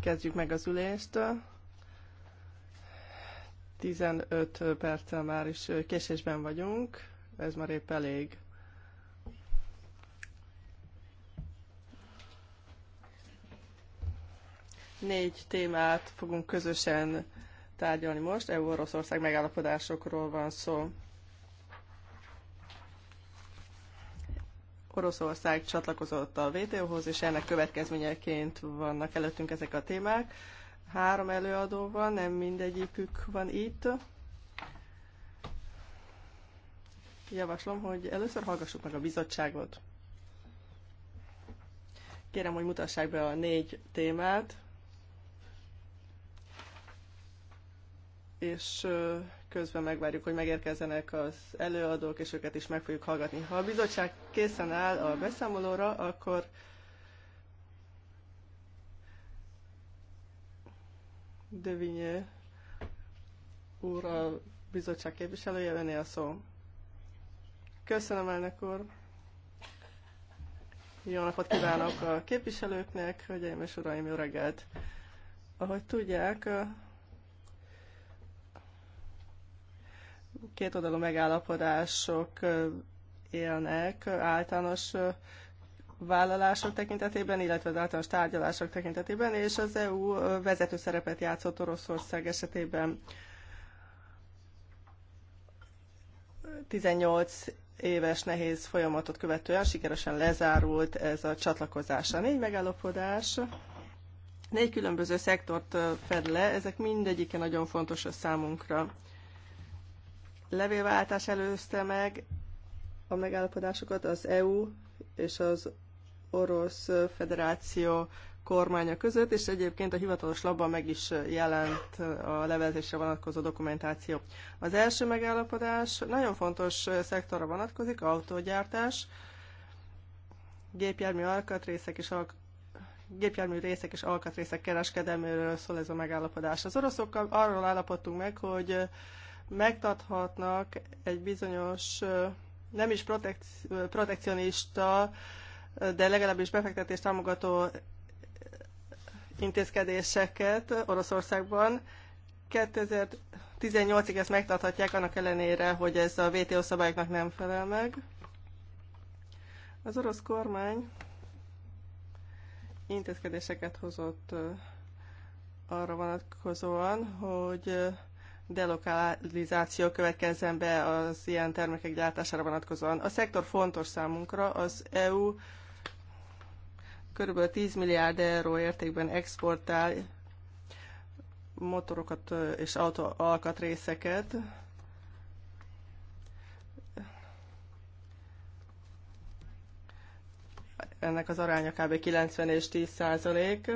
Kezdjük meg az ülést. 15 perccel már is késésben vagyunk, ez már épp elég. Négy témát fogunk közösen tárgyalni most, EU-Oroszország megállapodásokról van szó. Oroszország csatlakozott a WTO-hoz, és ennek következményeként vannak előttünk ezek a témák. Három előadó van, nem mindegyikük van itt. Javaslom, hogy először hallgassuk meg a bizottságot. Kérem, hogy mutassák be a négy témát, és közben megvárjuk, hogy megérkezzenek az előadók, és őket is meg fogjuk hallgatni. Ha a bizottság készen áll a beszámolóra, akkor Dövinye úr a bizottság képviselője, öné a szó. Köszönöm, elnök úr! Jó napot kívánok a képviselőknek, hölgyeim és uraim, jó reggelt! Ahogy tudják, két oldalú megállapodások élnek általános vállalások tekintetében, illetve az általános tárgyalások tekintetében, és az EU vezető szerepet játszott Oroszország esetében. 18 éves nehéz folyamatot követően sikeresen lezárult ez a csatlakozás. A négy megállapodás négy különböző szektort fed le, ezek mindegyike nagyon fontos a számunkra levélváltás előzte meg a megállapodásokat az EU és az Orosz Federáció kormánya között, és egyébként a hivatalos labban meg is jelent a levelezésre vonatkozó dokumentáció. Az első megállapodás nagyon fontos szektorra vonatkozik, autógyártás, gépjármű alkatrészek és alk gépjármű részek és alkatrészek kereskedelméről szól ez a megállapodás. Az oroszokkal arról állapodtunk meg, hogy megtarthatnak egy bizonyos, nem is protekcionista, de legalábbis befektetést támogató intézkedéseket Oroszországban. 2018-ig ezt megtarthatják, annak ellenére, hogy ez a WTO szabályoknak nem felel meg. Az orosz kormány intézkedéseket hozott arra vonatkozóan, hogy delokalizáció következzen be az ilyen termékek gyártására vonatkozóan. A szektor fontos számunkra, az EU kb. 10 milliárd euró értékben exportál motorokat és autóalkatrészeket. Ennek az aránya kb. 90 és 10 százalék.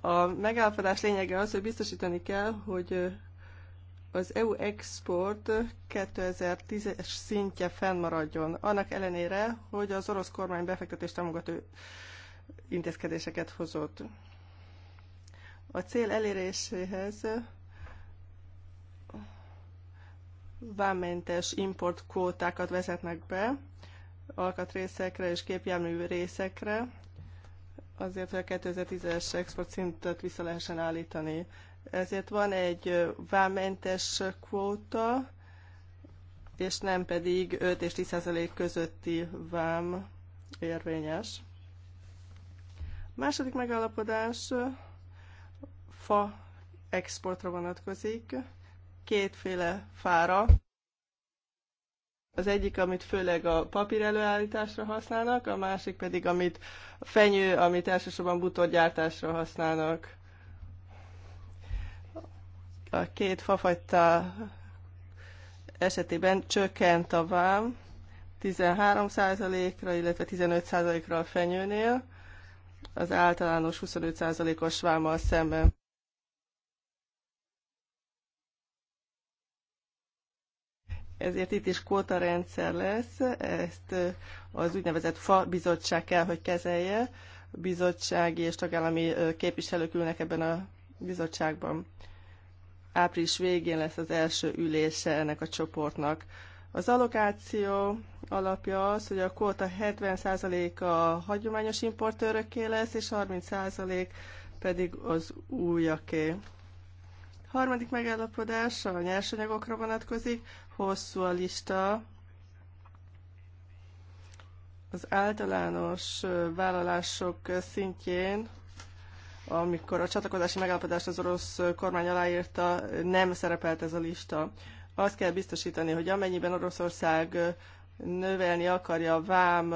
A megállapodás lényege az, hogy biztosítani kell, hogy az EU export 2010-es szintje fennmaradjon, annak ellenére, hogy az orosz kormány befektetés támogató intézkedéseket hozott. A cél eléréséhez vámmentes importkvótákat vezetnek be alkatrészekre és képjármű részekre, azért, hogy a 2010-es export szintet vissza lehessen állítani. Ezért van egy vámmentes kvóta, és nem pedig 5 és 10 közötti vám érvényes. Második megállapodás fa exportra vonatkozik, kétféle fára. Az egyik, amit főleg a papír előállításra használnak, a másik pedig, amit fenyő, amit elsősorban butorgyártásra használnak. A két fafajta esetében csökkent a vám 13%-ra, illetve 15%-ra a fenyőnél, az általános 25%-os vámmal szemben. ezért itt is rendszer lesz, ezt az úgynevezett FA bizottság kell, hogy kezelje, bizottsági és tagállami képviselők ülnek ebben a bizottságban. Április végén lesz az első ülése ennek a csoportnak. Az allokáció alapja az, hogy a kóta 70% a hagyományos importőröké lesz, és 30% pedig az újaké. Harmadik megállapodás a nyersanyagokra vonatkozik hosszú a lista. Az általános vállalások szintjén, amikor a csatlakozási megállapodást az orosz kormány aláírta, nem szerepelt ez a lista. Azt kell biztosítani, hogy amennyiben Oroszország növelni akarja a vám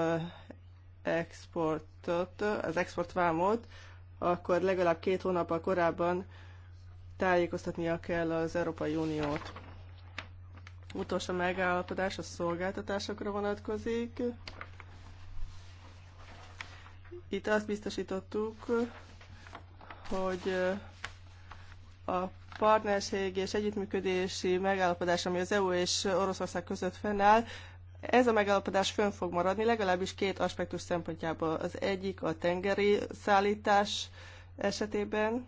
exportot, az exportvámot, akkor legalább két hónappal korábban tájékoztatnia kell az Európai Uniót. Utolsó megállapodás a szolgáltatásokra vonatkozik. Itt azt biztosítottuk, hogy a partnerség és együttműködési megállapodás, ami az EU és Oroszország között fennáll, ez a megállapodás fönn fog maradni, legalábbis két aspektus szempontjából. Az egyik a tengeri szállítás esetében,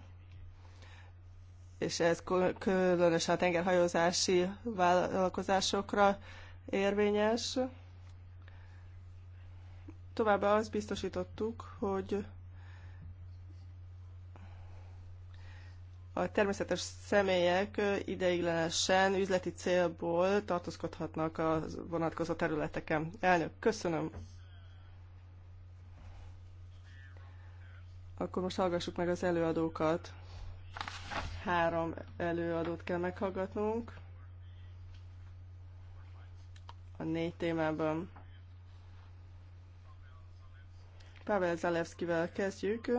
és ez különösen a tengerhajózási vállalkozásokra érvényes. Továbbá azt biztosítottuk, hogy a természetes személyek ideiglenesen üzleti célból tartózkodhatnak a vonatkozó területeken. Elnök, köszönöm. Akkor most hallgassuk meg az előadókat három előadót kell meghallgatnunk a négy témában. Pavel Zalewskivel kezdjük.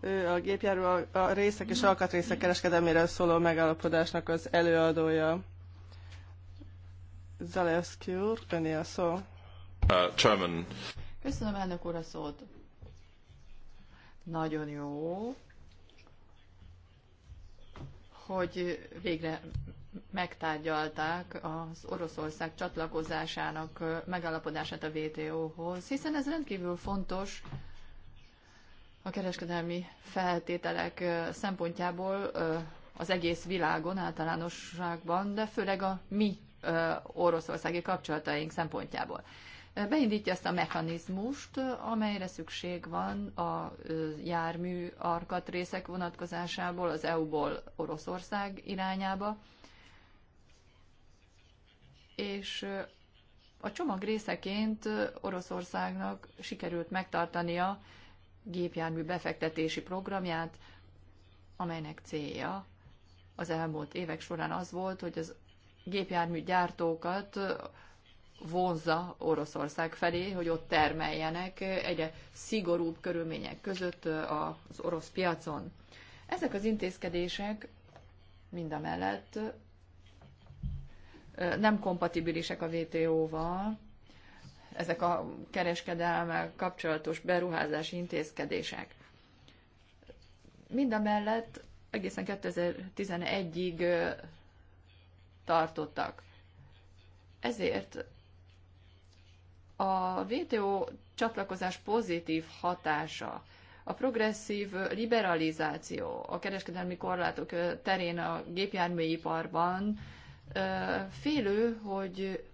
Ő a gépjáró a részek és alkatrészek kereskedelméről szóló megállapodásnak az előadója. Zalewski úr, a szó. Uh, chairman. Köszönöm elnök úr a szót. Nagyon jó, hogy végre megtárgyalták az Oroszország csatlakozásának megállapodását a WTO-hoz, hiszen ez rendkívül fontos a kereskedelmi feltételek szempontjából az egész világon általánosságban, de főleg a mi oroszországi kapcsolataink szempontjából beindítja ezt a mechanizmust, amelyre szükség van a jármű arkatrészek vonatkozásából, az EU-ból Oroszország irányába, és a csomag részeként Oroszországnak sikerült megtartania gépjármű befektetési programját, amelynek célja az elmúlt évek során az volt, hogy az gépjármű gyártókat vonzza Oroszország felé, hogy ott termeljenek egyre szigorúbb körülmények között az orosz piacon. Ezek az intézkedések mind a mellett nem kompatibilisek a vto val ezek a kereskedelmel kapcsolatos beruházási intézkedések. Mind a mellett egészen 2011-ig tartottak. Ezért a VTO csatlakozás pozitív hatása, a progresszív liberalizáció a kereskedelmi korlátok terén a gépjárműiparban félő, hogy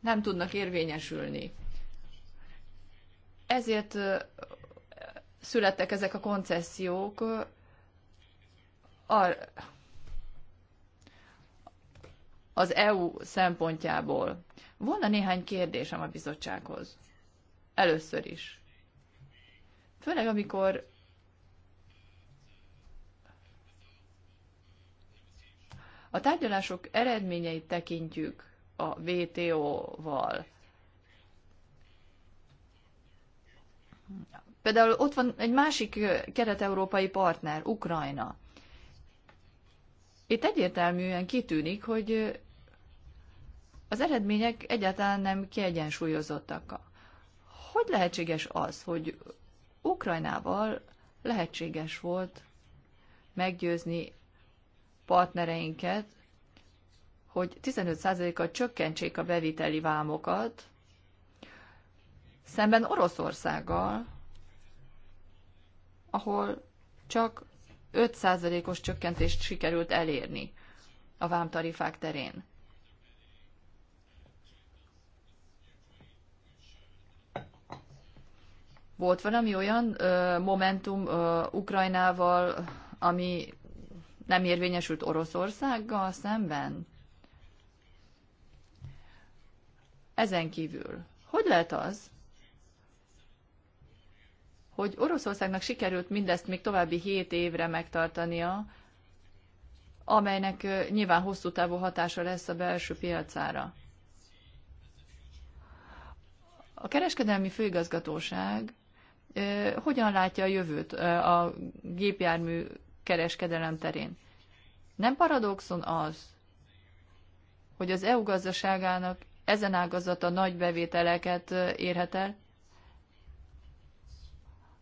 nem tudnak érvényesülni. Ezért születtek ezek a koncesziók az EU szempontjából. Volna néhány kérdésem a bizottsághoz. Először is. Főleg amikor a tárgyalások eredményeit tekintjük a VTO-val. Például ott van egy másik kelet-európai partner, Ukrajna. Itt egyértelműen kitűnik, hogy az eredmények egyáltalán nem kiegyensúlyozottak. Hogy lehetséges az, hogy Ukrajnával lehetséges volt meggyőzni partnereinket, hogy 15%-kal csökkentsék a beviteli vámokat, szemben Oroszországgal, ahol csak 5%-os csökkentést sikerült elérni a vámtarifák terén. Volt valami olyan ö, momentum ö, Ukrajnával, ami nem érvényesült Oroszországgal szemben? Ezen kívül, hogy lehet az, hogy Oroszországnak sikerült mindezt még további 7 évre megtartania, amelynek nyilván hosszú távú hatása lesz a belső piacára. A kereskedelmi főigazgatóság hogyan látja a jövőt a gépjármű kereskedelem terén. Nem paradoxon az, hogy az EU gazdaságának ezen ágazata nagy bevételeket érhet el,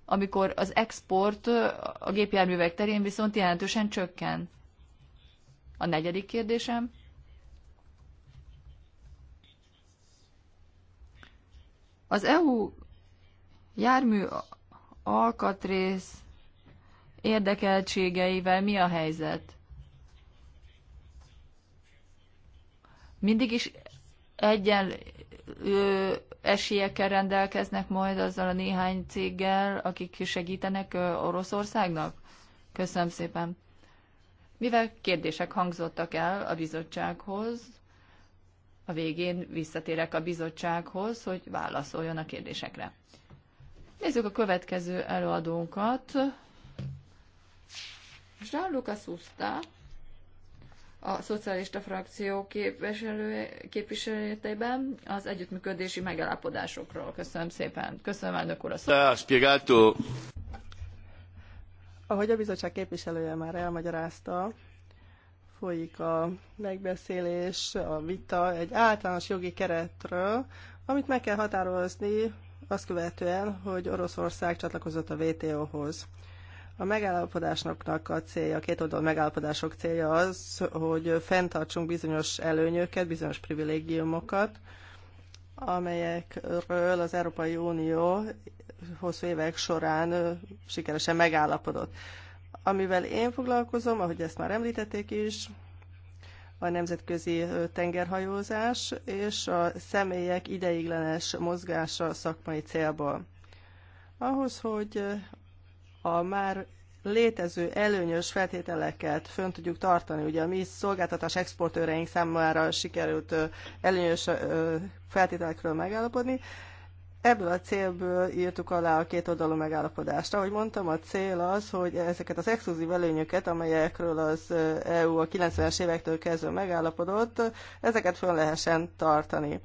amikor az export a gépjárművek terén viszont jelentősen csökken. A negyedik kérdésem. Az EU jármű alkatrész érdekeltségeivel mi a helyzet? Mindig is egyen ö, esélyekkel rendelkeznek majd azzal a néhány céggel, akik segítenek ö, Oroszországnak? Köszönöm szépen. Mivel kérdések hangzottak el a bizottsághoz, a végén visszatérek a bizottsághoz, hogy válaszoljon a kérdésekre. Nézzük a következő előadónkat. Jean-Luca Susta, a szocialista frakció képviselőjétében az együttműködési megállapodásokról. Köszönöm szépen. Köszönöm, elnök úr, a szót. Ahogy a bizottság képviselője már elmagyarázta, folyik a megbeszélés, a vita egy általános jogi keretről, amit meg kell határozni azt követően, hogy Oroszország csatlakozott a WTO-hoz. A megállapodásoknak a célja, a két oldal megállapodások célja az, hogy fenntartsunk bizonyos előnyöket, bizonyos privilégiumokat, amelyekről az Európai Unió hosszú évek során sikeresen megállapodott. Amivel én foglalkozom, ahogy ezt már említették is, a nemzetközi tengerhajózás és a személyek ideiglenes mozgása szakmai célból. Ahhoz, hogy a már létező előnyös feltételeket fönn tudjuk tartani. Ugye a mi szolgáltatás exportőreink számára sikerült előnyös feltételekről megállapodni, Ebből a célból írtuk alá a két oldalú megállapodást. Ahogy mondtam, a cél az, hogy ezeket az exkluzív előnyöket, amelyekről az EU a 90-es évektől kezdve megállapodott, ezeket föl lehessen tartani.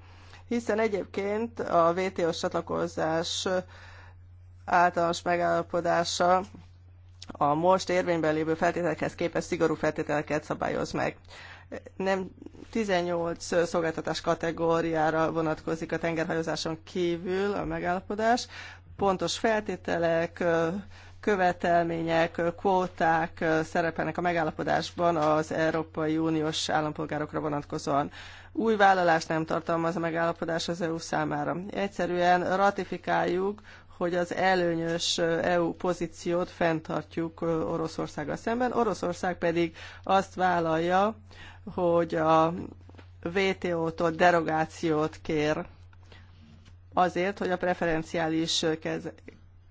Hiszen egyébként a WTO-s csatlakozás általános megállapodása a most érvényben lévő feltételekhez képest szigorú feltételeket szabályoz meg nem 18 szolgáltatás kategóriára vonatkozik a tengerhajózáson kívül a megállapodás. Pontos feltételek, követelmények, kvóták szerepelnek a megállapodásban az Európai Uniós állampolgárokra vonatkozóan. Új vállalást nem tartalmaz a megállapodás az EU számára. Egyszerűen ratifikáljuk hogy az előnyös EU pozíciót fenntartjuk Oroszországgal szemben. Oroszország pedig azt vállalja, hogy a WTO-tól derogációt kér azért, hogy a preferenciális kez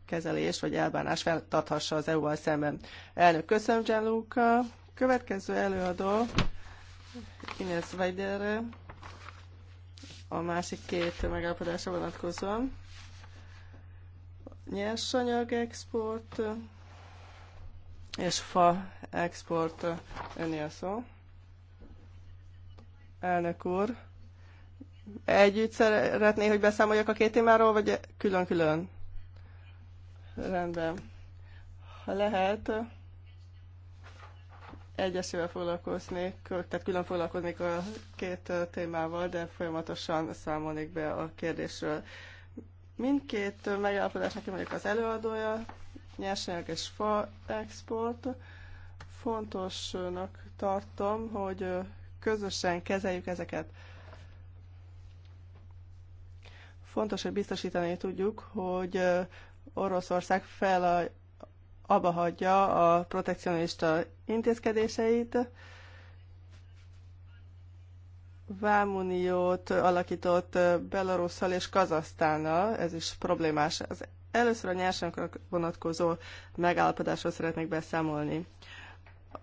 kezelés vagy elbánás feltarthassa az EU-val szemben. Elnök, köszönöm, Gianluca. Következő előadó, Ines Weidere, a másik két megállapodásra vonatkozóan nyersanyag export és fa export önél szó. Elnök úr, együtt szeretné, hogy beszámoljak a két témáról, vagy külön-külön? Rendben. Ha lehet, egyesével foglalkoznék, tehát külön foglalkoznék a két témával, de folyamatosan számolnék be a kérdésről. Mindkét megállapodásnak én vagyok az előadója, nyersanyag és fa export. Fontosnak tartom, hogy közösen kezeljük ezeket. Fontos, hogy biztosítani tudjuk, hogy Oroszország fel a, abba hagyja a protekcionista intézkedéseit, vámuniót alakított Belarusszal és Kazasztánnal, ez is problémás. Az először a nyersanyagokra vonatkozó megállapodásról szeretnék beszámolni.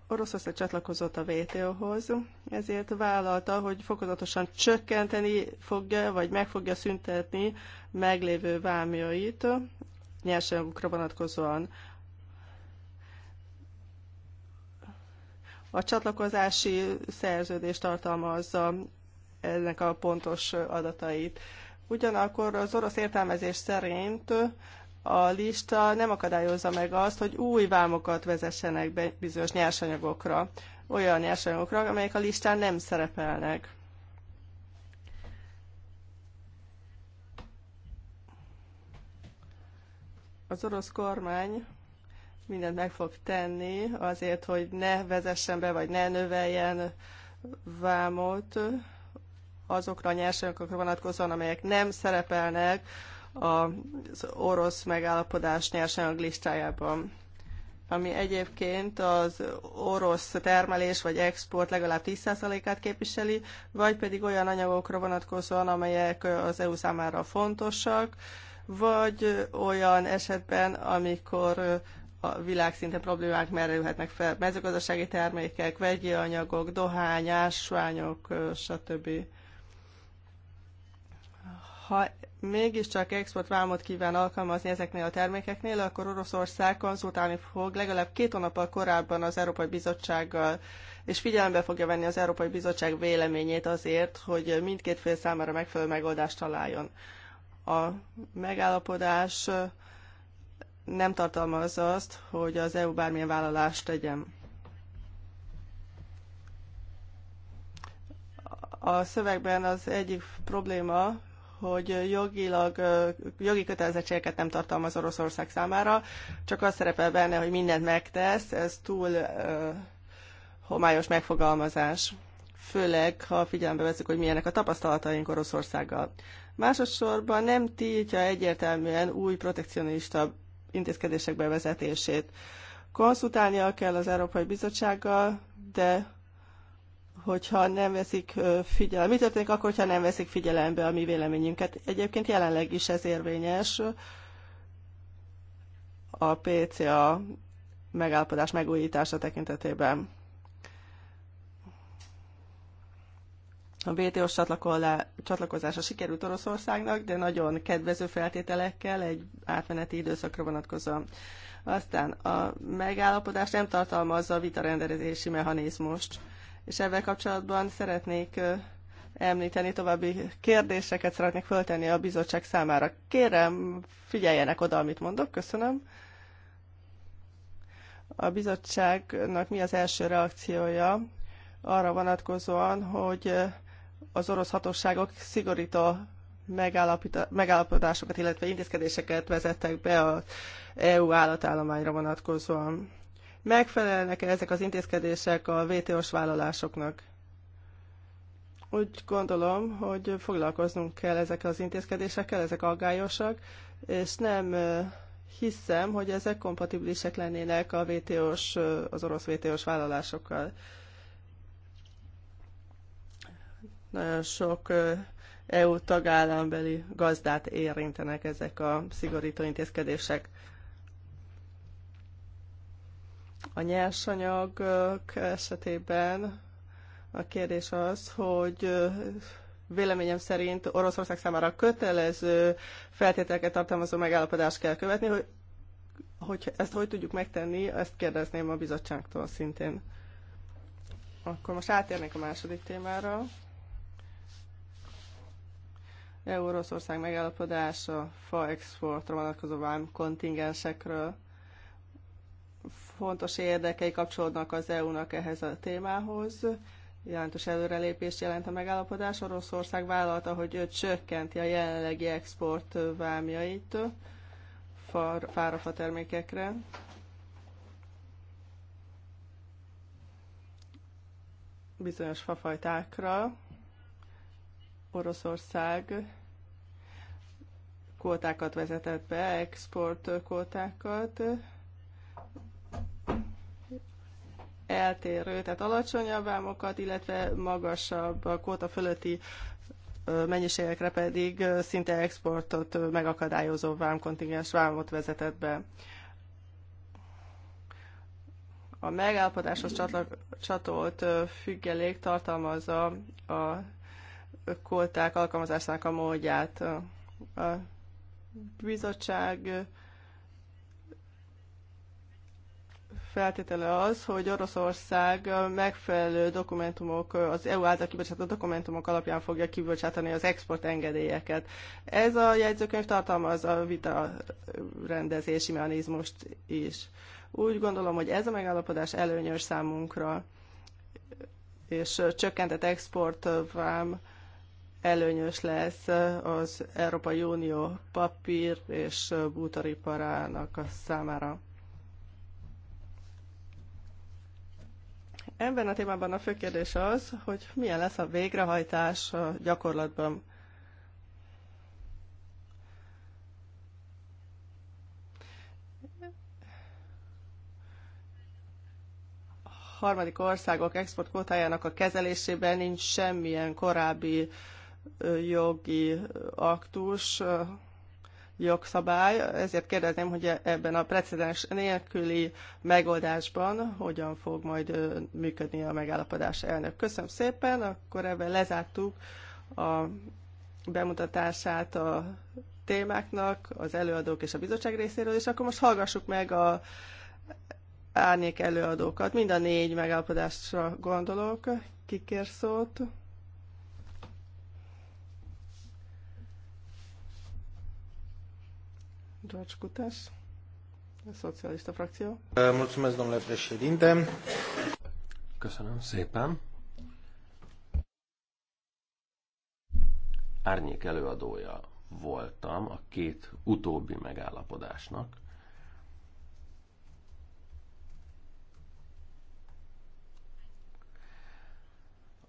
Oroszország csatlakozott a WTO-hoz, ezért vállalta, hogy fokozatosan csökkenteni fogja, vagy meg fogja szüntetni meglévő vámjait nyersanyagokra vonatkozóan. A csatlakozási szerződés tartalmazza ennek a pontos adatait. Ugyanakkor az orosz értelmezés szerint a lista nem akadályozza meg azt, hogy új vámokat vezessenek be bizonyos nyersanyagokra, olyan nyersanyagokra, amelyek a listán nem szerepelnek. Az orosz kormány mindent meg fog tenni azért, hogy ne vezessen be, vagy ne növeljen vámot azokra a nyersanyagokra vonatkozóan, amelyek nem szerepelnek az orosz megállapodás nyersanyag listájában ami egyébként az orosz termelés vagy export legalább 10%-át képviseli, vagy pedig olyan anyagokra vonatkozóan, amelyek az EU számára fontosak, vagy olyan esetben, amikor a világszinten problémák merülhetnek fel. Mezőgazdasági termékek, vegyi anyagok, dohány, ásványok, stb. Ha mégiscsak exportvámot kíván alkalmazni ezeknél a termékeknél, akkor Oroszország konzultálni fog legalább két hónappal korábban az Európai Bizottsággal, és figyelembe fogja venni az Európai Bizottság véleményét azért, hogy mindkét fél számára megfelelő megoldást találjon. A megállapodás nem tartalmazza azt, hogy az EU bármilyen vállalást tegyen. A szövegben az egyik probléma, hogy jogilag, jogi kötelezettségeket nem tartalmaz Oroszország számára, csak az szerepel benne, hogy mindent megtesz, ez túl uh, homályos megfogalmazás. Főleg, ha figyelembe veszük, hogy milyenek a tapasztalataink Oroszországgal. Másodszorban nem tiltja egyértelműen új protekcionista intézkedések bevezetését. Konszultálnia kell az Európai Bizottsággal, de hogyha nem veszik figyelembe. Mi történik akkor, hogyha nem veszik figyelembe a mi véleményünket? Egyébként jelenleg is ez érvényes a PCA megállapodás megújítása tekintetében. a wto csatlakozása sikerült Oroszországnak, de nagyon kedvező feltételekkel egy átmeneti időszakra vonatkozóan. Aztán a megállapodás nem tartalmazza a vitarendezési mechanizmust, és ebben kapcsolatban szeretnék említeni további kérdéseket, szeretnék föltenni a bizottság számára. Kérem, figyeljenek oda, amit mondok, köszönöm. A bizottságnak mi az első reakciója arra vonatkozóan, hogy az orosz hatóságok szigorító megállapodásokat, illetve intézkedéseket vezettek be az EU állatállományra vonatkozóan. Megfelelnek-e ezek az intézkedések a vto s vállalásoknak? Úgy gondolom, hogy foglalkoznunk kell ezek az intézkedésekkel, ezek aggályosak, és nem hiszem, hogy ezek kompatibilisek lennének a vto s az orosz vto s vállalásokkal. Nagyon sok EU tagállambeli gazdát érintenek ezek a szigorító intézkedések. A nyersanyagok esetében a kérdés az, hogy véleményem szerint Oroszország számára kötelező feltételeket tartalmazó megállapodást kell követni, hogy, hogy ezt hogy tudjuk megtenni, ezt kérdezném a bizottságtól szintén. Akkor most átérnék a második témára. EU-Oroszország megállapodása fa exportra vonatkozó vám kontingensekről. Fontos érdekei kapcsolódnak az EU-nak ehhez a témához. Jelentős előrelépést jelent a megállapodás. Oroszország vállalta, hogy ő csökkenti a jelenlegi export vámjait fárafa termékekre. bizonyos fafajtákra. Oroszország kvótákat vezetett be, export kvótákat, eltérő, tehát alacsonyabb vámokat, illetve magasabb a kvóta fölötti mennyiségekre pedig szinte exportot megakadályozó vámkontingens vámot vezetett be. A megállapodáshoz csatolt függelék tartalmazza a kolták alkalmazásának a módját. A bizottság feltétele az, hogy Oroszország megfelelő dokumentumok, az EU által kibocsátott dokumentumok alapján fogja kibocsátani az export engedélyeket. Ez a jegyzőkönyv tartalmaz a vita rendezési mechanizmust is. Úgy gondolom, hogy ez a megállapodás előnyös számunkra, és csökkentett exportvám előnyös lesz az Európai Unió papír és bútoriparának a számára. Ebben a témában a fő kérdés az, hogy milyen lesz a végrehajtás a gyakorlatban. harmadik országok exportkótájának a kezelésében nincs semmilyen korábbi jogi aktus, jogszabály, ezért kérdezném, hogy ebben a precedens nélküli megoldásban hogyan fog majd működni a megállapodás elnök. Köszönöm szépen, akkor ebben lezártuk a bemutatását a témáknak, az előadók és a bizottság részéről, és akkor most hallgassuk meg a árnyék előadókat. Mind a négy megállapodásra gondolok. Kikér szót? George Cutas, Szocialista Frakció. Mulțumesc, domnule președinte. Köszönöm szépen. Árnyék előadója voltam a két utóbbi megállapodásnak.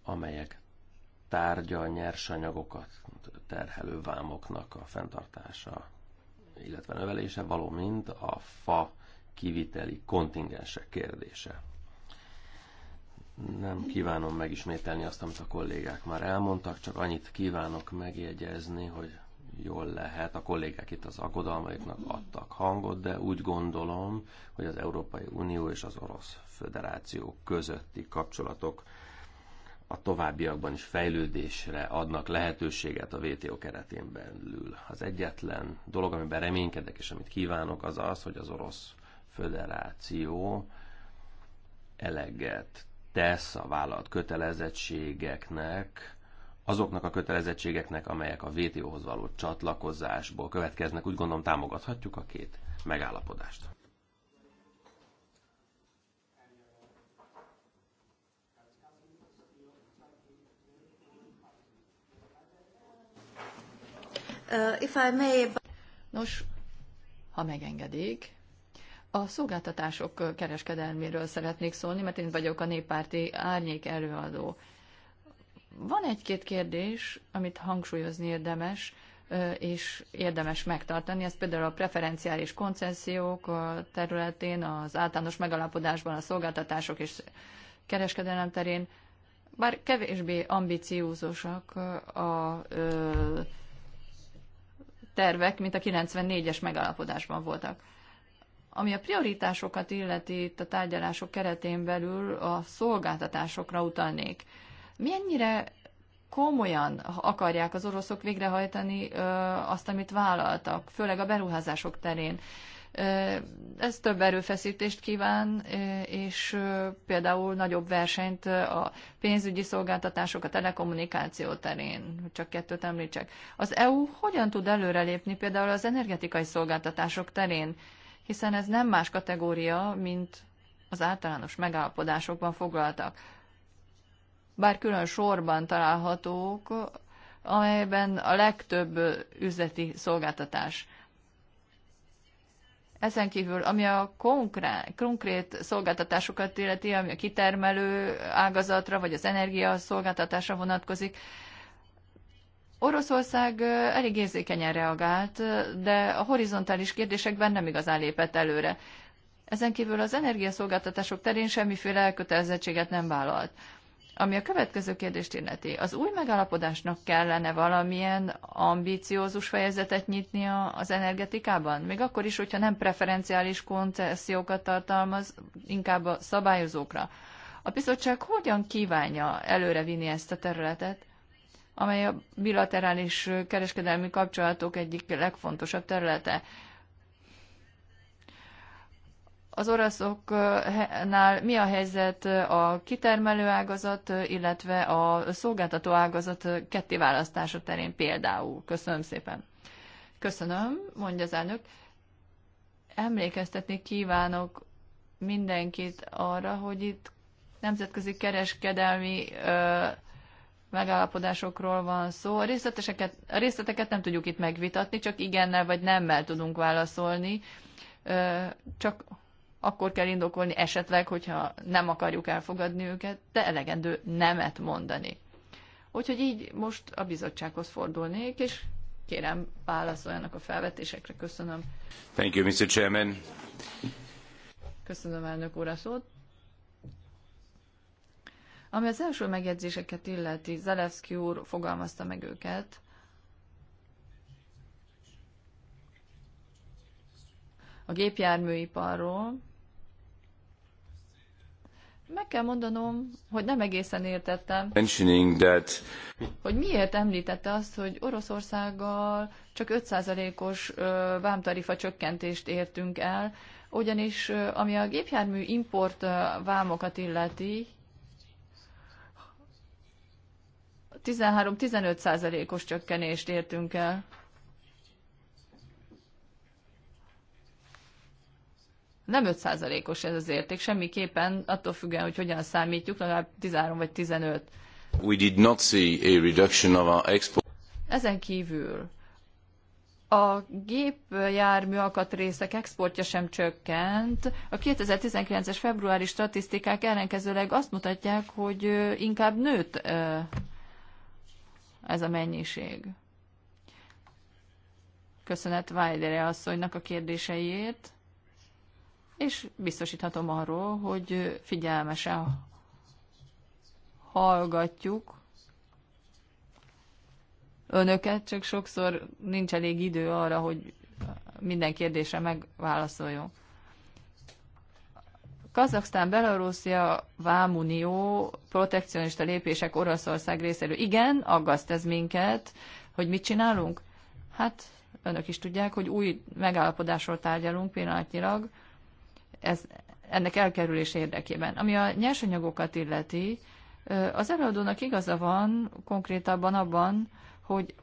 amelyek tárgya nyersanyagokat terhelő vámoknak a fenntartása, illetve nevelése, valamint a fa kiviteli kontingense kérdése. Nem kívánom megismételni azt, amit a kollégák már elmondtak, csak annyit kívánok megjegyezni, hogy jól lehet, a kollégák itt az aggodalmaiknak adtak hangot, de úgy gondolom, hogy az Európai Unió és az Orosz Föderáció közötti kapcsolatok a továbbiakban is fejlődésre adnak lehetőséget a WTO keretén belül. Az egyetlen dolog, amiben reménykedek és amit kívánok, az az, hogy az Orosz Föderáció eleget tesz a vállalt kötelezettségeknek, azoknak a kötelezettségeknek, amelyek a WTO-hoz való csatlakozásból következnek. Úgy gondolom támogathatjuk a két megállapodást. Uh, if I may... Nos, ha megengedik, a szolgáltatások kereskedelméről szeretnék szólni, mert én vagyok a néppárti árnyék előadó. Van egy-két kérdés, amit hangsúlyozni érdemes, uh, és érdemes megtartani. Ez például a preferenciális koncesziók területén, az általános megalapodásban a szolgáltatások és kereskedelem terén, bár kevésbé ambiciózusak uh, a, a, a tervek, mint a 94-es megállapodásban voltak. Ami a prioritásokat illeti itt a tárgyalások keretén belül a szolgáltatásokra utalnék. Mennyire komolyan akarják az oroszok végrehajtani ö, azt, amit vállaltak, főleg a beruházások terén. Ez több erőfeszítést kíván, és például nagyobb versenyt a pénzügyi szolgáltatások, a telekommunikáció terén, csak kettőt említsek. Az EU hogyan tud előrelépni például az energetikai szolgáltatások terén, hiszen ez nem más kategória, mint az általános megállapodásokban foglaltak. Bár külön sorban találhatók, amelyben a legtöbb üzleti szolgáltatás ezen kívül, ami a konkrét, konkrét szolgáltatásokat illeti, ami a kitermelő ágazatra vagy az energia szolgáltatásra vonatkozik, Oroszország elég érzékenyen reagált, de a horizontális kérdésekben nem igazán lépett előre. Ezen kívül az energiaszolgáltatások terén semmiféle elkötelezettséget nem vállalt. Ami a következő kérdést illeti, az új megállapodásnak kellene valamilyen ambíciózus fejezetet nyitni az energetikában? Még akkor is, hogyha nem preferenciális koncesziókat tartalmaz, inkább a szabályozókra. A bizottság hogyan kívánja előrevinni ezt a területet, amely a bilaterális kereskedelmi kapcsolatok egyik legfontosabb területe? Az oroszoknál mi a helyzet a kitermelő ágazat, illetve a szolgáltató ágazat választása terén például? Köszönöm szépen. Köszönöm, mondja az elnök. Emlékeztetni kívánok mindenkit arra, hogy itt nemzetközi kereskedelmi ö, megállapodásokról van szó. A, részleteseket, a részleteket nem tudjuk itt megvitatni, csak igennel vagy nemmel tudunk válaszolni. Ö, csak akkor kell indokolni esetleg, hogyha nem akarjuk elfogadni őket, de elegendő nemet mondani. Úgyhogy így most a bizottsághoz fordulnék, és kérem válaszoljanak a felvetésekre. Köszönöm. Thank you, Mr. Chairman. Köszönöm, elnök úr, a szót. Ami az első megjegyzéseket illeti, Zelevski úr fogalmazta meg őket. a gépjárműiparról. Meg kell mondanom, hogy nem egészen értettem, hogy miért említette azt, hogy Oroszországgal csak 5%-os vámtarifa csökkentést értünk el, ugyanis ami a gépjármű import vámokat illeti, 13-15 os csökkenést értünk el. nem 5%-os ez az érték, semmiképpen attól függően, hogy hogyan számítjuk, legalább 13 vagy 15. We did not see a reduction of our export. Ezen kívül a gépjármű alkatrészek exportja sem csökkent. A 2019-es februári statisztikák ellenkezőleg azt mutatják, hogy inkább nőtt ez a mennyiség. Köszönet Weidere asszonynak a kérdéseiért és biztosíthatom arról, hogy figyelmesen hallgatjuk önöket, csak sokszor nincs elég idő arra, hogy minden kérdésre megválaszoljon. Kazaksztán, Belarusia, Vámunió, protekcionista lépések Oroszország részéről. Igen, aggaszt ez minket, hogy mit csinálunk? Hát önök is tudják, hogy új megállapodásról tárgyalunk pillanatnyilag, ez, ennek elkerülés érdekében. Ami a nyersanyagokat illeti, az előadónak igaza van konkrétabban abban, hogy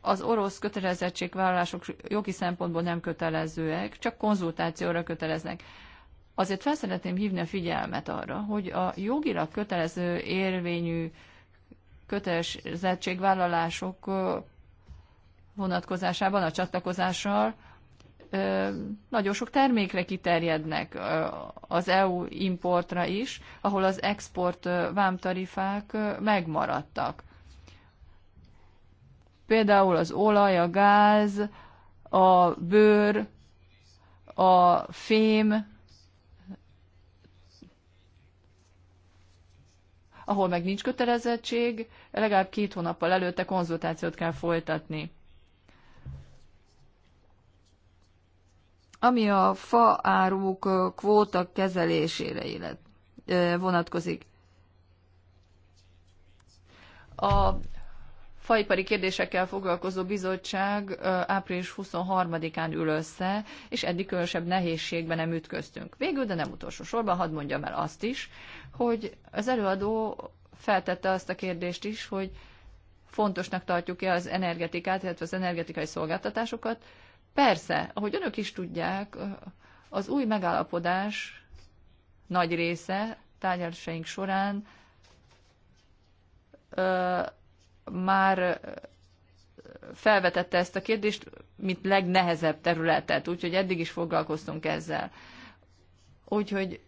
az orosz kötelezettségvállalások jogi szempontból nem kötelezőek, csak konzultációra köteleznek. Azért fel szeretném hívni a figyelmet arra, hogy a jogilag kötelező érvényű kötelezettségvállalások vonatkozásában a csatlakozással nagyon sok termékre kiterjednek, az EU importra is, ahol az export vámtarifák megmaradtak. Például az olaj, a gáz, a bőr, a fém, ahol meg nincs kötelezettség, legalább két hónappal előtte konzultációt kell folytatni. ami a fa áruk kvóta kezelésére illet, vonatkozik. A faipari kérdésekkel foglalkozó bizottság április 23-án ül össze, és eddig különösebb nehézségben nem ütköztünk. Végül, de nem utolsó sorban, hadd mondjam el azt is, hogy az előadó feltette azt a kérdést is, hogy fontosnak tartjuk-e az energetikát, illetve az energetikai szolgáltatásokat, Persze, ahogy önök is tudják, az új megállapodás nagy része tárgyalásaink során ö, már felvetette ezt a kérdést, mint legnehezebb területet, úgyhogy eddig is foglalkoztunk ezzel. Úgyhogy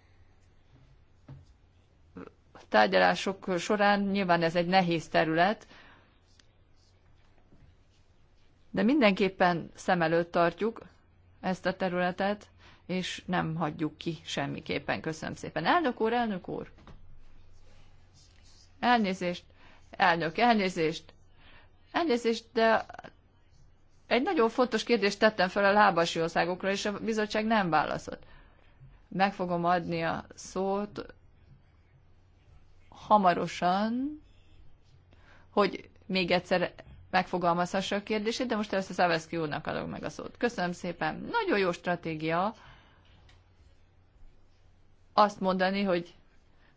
tárgyalások során nyilván ez egy nehéz terület, de mindenképpen szem előtt tartjuk ezt a területet, és nem hagyjuk ki semmiképpen. Köszönöm szépen. Elnök úr, elnök úr! Elnézést, elnök, elnézést! Elnézést, de egy nagyon fontos kérdést tettem fel a lábasi országokra, és a bizottság nem válaszolt. Meg fogom adni a szót hamarosan, hogy még egyszer megfogalmazhassa a kérdését, de most először Szaveszki úrnak adok meg a szót. Köszönöm szépen. Nagyon jó stratégia azt mondani, hogy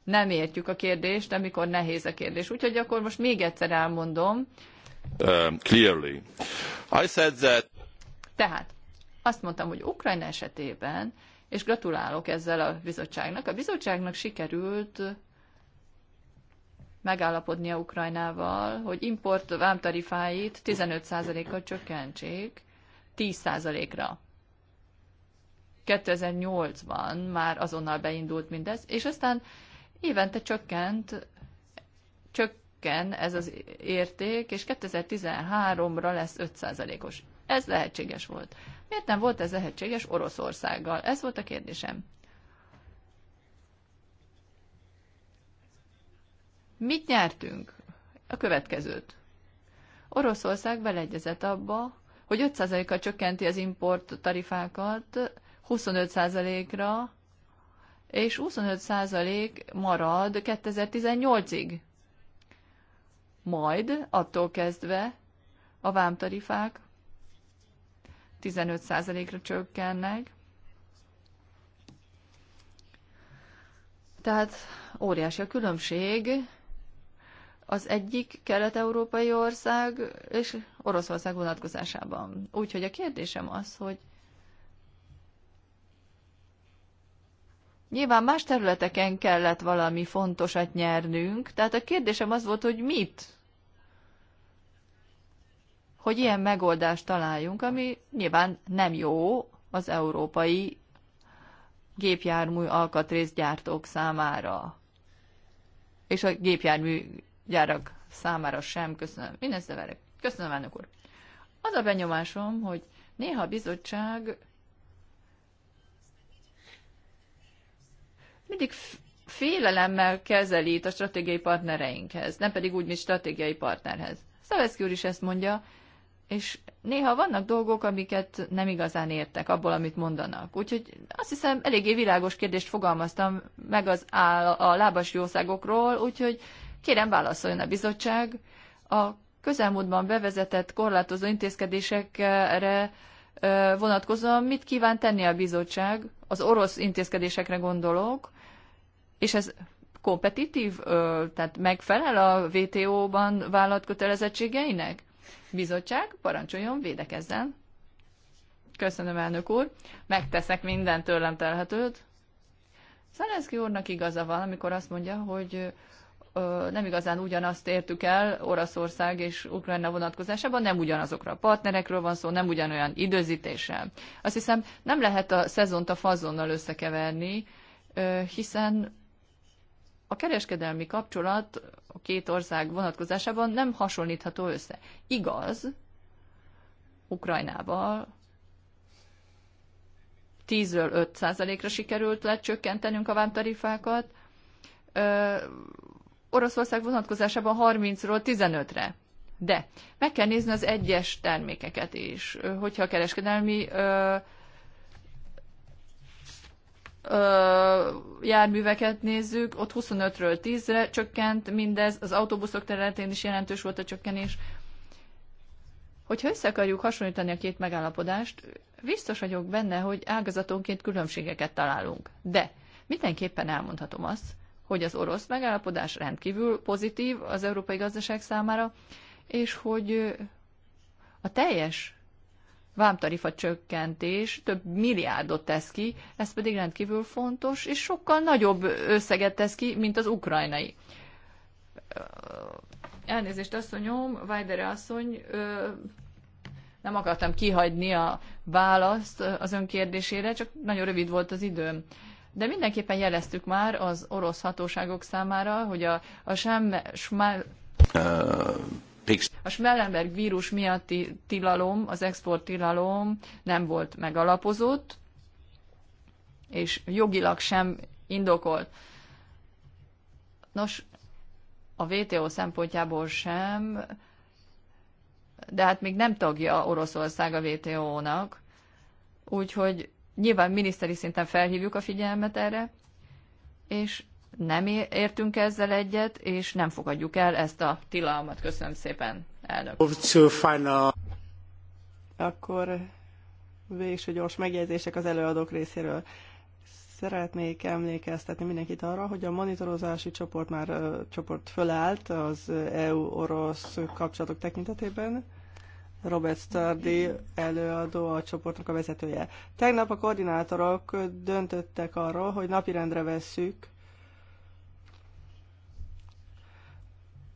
nem értjük a kérdést, amikor nehéz a kérdés. Úgyhogy akkor most még egyszer elmondom. Um, clearly. I said that... Tehát, azt mondtam, hogy Ukrajna esetében, és gratulálok ezzel a bizottságnak, a bizottságnak sikerült megállapodnia Ukrajnával, hogy import vámtarifáit 15%-kal csökkentsék 10%-ra. 2008-ban már azonnal beindult mindez, és aztán évente csökkent, csökken ez az érték, és 2013-ra lesz 5%-os. Ez lehetséges volt. Miért nem volt ez lehetséges Oroszországgal? Ez volt a kérdésem. Mit nyertünk? A következőt. Oroszország beleegyezett abba, hogy 5%-kal csökkenti az import tarifákat 25%-ra, és 25% marad 2018-ig. Majd attól kezdve a vámtarifák 15%-ra csökkennek. Tehát óriási a különbség az egyik kelet-európai ország és Oroszország vonatkozásában. Úgyhogy a kérdésem az, hogy Nyilván más területeken kellett valami fontosat nyernünk, tehát a kérdésem az volt, hogy mit? Hogy ilyen megoldást találjunk, ami nyilván nem jó az európai gépjármű alkatrészgyártók számára. És a gépjármű gyárak számára sem. Köszönöm. Mindez verek. Köszönöm, elnök úr. Az a benyomásom, hogy néha a bizottság mindig félelemmel kezelít a stratégiai partnereinkhez, nem pedig úgy, mint stratégiai partnerhez. Szaveszki úr is ezt mondja, és néha vannak dolgok, amiket nem igazán értek abból, amit mondanak. Úgyhogy azt hiszem, eléggé világos kérdést fogalmaztam meg az áll, a lábas jószágokról, úgyhogy Kérem, válaszoljon a bizottság. A közelmúltban bevezetett korlátozó intézkedésekre vonatkozóan mit kíván tenni a bizottság? Az orosz intézkedésekre gondolok, és ez kompetitív, tehát megfelel a WTO-ban vállalt kötelezettségeinek? Bizottság, parancsoljon, védekezzen. Köszönöm, elnök úr. Megteszek minden tőlem telhetőt. Szalenszki úrnak igaza van, amikor azt mondja, hogy nem igazán ugyanazt értük el Oroszország és Ukrajna vonatkozásában, nem ugyanazokra a partnerekről van szó, nem ugyanolyan időzítéssel. Azt hiszem, nem lehet a szezont a fazonnal összekeverni, hiszen a kereskedelmi kapcsolat a két ország vonatkozásában nem hasonlítható össze. Igaz, Ukrajnával 10-ről 5 ra sikerült lecsökkentenünk a vámtarifákat, Oroszország vonatkozásában 30-ról 15-re. De meg kell nézni az egyes termékeket is, hogyha a kereskedelmi ö, ö, járműveket nézzük, ott 25-ről 10-re csökkent mindez, az autóbuszok területén is jelentős volt a csökkenés. Hogyha össze akarjuk hasonlítani a két megállapodást, biztos vagyok benne, hogy ágazatonként különbségeket találunk. De mindenképpen elmondhatom azt, hogy az orosz megállapodás rendkívül pozitív az európai gazdaság számára, és hogy a teljes vámtarifa csökkentés több milliárdot tesz ki, ez pedig rendkívül fontos, és sokkal nagyobb összeget tesz ki, mint az ukrajnai. Elnézést, asszonyom, Vajdere asszony, nem akartam kihagyni a választ az ön kérdésére, csak nagyon rövid volt az időm de mindenképpen jeleztük már az orosz hatóságok számára, hogy a, a sem, smál, uh, a Schmellenberg vírus miatti tilalom, az export tilalom nem volt megalapozott, és jogilag sem indokolt. Nos, a WTO szempontjából sem, de hát még nem tagja Oroszország a WTO-nak, úgyhogy Nyilván miniszteri szinten felhívjuk a figyelmet erre, és nem értünk ezzel egyet, és nem fogadjuk el ezt a tilalmat. Köszönöm szépen, elnök. Akkor végső gyors megjegyzések az előadók részéről. Szeretnék emlékeztetni mindenkit arra, hogy a monitorozási csoport már csoport fölállt az EU-orosz kapcsolatok tekintetében Robert Stardy előadó, a csoportnak a vezetője. Tegnap a koordinátorok döntöttek arról, hogy napirendre vesszük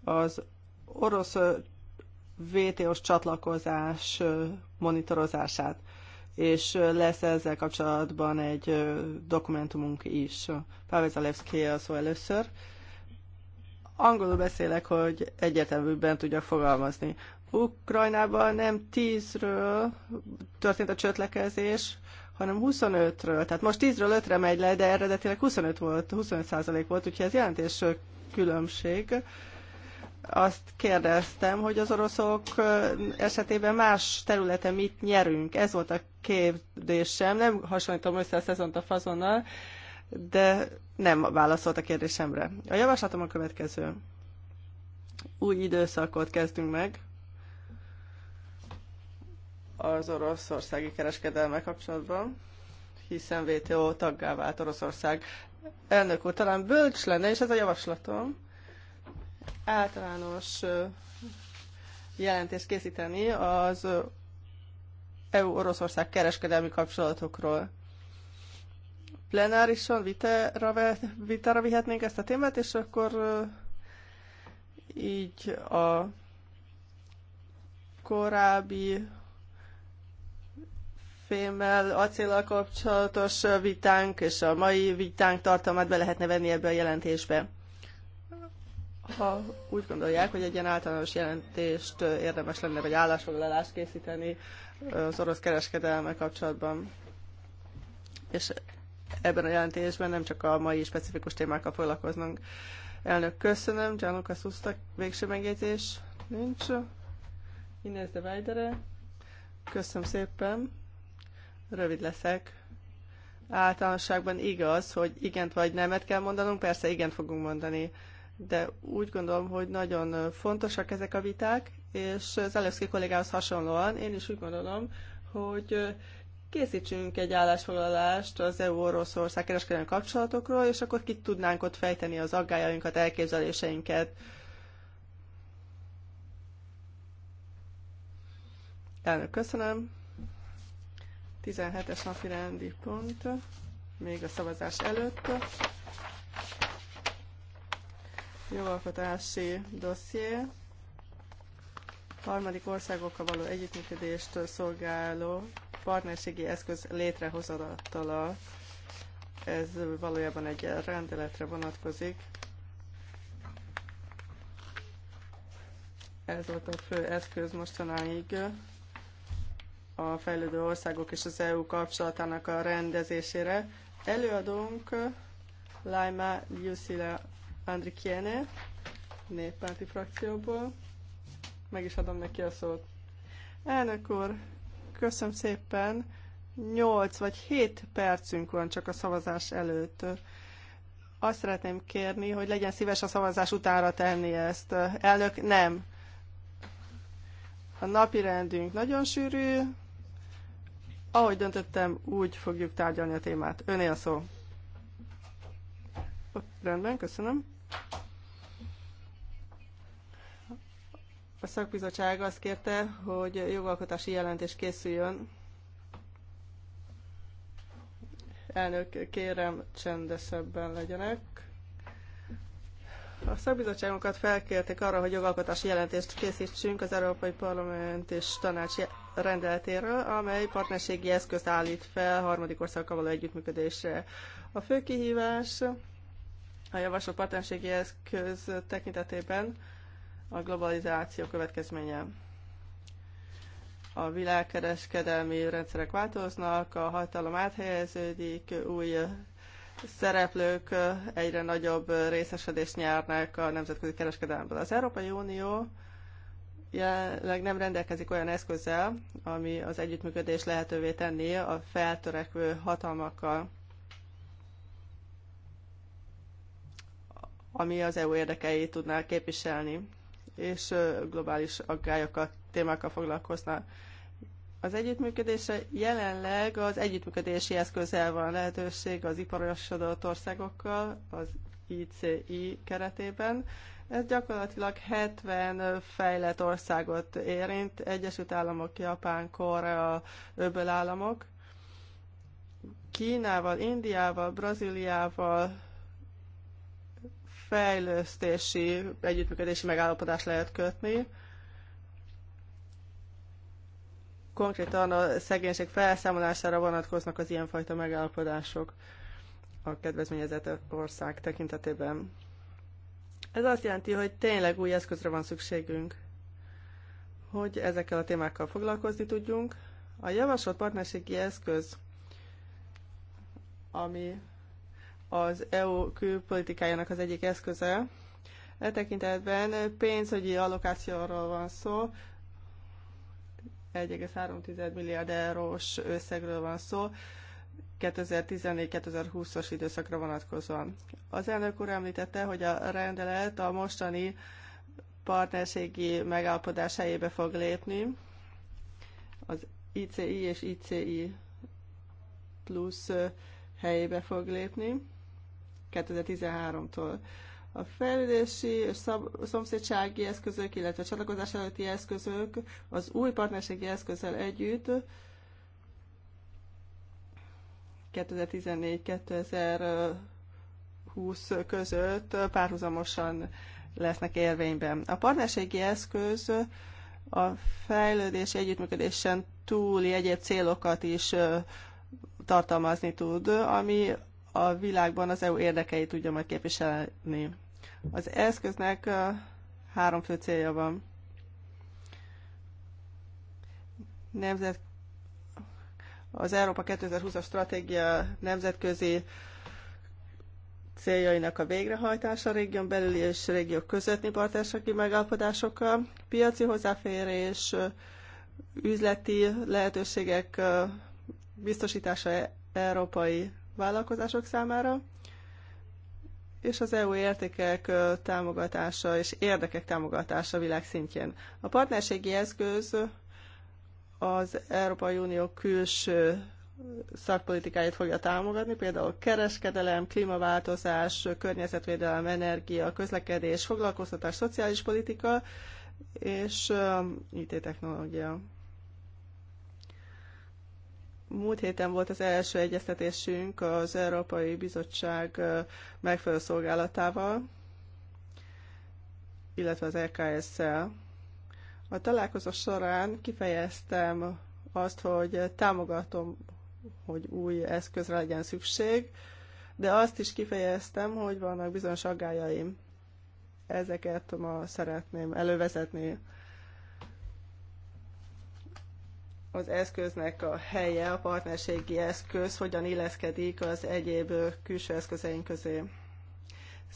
az orosz VTO-s csatlakozás monitorozását, és lesz ezzel kapcsolatban egy dokumentumunk is. Pavel Zalewski a szó először angolul beszélek, hogy egyértelműbben tudjak fogalmazni. Ukrajnában nem 10-ről történt a csötlekezés, hanem 25-ről. Tehát most 10-ről 5-re megy le, de eredetileg 25 volt, 25 százalék volt, úgyhogy ez jelentés különbség. Azt kérdeztem, hogy az oroszok esetében más területen mit nyerünk. Ez volt a kérdésem. Nem hasonlítom össze a szezont a fazonnal, de nem válaszolt a kérdésemre. A javaslatom a következő. Új időszakot kezdünk meg az oroszországi kereskedelme kapcsolatban, hiszen WTO taggá vált Oroszország. Elnök úr, talán bölcs lenne, és ez a javaslatom, általános jelentést készíteni az EU-Oroszország kereskedelmi kapcsolatokról. Plenárison vitára, vitára vihetnénk ezt a témát, és akkor így a korábbi fémmel, acéllal kapcsolatos vitánk és a mai vitánk tartalmát be lehetne venni ebbe a jelentésbe. Ha úgy gondolják, hogy egy ilyen általános jelentést érdemes lenne, vagy állásfoglalást készíteni az orosz kereskedelme kapcsolatban, és ebben a jelentésben nem csak a mai specifikus témákkal foglalkoznunk. Elnök, köszönöm. Gianluca Susta, végső megjegyzés nincs. Inés de Weidere. Köszönöm szépen. Rövid leszek. Általánosságban igaz, hogy igent vagy nemet kell mondanunk, persze igent fogunk mondani, de úgy gondolom, hogy nagyon fontosak ezek a viták, és az előszki kollégához hasonlóan én is úgy gondolom, hogy készítsünk egy állásfoglalást az EU-Oroszország kereskedelmi kapcsolatokról, és akkor ki tudnánk ott fejteni az aggájainkat, elképzeléseinket. Elnök, köszönöm. 17-es napi rendi pont, még a szavazás előtt. Jogalkotási dosszié, harmadik országokkal való együttműködést szolgáló partnerségi eszköz létrehozatala. Ez valójában egy rendeletre vonatkozik. Ez volt a fő eszköz mostanáig a fejlődő országok és az EU kapcsolatának a rendezésére. Előadónk Laima Lucila Andrikiene, néppárti frakcióból. Meg is adom neki a szót. Elnök úr, köszönöm szépen. 8 vagy 7 percünk van csak a szavazás előtt. Azt szeretném kérni, hogy legyen szíves a szavazás utánra tenni ezt. Elnök, nem. A napi rendünk nagyon sűrű, ahogy döntöttem, úgy fogjuk tárgyalni a témát. Öné a szó. Rendben, köszönöm. A szakbizottság azt kérte, hogy jogalkotási jelentés készüljön. Elnök, kérem, csendesebben legyenek. A szakbizottságunkat felkérték arra, hogy jogalkotási jelentést készítsünk az Európai Parlament és Tanács rendeletéről, amely partnerségi eszközt állít fel harmadik országokkal való együttműködésre. A fő kihívás a javasolt partnerségi eszköz tekintetében a globalizáció következménye. A világkereskedelmi rendszerek változnak, a hatalom áthelyeződik, új szereplők egyre nagyobb részesedést nyernek a nemzetközi kereskedelemből. Az Európai Unió jelenleg nem rendelkezik olyan eszközzel, ami az együttműködés lehetővé tenni a feltörekvő hatalmakkal, ami az EU érdekei tudná képviselni, és globális aggályokat, témákkal foglalkozna. Az együttműködése jelenleg az együttműködési eszközzel van lehetőség az iparosodott országokkal, az ICI keretében. Ez gyakorlatilag 70 fejlett országot érint, Egyesült Államok, Japán, Korea, öböl államok. Kínával, Indiával, Brazíliával fejlesztési, együttműködési megállapodást lehet kötni konkrétan a szegénység felszámolására vonatkoznak az ilyenfajta megállapodások a kedvezményezett ország tekintetében. Ez azt jelenti, hogy tényleg új eszközre van szükségünk, hogy ezekkel a témákkal foglalkozni tudjunk. A javasolt partnerségi eszköz, ami az EU külpolitikájának az egyik eszköze, E tekintetben pénzügyi allokációról van szó, 1,3 milliárd eurós összegről van szó, 2014-2020-as időszakra vonatkozóan. Az elnök úr említette, hogy a rendelet a mostani partnerségi megállapodás helyébe fog lépni. Az ICI és ICI plusz helyébe fog lépni 2013-tól. A fejlődési és szab- szomszédsági eszközök, illetve a csatlakozás előtti eszközök az új partnerségi eszközzel együtt 2014-2020 között párhuzamosan lesznek érvényben. A partnerségi eszköz a fejlődés együttműködésen túli egyéb célokat is tartalmazni tud, ami a világban az EU érdekeit tudja majd képviselni. Az eszköznek három fő célja van. Nemzet, az Európa 2020-as stratégia nemzetközi céljainak a végrehajtása régión belüli és régiók közötti partnerségi megállapodásokkal, piaci hozzáférés, üzleti lehetőségek biztosítása e-, európai vállalkozások számára, és az EU értékek támogatása és érdekek támogatása világszintjén. A partnerségi eszköz az Európai Unió külső szakpolitikáit fogja támogatni, például kereskedelem, klímaváltozás, környezetvédelem, energia, közlekedés, foglalkoztatás, szociális politika és IT technológia. Múlt héten volt az első egyeztetésünk az Európai Bizottság megfelelő szolgálatával, illetve az LKS-szel. A találkozó során kifejeztem azt, hogy támogatom, hogy új eszközre legyen szükség, de azt is kifejeztem, hogy vannak bizonyos aggájaim. Ezeket ma szeretném elővezetni. az eszköznek a helye, a partnerségi eszköz hogyan illeszkedik az egyéb külső eszközeink közé.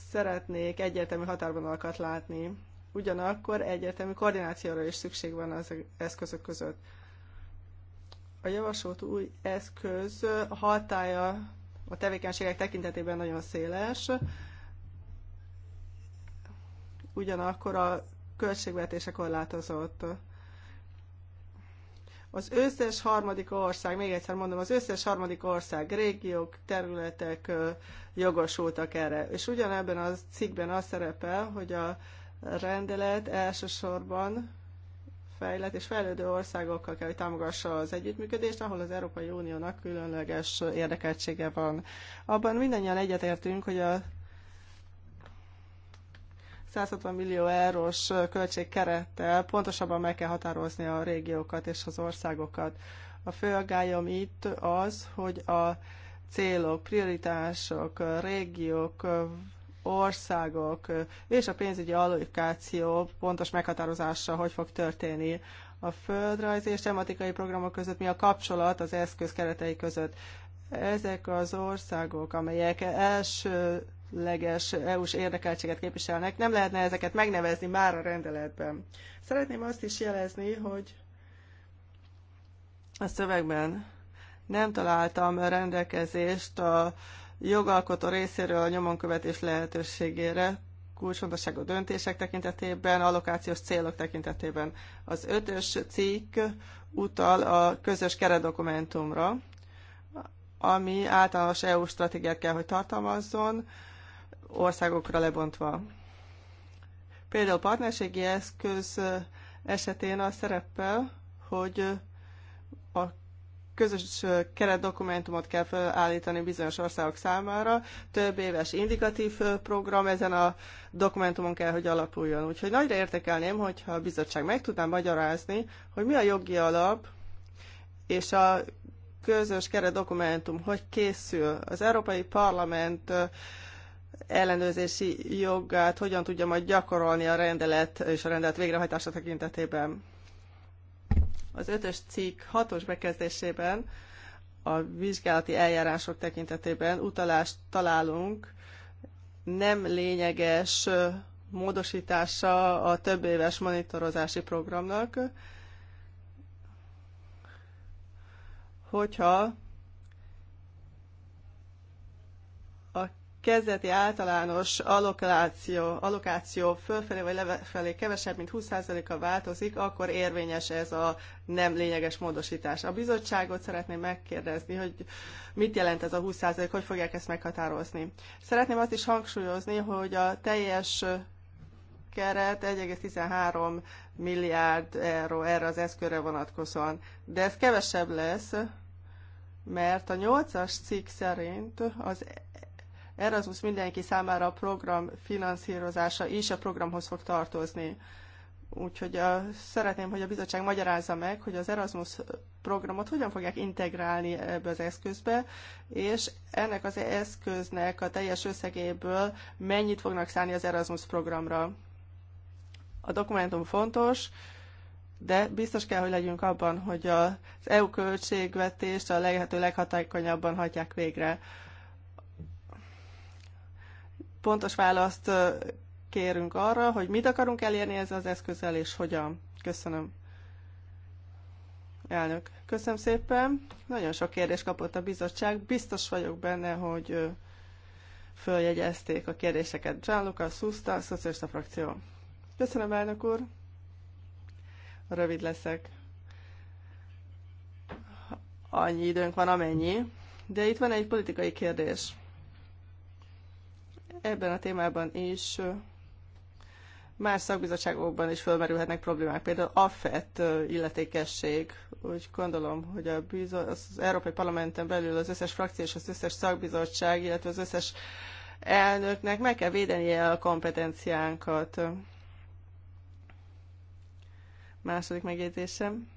Szeretnék egyértelmű határvonalakat látni, ugyanakkor egyértelmű koordinációra is szükség van az eszközök között. A javasolt új eszköz hatája a tevékenységek tekintetében nagyon széles, ugyanakkor a költségvetése korlátozott. Az összes harmadik ország, még egyszer mondom, az összes harmadik ország, régiók, területek jogosultak erre. És ugyanebben a cikkben az szerepel, hogy a rendelet elsősorban fejlett és fejlődő országokkal kell, hogy támogassa az együttműködést, ahol az Európai Uniónak különleges érdekeltsége van. Abban mindannyian egyetértünk, hogy a 160 millió eurós költségkerettel pontosabban meg kell határozni a régiókat és az országokat. A fő aggályom itt az, hogy a célok, prioritások, régiók, országok és a pénzügyi allokáció pontos meghatározása hogy fog történni a földrajz és tematikai programok között, mi a kapcsolat az eszköz keretei között. Ezek az országok, amelyek első leges EU-s érdekeltséget képviselnek. Nem lehetne ezeket megnevezni már a rendeletben. Szeretném azt is jelezni, hogy a szövegben nem találtam rendelkezést a jogalkotó részéről a nyomonkövetés lehetőségére, kulcsfontosságú döntések tekintetében, allokációs célok tekintetében. Az ötös cikk utal a közös keredokumentumra, ami általános EU stratégiát kell, hogy tartalmazzon, országokra lebontva. Például partnerségi eszköz esetén a szerepel, hogy a közös keretdokumentumot kell felállítani bizonyos országok számára, több éves indikatív program ezen a dokumentumon kell, hogy alapuljon. Úgyhogy nagyra értekelném, hogyha a bizottság meg tudná magyarázni, hogy mi a jogi alap, és a közös keretdokumentum hogy készül. Az Európai Parlament ellenőrzési jogát hogyan tudja majd gyakorolni a rendelet és a rendelet végrehajtása tekintetében. Az ötös cikk hatos bekezdésében a vizsgálati eljárások tekintetében utalást találunk nem lényeges módosítása a több éves monitorozási programnak, hogyha kezdeti általános allokáció, allokáció fölfelé vagy lefelé kevesebb, mint 20%-a változik, akkor érvényes ez a nem lényeges módosítás. A bizottságot szeretném megkérdezni, hogy mit jelent ez a 20%, hogy fogják ezt meghatározni. Szeretném azt is hangsúlyozni, hogy a teljes keret 1,13 milliárd euró erre az eszköre vonatkozóan. De ez kevesebb lesz, mert a 8-as cikk szerint az Erasmus mindenki számára a program finanszírozása is a programhoz fog tartozni. Úgyhogy a, szeretném, hogy a bizottság magyarázza meg, hogy az Erasmus programot hogyan fogják integrálni ebbe az eszközbe, és ennek az eszköznek a teljes összegéből mennyit fognak szállni az Erasmus programra. A dokumentum fontos, de biztos kell, hogy legyünk abban, hogy az EU költségvetést a lehető leghatékonyabban hagyják végre pontos választ kérünk arra, hogy mit akarunk elérni ezzel az eszközzel, és hogyan. Köszönöm. Elnök, köszönöm szépen. Nagyon sok kérdést kapott a bizottság. Biztos vagyok benne, hogy följegyezték a kérdéseket. Gianluca Susta, Szocialista Frakció. Köszönöm, elnök úr. Rövid leszek. Annyi időnk van, amennyi. De itt van egy politikai kérdés ebben a témában is más szakbizottságokban is felmerülhetnek problémák, például AFET illetékesség. Úgy gondolom, hogy a bizo- az Európai Parlamenten belül az összes frakció és az összes szakbizottság, illetve az összes elnöknek meg kell védenie a kompetenciánkat. Második megjegyzésem.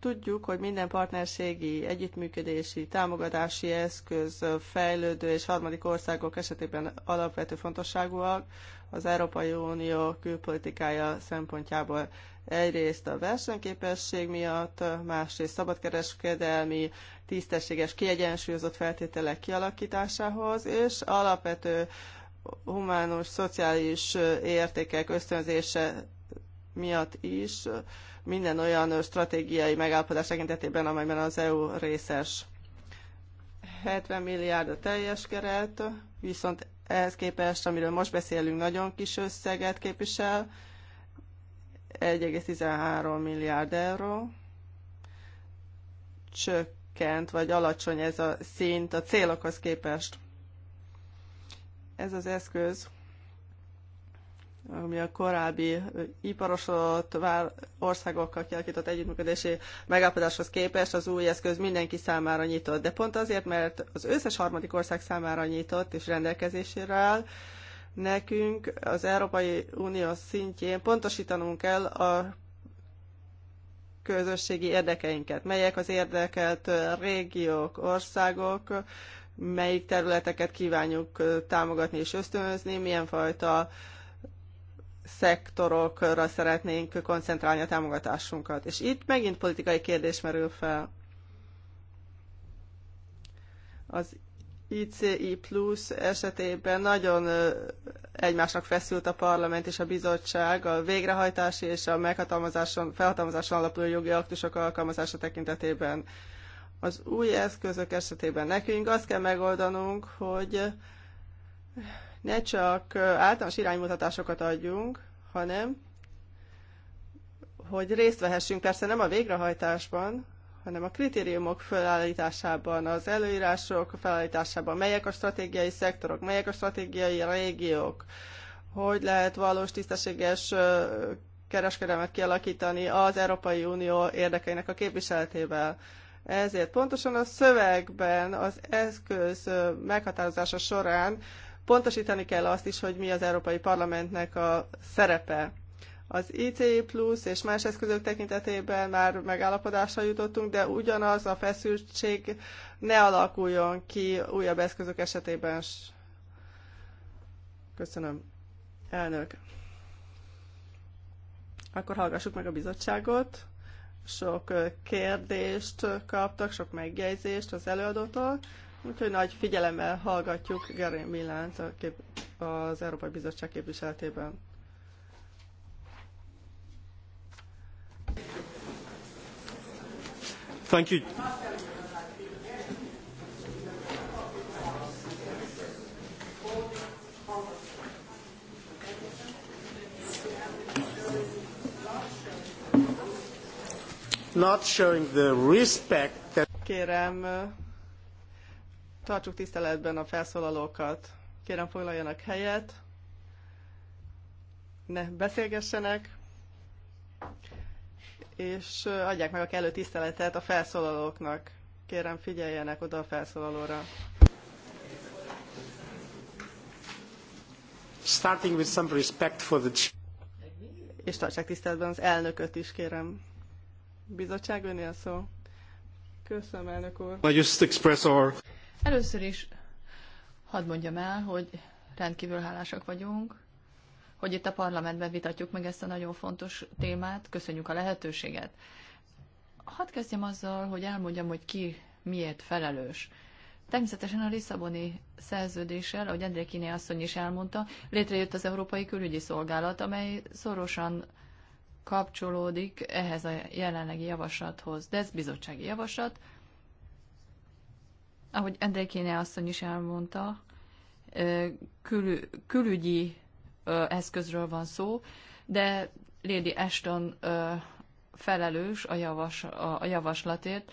Tudjuk, hogy minden partnerségi, együttműködési, támogatási eszköz fejlődő és harmadik országok esetében alapvető fontosságúak az Európai Unió külpolitikája szempontjából. Egyrészt a versenyképesség miatt, másrészt szabadkereskedelmi, tisztességes, kiegyensúlyozott feltételek kialakításához, és alapvető humánus, szociális értékek ösztönzése miatt is minden olyan stratégiai megállapodás tekintetében, amelyben az EU részes. 70 milliárd a teljes keret, viszont ehhez képest, amiről most beszélünk, nagyon kis összeget képvisel, 1,13 milliárd euró. Csökkent, vagy alacsony ez a szint a célokhoz képest. Ez az eszköz ami a korábbi iparosodott országokkal kialakított együttműködési megállapodáshoz képest az új eszköz mindenki számára nyitott. De pont azért, mert az összes harmadik ország számára nyitott és rendelkezésére áll, nekünk az Európai Unió szintjén pontosítanunk kell a közösségi érdekeinket, melyek az érdekelt régiók, országok, melyik területeket kívánjuk támogatni és ösztönözni, milyen fajta uh, szektorokra szeretnénk koncentrálni a támogatásunkat. És itt megint politikai kérdés merül fel. Az ICI Plus esetében nagyon egymásnak feszült a parlament és a bizottság a végrehajtási és a meghatalmazáson, felhatalmazáson alapuló jogi aktusok alkalmazása tekintetében. Az új eszközök esetében nekünk azt kell megoldanunk, hogy ne csak általános iránymutatásokat adjunk, hanem hogy részt vehessünk persze nem a végrehajtásban, hanem a kritériumok felállításában, az előírások felállításában, melyek a stratégiai szektorok, melyek a stratégiai régiók, hogy lehet valós tisztességes kereskedelmet kialakítani az Európai Unió érdekeinek a képviseletével. Ezért pontosan a szövegben az eszköz meghatározása során Pontosítani kell azt is, hogy mi az Európai Parlamentnek a szerepe. Az ICE Plus és más eszközök tekintetében már megállapodásra jutottunk, de ugyanaz a feszültség ne alakuljon ki újabb eszközök esetében. Köszönöm, elnök. Akkor hallgassuk meg a bizottságot. Sok kérdést kaptak, sok megjegyzést az előadótól. Úgyhogy nagy figyelemmel hallgatjuk Gary Millant a az Európai Bizottság képviseletében. Thank you. Not showing the respect that Kérem, Tartsuk tiszteletben a felszólalókat. Kérem foglaljanak helyet. Ne beszélgessenek. És adják meg a kellő tiszteletet a felszólalóknak. Kérem figyeljenek oda a felszólalóra. Starting with some respect for the... És tartsák tiszteletben az elnököt is, kérem. Bizottság önél szó. Köszönöm, elnök úr. I just express our Először is hadd mondjam el, hogy rendkívül hálásak vagyunk, hogy itt a parlamentben vitatjuk meg ezt a nagyon fontos témát. Köszönjük a lehetőséget. Hadd kezdjem azzal, hogy elmondjam, hogy ki miért felelős. Természetesen a Lisszaboni szerződéssel, ahogy André Kiné asszony is elmondta, létrejött az Európai Külügyi Szolgálat, amely szorosan kapcsolódik ehhez a jelenlegi javaslathoz. De ez bizottsági javaslat, ahogy Endekéne asszony is elmondta, kül, külügyi eszközről van szó, de Lady Ashton felelős a, javas, a, a javaslatért,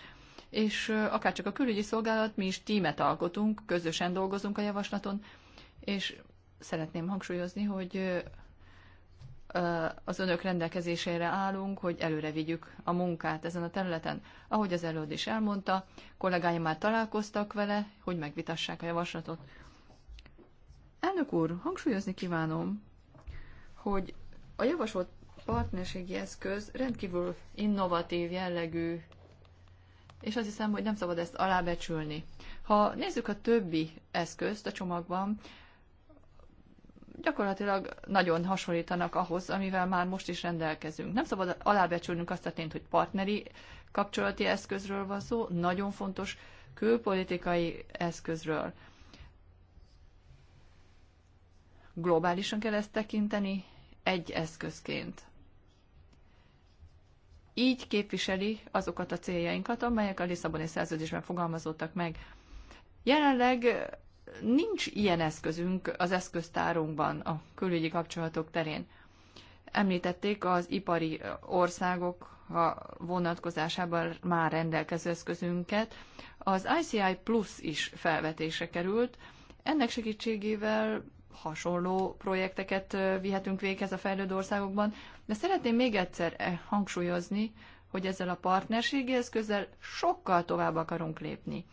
és akárcsak a külügyi szolgálat, mi is tímet alkotunk, közösen dolgozunk a javaslaton, és szeretném hangsúlyozni, hogy az önök rendelkezésére állunk, hogy előre vigyük a munkát ezen a területen. Ahogy az előadó is elmondta, kollégáim már találkoztak vele, hogy megvitassák a javaslatot. Elnök úr, hangsúlyozni kívánom, hogy a javasolt partnerségi eszköz rendkívül innovatív jellegű, és azt hiszem, hogy nem szabad ezt alábecsülni. Ha nézzük a többi eszközt a csomagban, gyakorlatilag nagyon hasonlítanak ahhoz, amivel már most is rendelkezünk. Nem szabad alábecsülnünk azt a tényt, hogy partneri kapcsolati eszközről van szó, nagyon fontos külpolitikai eszközről. Globálisan kell ezt tekinteni egy eszközként. Így képviseli azokat a céljainkat, amelyek a Lisszaboni szerződésben fogalmazódtak meg. Jelenleg nincs ilyen eszközünk az eszköztárunkban a külügyi kapcsolatok terén. Említették az ipari országok a vonatkozásában már rendelkező eszközünket. Az ICI Plus is felvetése került. Ennek segítségével hasonló projekteket vihetünk véghez a fejlődő országokban, de szeretném még egyszer eh, hangsúlyozni, hogy ezzel a partnerségi eszközzel sokkal tovább akarunk lépni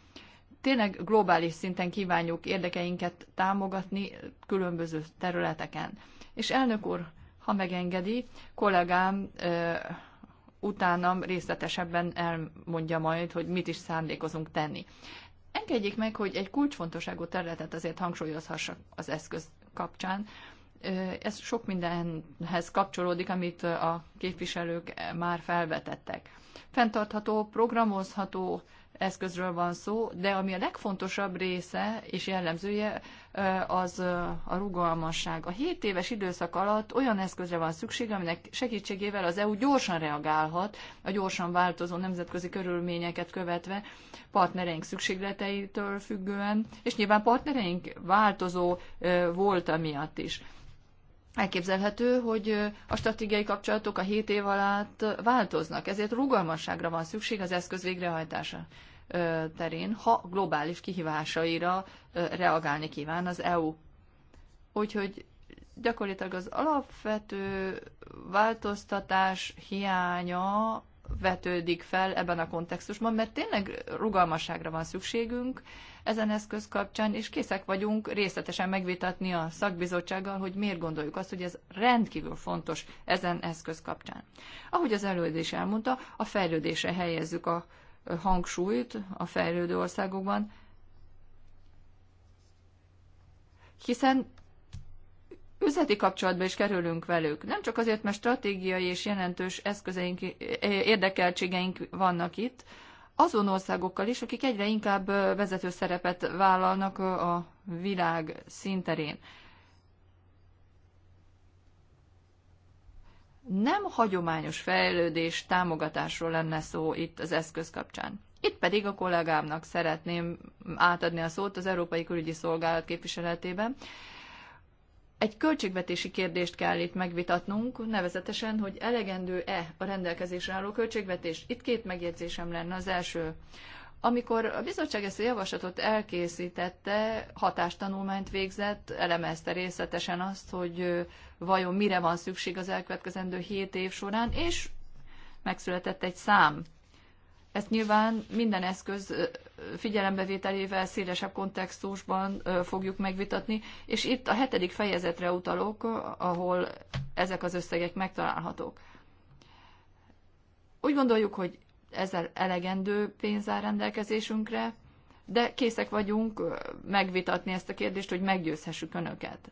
tényleg globális szinten kívánjuk érdekeinket támogatni különböző területeken. És elnök úr, ha megengedi, kollégám utánam részletesebben elmondja majd, hogy mit is szándékozunk tenni. Engedjék meg, hogy egy kulcsfontosságú területet azért hangsúlyozhassak az eszköz kapcsán. Ez sok mindenhez kapcsolódik, amit a képviselők már felvetettek. Fentartható, programozható, eszközről van szó, de ami a legfontosabb része és jellemzője, az a rugalmasság. A 7 éves időszak alatt olyan eszközre van szükség, aminek segítségével az EU gyorsan reagálhat, a gyorsan változó nemzetközi körülményeket követve, partnereink szükségleteitől függően, és nyilván partnereink változó volt amiatt is. Elképzelhető, hogy a stratégiai kapcsolatok a 7 év alatt változnak, ezért rugalmasságra van szükség az eszköz végrehajtása terén, ha globális kihívásaira reagálni kíván az EU. Úgyhogy gyakorlatilag az alapvető változtatás hiánya vetődik fel ebben a kontextusban, mert tényleg rugalmasságra van szükségünk ezen eszköz kapcsán, és készek vagyunk részletesen megvitatni a szakbizottsággal, hogy miért gondoljuk azt, hogy ez rendkívül fontos ezen eszköz kapcsán. Ahogy az előző is elmondta, a fejlődésre helyezzük a hangsúlyt a fejlődő országokban, hiszen üzleti kapcsolatba is kerülünk velük. Nem csak azért, mert stratégiai és jelentős eszközeink, érdekeltségeink vannak itt, azon országokkal is, akik egyre inkább vezető szerepet vállalnak a világ szinterén. Nem hagyományos fejlődés támogatásról lenne szó itt az eszköz kapcsán. Itt pedig a kollégámnak szeretném átadni a szót az Európai Külügyi Szolgálat képviseletében, egy költségvetési kérdést kell itt megvitatnunk, nevezetesen, hogy elegendő-e a rendelkezésre álló költségvetés. Itt két megjegyzésem lenne. Az első, amikor a bizottság ezt a javaslatot elkészítette, hatástanulmányt végzett, elemezte részletesen azt, hogy vajon mire van szükség az elkövetkezendő 7 év során, és megszületett egy szám. Ezt nyilván minden eszköz figyelembevételével szélesebb kontextusban fogjuk megvitatni, és itt a hetedik fejezetre utalok, ahol ezek az összegek megtalálhatók. Úgy gondoljuk, hogy ezzel elegendő pénz áll rendelkezésünkre, de készek vagyunk megvitatni ezt a kérdést, hogy meggyőzhessük önöket.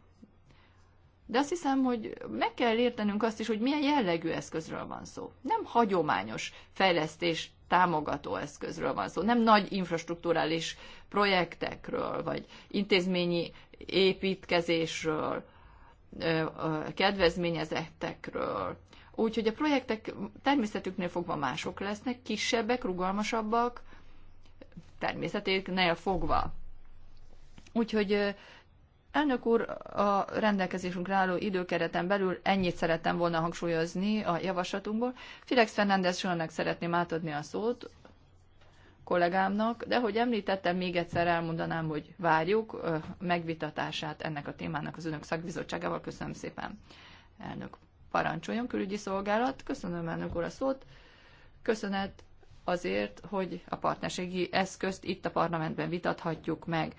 De azt hiszem, hogy meg kell értenünk azt is, hogy milyen jellegű eszközről van szó. Nem hagyományos fejlesztés támogató eszközről van szó. Nem nagy infrastruktúrális projektekről, vagy intézményi építkezésről, kedvezményezettekről. Úgyhogy a projektek természetüknél fogva mások lesznek, kisebbek, rugalmasabbak, természetéknél fogva. Úgyhogy Elnök úr, a rendelkezésünkre álló időkereten belül ennyit szerettem volna hangsúlyozni a javaslatunkból. Filex Fernández Sönnek szeretném átadni a szót, kollégámnak, de hogy említettem, még egyszer elmondanám, hogy várjuk megvitatását ennek a témának az önök szakbizottságával. Köszönöm szépen, elnök. Parancsoljon, külügyi szolgálat. Köszönöm, elnök úr, a szót. Köszönet azért, hogy a partnerségi eszközt itt a parlamentben vitathatjuk meg.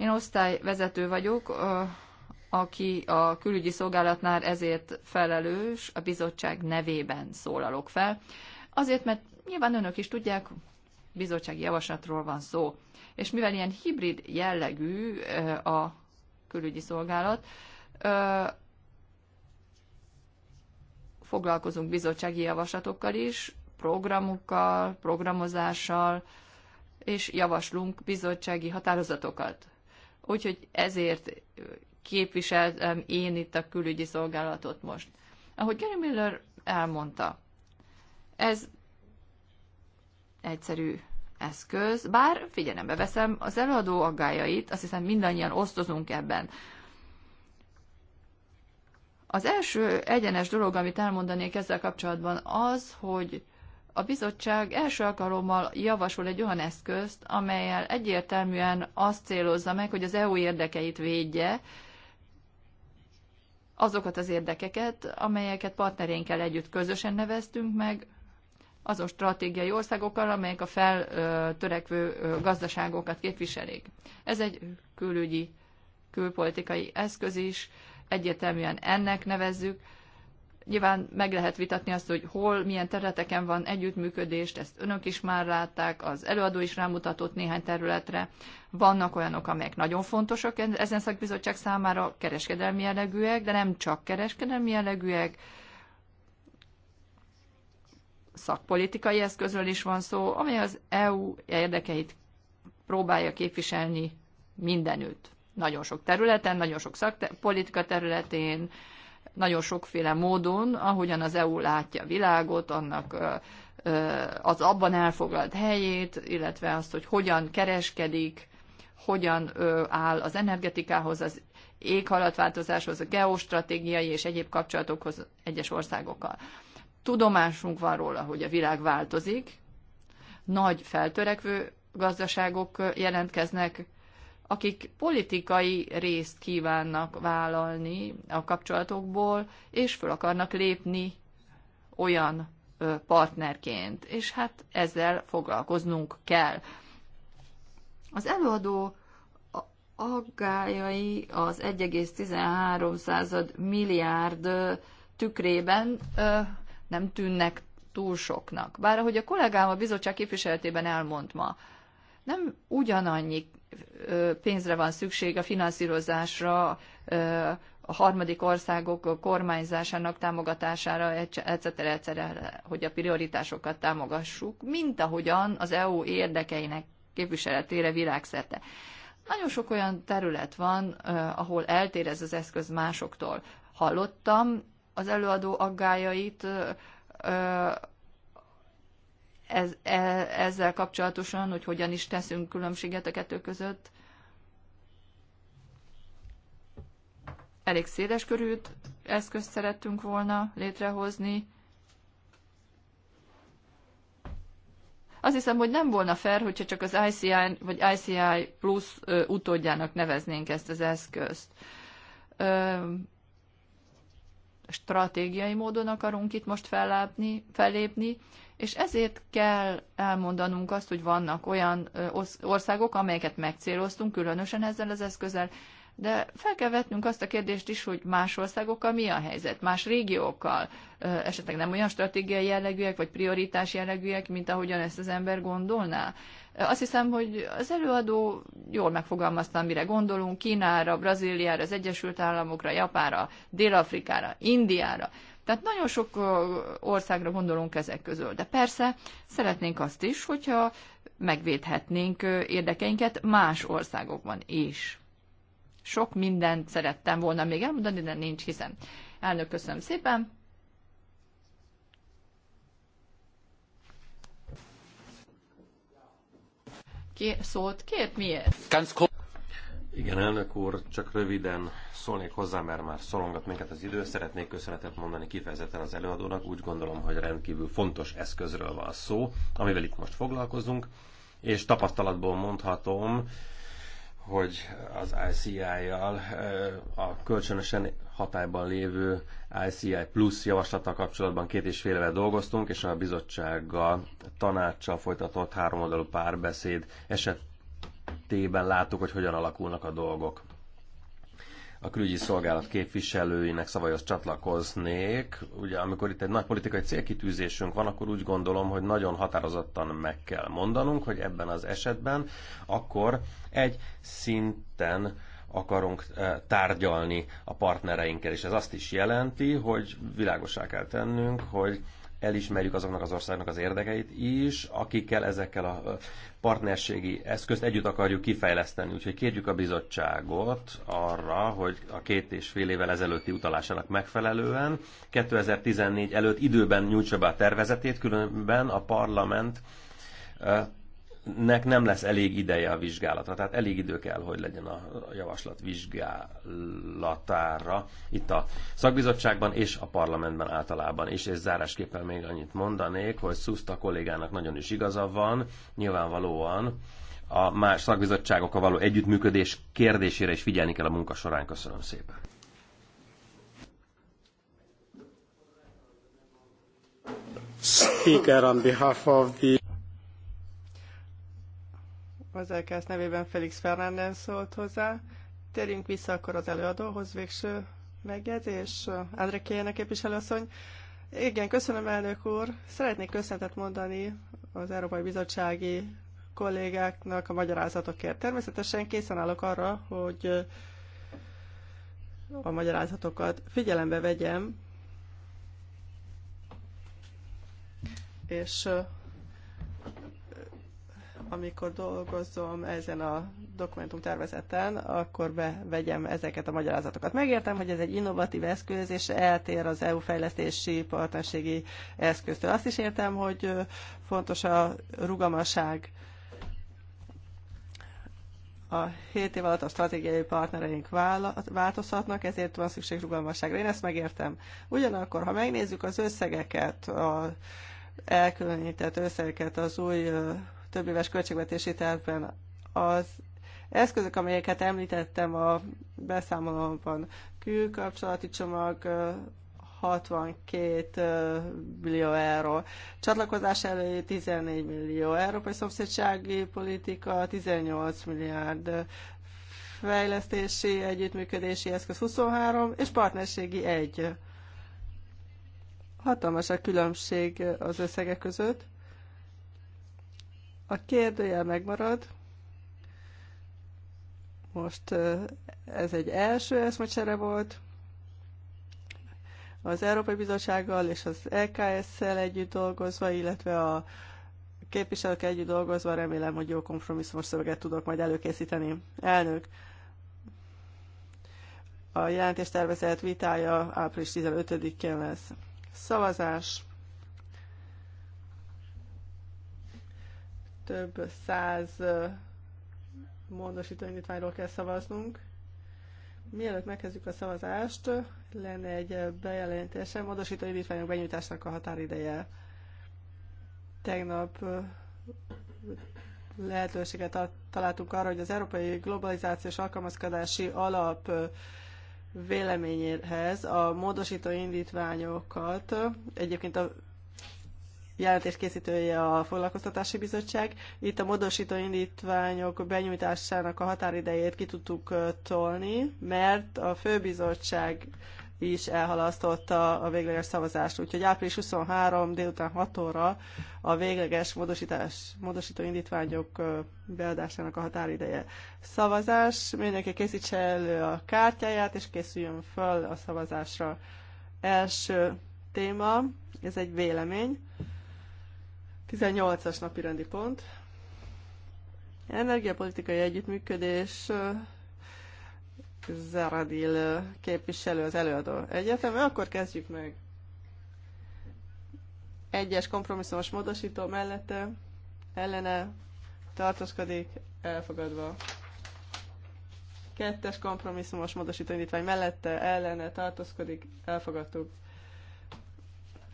Én osztályvezető vagyok, aki a külügyi szolgálatnál ezért felelős, a bizottság nevében szólalok fel. Azért, mert nyilván önök is tudják, bizottsági javaslatról van szó. És mivel ilyen hibrid jellegű a külügyi szolgálat, foglalkozunk bizottsági javaslatokkal is, programokkal, programozással, és javaslunk bizottsági határozatokat úgyhogy ezért képviseltem én itt a külügyi szolgálatot most. Ahogy Gary Miller elmondta, ez egyszerű eszköz, bár figyelembe veszem az előadó aggájait, azt hiszem mindannyian osztozunk ebben. Az első egyenes dolog, amit elmondanék ezzel kapcsolatban az, hogy a bizottság első alkalommal javasol egy olyan eszközt, amelyel egyértelműen azt célozza meg, hogy az EU érdekeit védje, azokat az érdekeket, amelyeket partnerénkkel együtt közösen neveztünk meg, azon stratégiai országokkal, amelyek a feltörekvő gazdaságokat képviselik. Ez egy külügyi, külpolitikai eszköz is, egyértelműen ennek nevezzük, Nyilván meg lehet vitatni azt, hogy hol, milyen területeken van együttműködést, ezt önök is már látták, az előadó is rámutatott néhány területre. Vannak olyanok, amelyek nagyon fontosak ezen szakbizottság számára, kereskedelmi jellegűek, de nem csak kereskedelmi jellegűek, szakpolitikai eszközről is van szó, amely az EU érdekeit próbálja képviselni mindenütt. Nagyon sok területen, nagyon sok szakpolitika területén, nagyon sokféle módon, ahogyan az EU látja a világot, annak az abban elfoglalt helyét, illetve azt, hogy hogyan kereskedik, hogyan áll az energetikához, az éghajlatváltozáshoz, a geostratégiai és egyéb kapcsolatokhoz egyes országokkal. Tudomásunk van róla, hogy a világ változik, nagy feltörekvő gazdaságok jelentkeznek, akik politikai részt kívánnak vállalni a kapcsolatokból, és föl akarnak lépni olyan partnerként, és hát ezzel foglalkoznunk kell. Az előadó aggájai az 1,13 milliárd tükrében nem tűnnek túl soknak. Bár ahogy a kollégám a bizottság képviseletében elmond ma, nem ugyanannyi pénzre van szükség a finanszírozásra, a harmadik országok kormányzásának támogatására, etc., etc., hogy a prioritásokat támogassuk, mint ahogyan az EU érdekeinek képviseletére világszerte. Nagyon sok olyan terület van, ahol eltér ez az eszköz másoktól. Hallottam az előadó aggájait ez, e, ezzel kapcsolatosan, hogy hogyan is teszünk különbséget a kettő között. Elég széles körült eszközt szerettünk volna létrehozni. Azt hiszem, hogy nem volna fair, hogyha csak az ICI vagy ICI plus utódjának neveznénk ezt az eszközt. Ö, stratégiai módon akarunk itt most fellépni és ezért kell elmondanunk azt, hogy vannak olyan országok, amelyeket megcéloztunk, különösen ezzel az eszközzel, de fel kell vetnünk azt a kérdést is, hogy más országokkal mi a helyzet, más régiókkal, esetleg nem olyan stratégiai jellegűek, vagy prioritás jellegűek, mint ahogyan ezt az ember gondolná. Azt hiszem, hogy az előadó jól megfogalmazta, mire gondolunk, Kínára, Brazíliára, az Egyesült Államokra, Japára, Dél-Afrikára, Indiára. Tehát nagyon sok országra gondolunk ezek közül. De persze szeretnénk azt is, hogyha megvédhetnénk érdekeinket más országokban is. Sok mindent szerettem volna még elmondani, de nincs hiszen. Elnök, köszönöm szépen! Ki szólt? kért miért? Igen, elnök úr, csak röviden szólnék hozzá, mert már szolongat minket az idő. Szeretnék köszönetet mondani kifejezetten az előadónak. Úgy gondolom, hogy rendkívül fontos eszközről van szó, amivel itt most foglalkozunk. És tapasztalatból mondhatom, hogy az ICI-jal eh, a kölcsönösen hatályban lévő ICI plusz javaslattal kapcsolatban két és fél éve dolgoztunk, és a bizottsággal, tanácssal folytatott háromoldalú párbeszéd eset esetében láttuk, hogy hogyan alakulnak a dolgok. A külügyi szolgálat képviselőinek szavajhoz csatlakoznék. Ugye, amikor itt egy nagy politikai célkitűzésünk van, akkor úgy gondolom, hogy nagyon határozottan meg kell mondanunk, hogy ebben az esetben akkor egy szinten akarunk eh, tárgyalni a partnereinkkel, és ez azt is jelenti, hogy világosá kell tennünk, hogy elismerjük azoknak az országnak az érdekeit is, akikkel ezekkel a partnerségi eszközt együtt akarjuk kifejleszteni, úgyhogy kérjük a bizottságot arra, hogy a két és fél évvel ezelőtti utalásának megfelelően 2014 előtt időben nyújtsa be a tervezetét, különben a parlament nek nem lesz elég ideje a vizsgálatra, tehát elég idő kell, hogy legyen a javaslat vizsgálatára itt a szakbizottságban és a parlamentben általában is, és zárásképpen még annyit mondanék, hogy Szuszta kollégának nagyon is igaza van, nyilvánvalóan a más szakbizottságokkal való együttműködés kérdésére is figyelni kell a munka során. Köszönöm szépen. Speaker on behalf of the az LKS nevében Felix Fernández szólt hozzá. Térjünk vissza akkor az előadóhoz, végső megjegyzés. André Kéjének képviselőasszony. Igen, köszönöm elnök úr. Szeretnék köszönetet mondani az Európai Bizottsági kollégáknak a magyarázatokért. Természetesen készen állok arra, hogy a magyarázatokat figyelembe vegyem, és amikor dolgozom ezen a dokumentum tervezeten, akkor bevegyem ezeket a magyarázatokat. Megértem, hogy ez egy innovatív eszköz, és eltér az EU fejlesztési partnerségi eszköztől. Azt is értem, hogy fontos a rugalmasság. A 7 év alatt a stratégiai partnereink változhatnak, ezért van szükség rugalmasságra. Én ezt megértem. Ugyanakkor, ha megnézzük az összegeket, a elkülönített összegeket az új több éves költségvetési tervben. Az eszközök, amelyeket említettem a beszámolóban, külkapcsolati csomag, 62 millió euró. Csatlakozás elejé 14 millió. Európai szomszédsági politika 18 milliárd. Fejlesztési, együttműködési eszköz 23, és partnerségi 1. Hatalmas a különbség az összegek között. A kérdőjel megmarad. Most ez egy első eszmecsere volt. Az Európai Bizottsággal és az EKS-szel együtt dolgozva, illetve a képviselők együtt dolgozva remélem, hogy jó kompromisszumos szöveget tudok majd előkészíteni. Elnök, a jelentéstervezet vitája április 15-én lesz. Szavazás több száz módosító indítványról kell szavaznunk. Mielőtt megkezdjük a szavazást, lenne egy bejelentése, módosító indítványok benyújtásnak a határideje. Tegnap lehetőséget találtunk arra, hogy az Európai Globalizációs Alkalmazkodási Alap véleményéhez a módosító indítványokat egyébként a jelentéskészítője a Foglalkoztatási Bizottság. Itt a módosító indítványok benyújtásának a határidejét ki tudtuk tolni, mert a főbizottság is elhalasztotta a végleges szavazást. Úgyhogy április 23 délután 6 óra a végleges módosítás, módosító indítványok beadásának a határideje. Szavazás, mindenki készítse elő a kártyáját, és készüljön föl a szavazásra. Első téma, ez egy vélemény. 18-as napi rendi pont. Energiapolitikai együttműködés Zaradil képviselő az előadó egyetem. Akkor kezdjük meg. Egyes kompromisszumos módosító mellette ellene tartózkodik, elfogadva. Kettes kompromisszumos módosító indítvány mellette ellene tartózkodik, elfogadtuk.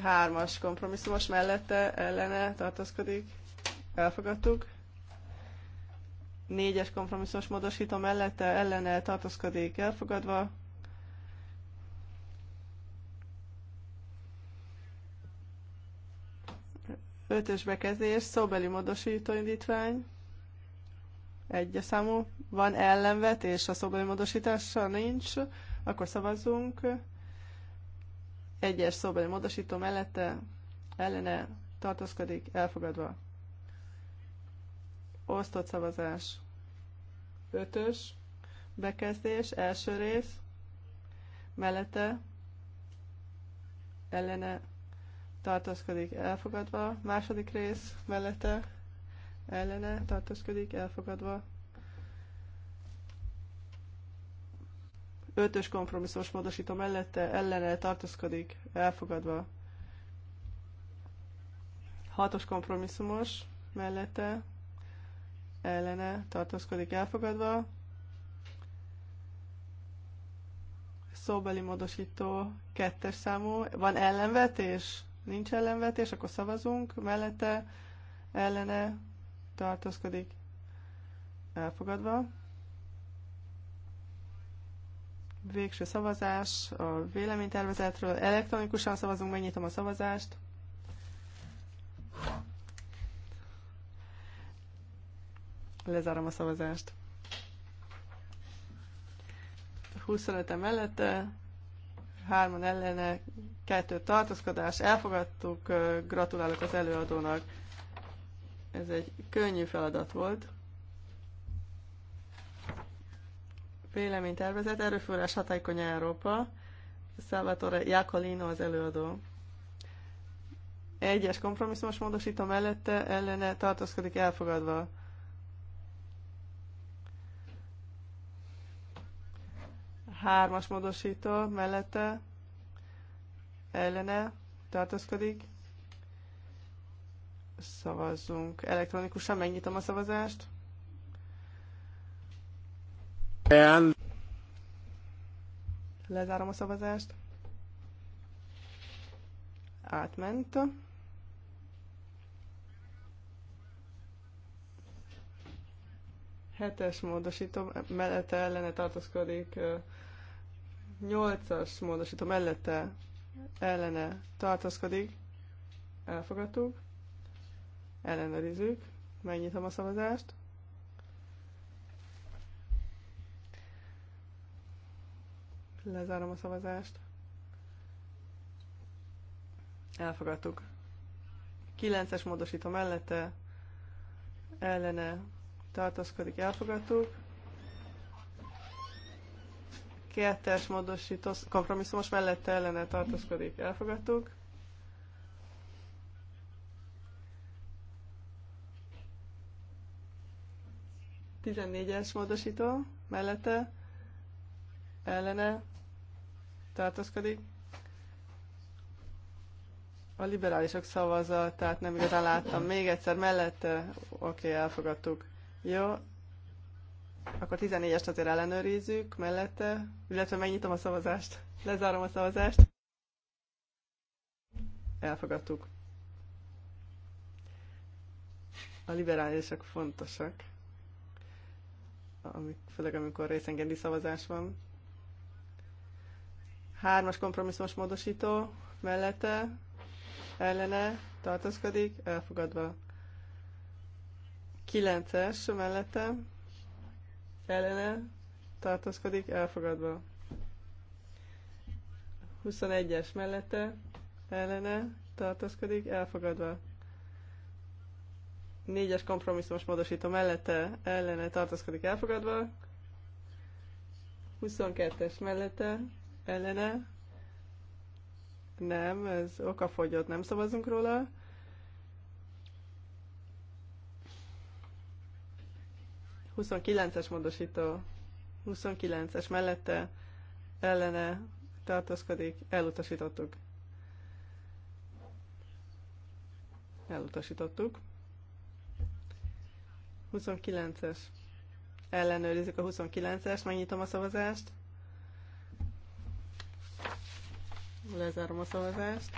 Hármas kompromisszumos mellette ellene tartózkodik. Elfogadtuk. Négyes kompromisszumos módosító mellette ellene tartózkodik. Elfogadva. Ötös bekezdés, szóbeli módosító indítvány egyes számú. Van ellenvetés a szóbeli módosításra? Nincs. Akkor szavazunk. Egyes szóbeli módosító mellette ellene tartózkodik, elfogadva. Osztott szavazás. Ötös. Bekezdés, első rész. Mellette ellene tartózkodik, elfogadva. Második rész mellette ellene tartózkodik, elfogadva. Ötös kompromisszós módosító mellette ellene tartózkodik, elfogadva. Hatos kompromisszumos mellette ellene tartózkodik, elfogadva. Szóbeli módosító kettes számú. Van ellenvetés? Nincs ellenvetés, akkor szavazunk. Mellette ellene tartózkodik, elfogadva. Végső szavazás a véleménytervezetről. Elektronikusan szavazunk, megnyitom a szavazást. Lezárom a szavazást. 25 mellette, 3 ellene, 2 tartózkodás, elfogadtuk, gratulálok az előadónak. Ez egy könnyű feladat volt. Véleménytervezet, erőforrás hatékony Európa. Salvatore Iacolino az előadó. Egyes kompromisszumos módosító mellette ellene tartózkodik elfogadva. Hármas módosító mellette ellene tartózkodik. Szavazzunk elektronikusan, megnyitom a szavazást. And... Lezárom a szavazást. Átment. Hetes módosító mellette ellene tartózkodik. Nyolcas módosító mellette ellene tartózkodik. Elfogadtuk. Ellenőrizzük. Megnyitom a szavazást. Lezárom a szavazást. Elfogadtuk. 9-es módosítom mellette ellene tartózkodik, elfogadtuk. 2-es módosító kompromisszumos mellette ellene tartózkodik, elfogadtuk. Tizennégyes módosító mellette ellene tartózkodik. A liberálisok szavazatát nem igazán láttam. Még egyszer mellette, oké, okay, elfogadtuk. Jó, akkor 14-est azért ellenőrizzük mellette, illetve megnyitom a szavazást. Lezárom a szavazást. Elfogadtuk. A liberálisok fontosak. Amik, főleg amikor részengedi szavazás van. Hármas kompromisszumos módosító mellette ellene tartózkodik, elfogadva. Kilences mellette ellene tartózkodik, elfogadva. 21-es mellette ellene tartózkodik, elfogadva. 4-es kompromisszumos módosító mellette ellene tartózkodik, elfogadva. 22-es mellette ellene, nem, ez okafogyott, nem szavazunk róla. Huszonkilences módosító, 29-es mellette, ellene tartózkodik, elutasítottuk. Elutasítottuk. 29-es. Ellenőrizzük a 29-est, megnyitom a szavazást. Lezárom a szavazást.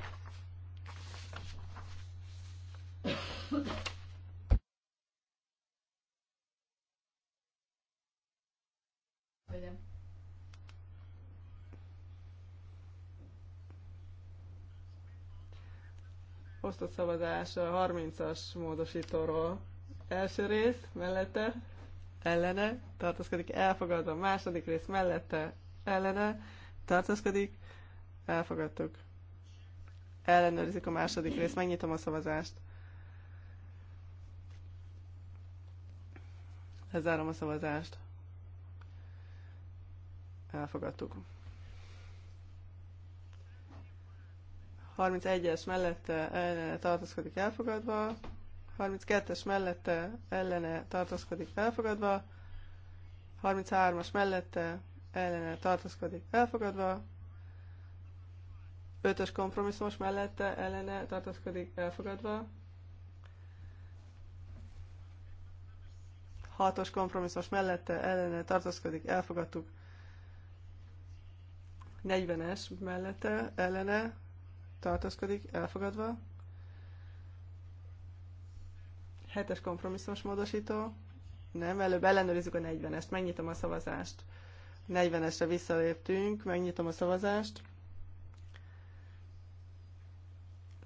Osztott szavazás a 30-as módosítóról. Első rész, mellette, ellene, tartozkodik, elfogadva. Második rész, mellette, ellene, tartozkodik. Elfogadtuk. Ellenőrizik a második részt. Megnyitom a szavazást. Lezárom a szavazást. Elfogadtuk. 31-es mellette ellene tartozkodik elfogadva, 32-es mellette ellene tartozkodik elfogadva, 33-as mellette ellene tartozkodik elfogadva, Ötös kompromisszumos mellette ellene tartózkodik elfogadva. Hatos kompromisszumos mellette ellene tartózkodik elfogadtuk. 40-es mellette ellene tartózkodik elfogadva. 7-es kompromisszumos módosító. Nem, előbb ellenőrizzük a 40-est. Megnyitom a szavazást. 40-esre visszaléptünk, megnyitom a szavazást.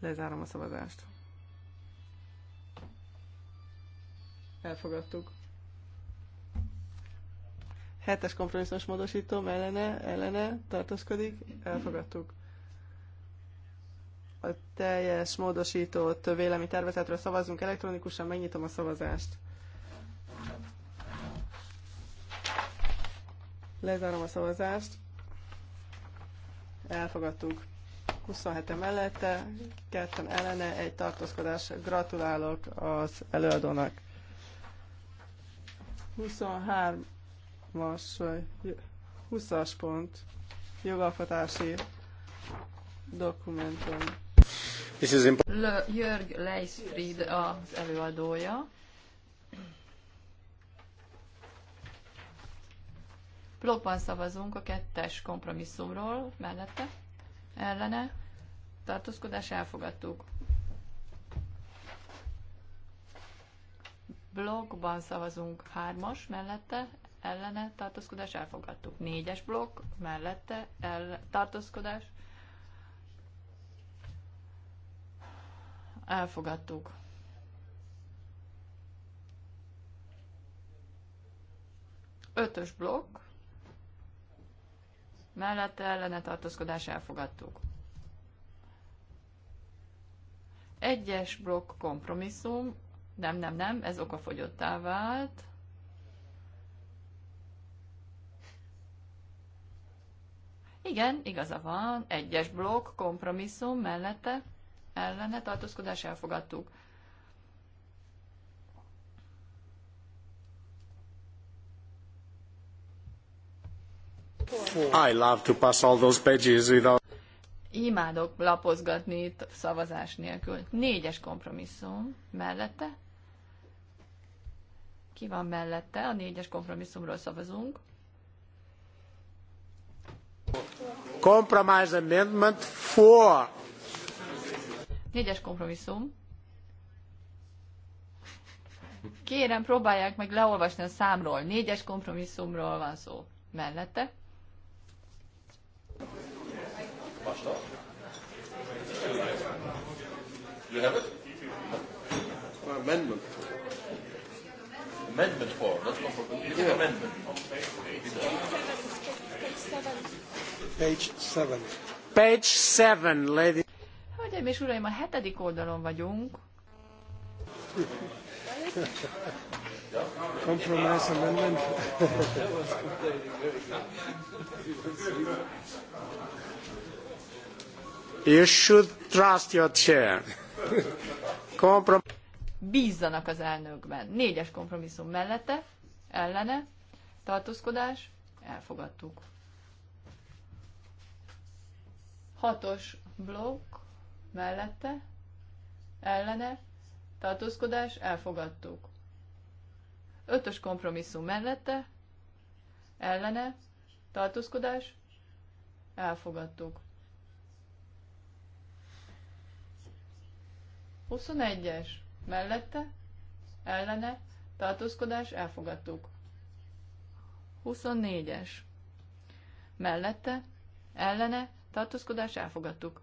Lezárom a szavazást. Elfogadtuk. Hetes kompromisszumos módosító ellene, ellene tartózkodik. Elfogadtuk. A teljes módosított vélemi tervezetről szavazunk elektronikusan, megnyitom a szavazást. Lezárom a szavazást. Elfogadtuk. 27 mellette, ketten ellene, egy tartózkodás. Gratulálok az előadónak. 23-as, 20-as pont, jogalkotási dokumentum. This is Le, Jörg Leisfried az előadója. Blokkban szavazunk a kettes kompromisszumról mellette ellene, tartózkodás elfogadtuk. Blokkban szavazunk hármas mellette, ellene, tartózkodás elfogadtuk. Négyes blokk mellette, el, tartózkodás elfogadtuk. Ötös blokk mellette ellene tartózkodás elfogadtuk. Egyes blokk kompromisszum, nem, nem, nem, ez okafogyottá vált. Igen, igaza van, egyes blokk kompromisszum mellette ellene tartózkodás elfogadtuk. I love to pass all those pages without... Imádok lapozgatni itt szavazás nélkül. Négyes kompromisszum mellette. Ki van mellette? A négyes kompromisszumról szavazunk. Compromise Amendment for. Négyes kompromisszum. Kérem, próbálják meg leolvasni a számról. Négyes kompromisszumról van szó. Mellette. my You have it? Ah, amendment. Amendment not for yeah. amendment. Page seven, Page 7, lady. Hölgyeim és uraim, a hetedik oldalon vagyunk. Compromise amendment. You should trust your chair. Komprom- Bízzanak az elnökben. Négyes kompromisszum mellette, ellene, tartózkodás, elfogadtuk. Hatos blokk mellette, ellene, tartózkodás, elfogadtuk. Ötös kompromisszum mellette, ellene, tartózkodás, elfogadtuk. 21-es mellette, ellene, tartózkodás, elfogadtuk. 24-es mellette, ellene, tartózkodás, elfogadtuk.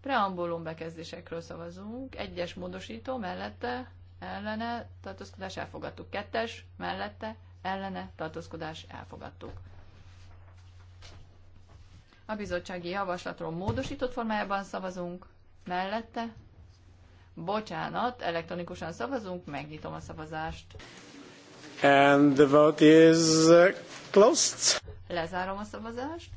Preambulum bekezdésekről szavazunk. Egyes módosító mellette, ellene, tartózkodás elfogadtuk. Kettes mellette, ellene, tartózkodás elfogadtuk. A bizottsági javaslatról módosított formájában szavazunk. Mellette? Bocsánat, elektronikusan szavazunk, megnyitom a szavazást. And the vote is uh, closed. Lezárom a szavazást.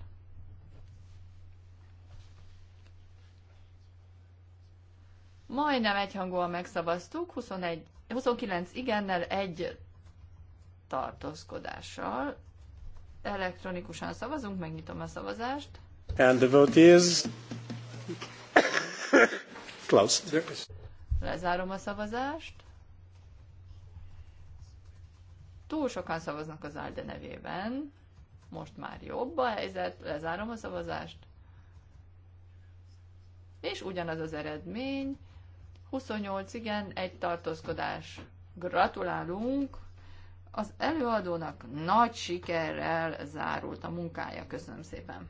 Majdnem egyhangúan megszavaztuk, 21, 29 igennel, egy tartózkodással. Elektronikusan szavazunk, megnyitom a szavazást. And the vote is closed. Lezárom a szavazást. Túl sokan szavaznak az Alde nevében. Most már jobb a helyzet, lezárom a szavazást. És ugyanaz az eredmény. 28 igen, egy tartózkodás. Gratulálunk az előadónak nagy sikerrel zárult a munkája. Köszönöm szépen.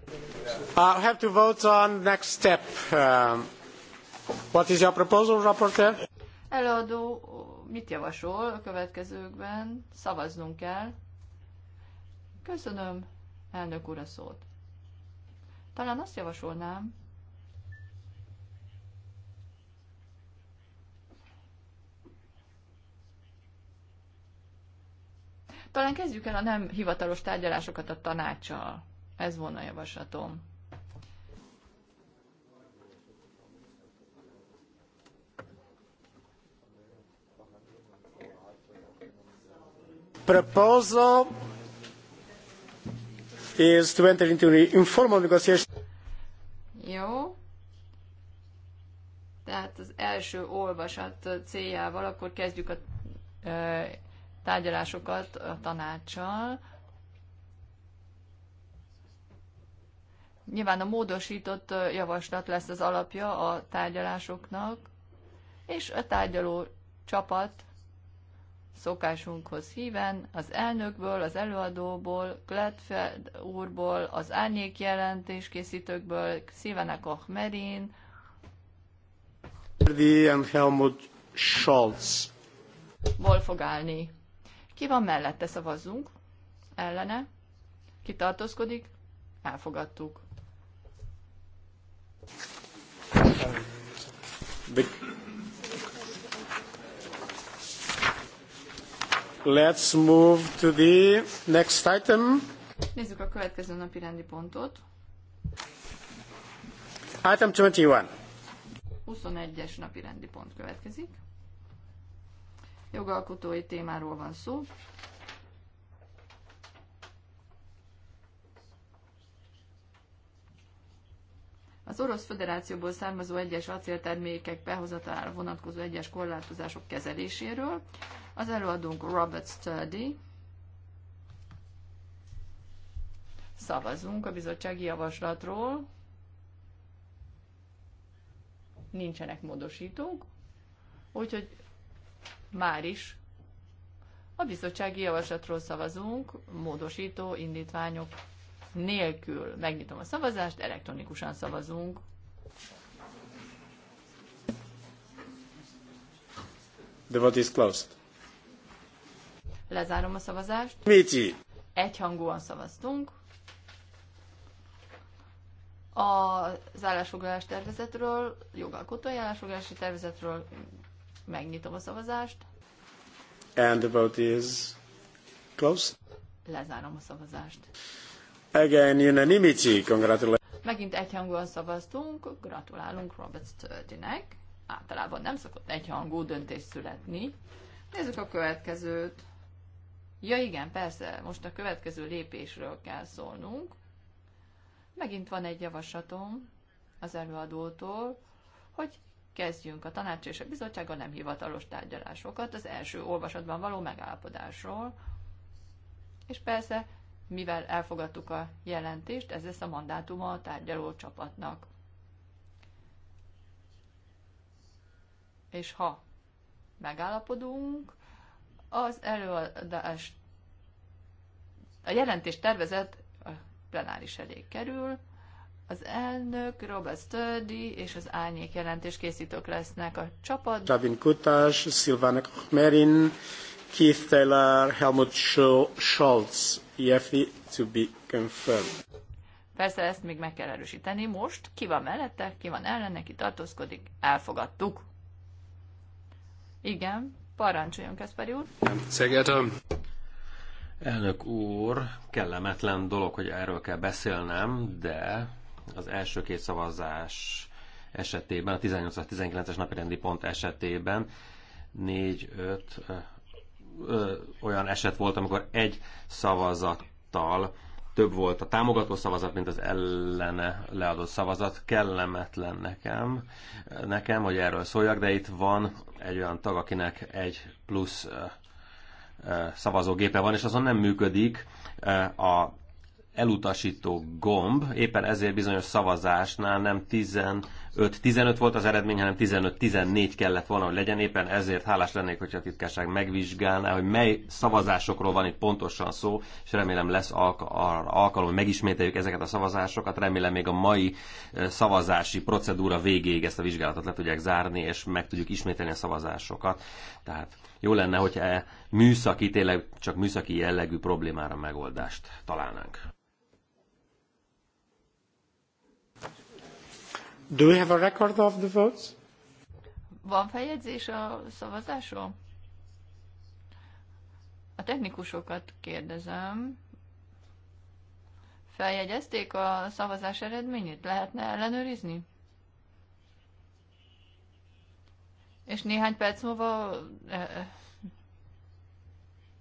I have to vote on next step. Um, what is your proposal, rapporteur? Előadó mit javasol a következőkben? Szavaznunk kell. Köszönöm, elnök úr, a szót. Talán azt javasolnám, Talán kezdjük el a nem hivatalos tárgyalásokat a tanácssal. Ez volna a javaslatom. Proposal is to enter into informal negotiation. Jó. Tehát az első olvasat céljával akkor kezdjük a tárgyalásokat a tanácssal. Nyilván a módosított javaslat lesz az alapja a tárgyalásoknak, és a tárgyaló csapat szokásunkhoz híven az elnökből, az előadóból, Gledfeld úrból, az árnyék készítőkből, Szívenek Ahmerin, and fog állni. Ki van mellette, szavazzunk. Ellene. Ki tartózkodik? Elfogadtuk. Let's move to the next item. Nézzük a következő napi rendi pontot. Item 21. 21-es napi rendi pont következik jogalkotói témáról van szó. Az Orosz Föderációból származó egyes acéltermékek behozatára vonatkozó egyes korlátozások kezeléséről. Az előadónk Robert Sturdy. Szavazunk a bizottsági javaslatról. Nincsenek módosítók, úgyhogy már is a bizottsági javaslatról szavazunk, módosító indítványok nélkül. Megnyitom a szavazást, elektronikusan szavazunk. The vote is closed. Lezárom a szavazást. Mici. Egyhangúan szavaztunk. Az állásfoglalás tervezetről, jogalkotói állásfoglalási tervezetről Megnyitom a szavazást. And the vote is closed. Lezárom a szavazást. Again, unanimity. Congratulations. Megint egyhangúan szavaztunk. Gratulálunk Robert Sturdynek. Általában nem szokott egyhangú döntés születni. Nézzük a következőt. Ja igen, persze, most a következő lépésről kell szólnunk. Megint van egy javaslatom az előadótól, hogy kezdjünk a tanács és a bizottsága nem hivatalos tárgyalásokat az első olvasatban való megállapodásról. És persze, mivel elfogadtuk a jelentést, ez lesz a mandátuma a tárgyaló csapatnak. És ha megállapodunk, az előadás, a jelentés tervezet a plenáris elé kerül, az elnök, Robert Sturdy és az árnyék jelentés készítők lesznek a csapat. Javin Kutás, Silvana Merin, Keith Taylor, Helmut Scholz, EFI to be confirmed. Persze ezt még meg kell erősíteni. Most ki van mellette, ki van ellene, ki tartózkodik, elfogadtuk. Igen, parancsoljon Kaspari úr. Szegedem. Elnök úr, kellemetlen dolog, hogy erről kell beszélnem, de az első két szavazás esetében, a 18-19-es rendi pont esetében 4-5 olyan eset volt, amikor egy szavazattal több volt a támogató szavazat, mint az ellene leadott szavazat. Kellemetlen nekem, nekem, hogy erről szóljak, de itt van egy olyan tag, akinek egy plusz szavazógépe van, és azon nem működik a elutasító gomb, éppen ezért bizonyos szavazásnál nem 15-15 volt az eredmény, hanem 15-14 kellett volna, hogy legyen. Éppen ezért hálás lennék, hogyha a titkárság megvizsgálná, hogy mely szavazásokról van itt pontosan szó, és remélem lesz alkalom, hogy megismételjük ezeket a szavazásokat. Remélem még a mai szavazási procedúra végéig ezt a vizsgálatot le tudják zárni, és meg tudjuk ismételni a szavazásokat. Tehát jó lenne, hogyha e műszaki, tényleg csak műszaki jellegű problémára megoldást találnánk. Do we have a record of the votes? Van feljegyzés a szavazásról? A technikusokat kérdezem. Feljegyezték a szavazás eredményét? Lehetne ellenőrizni? És néhány perc múlva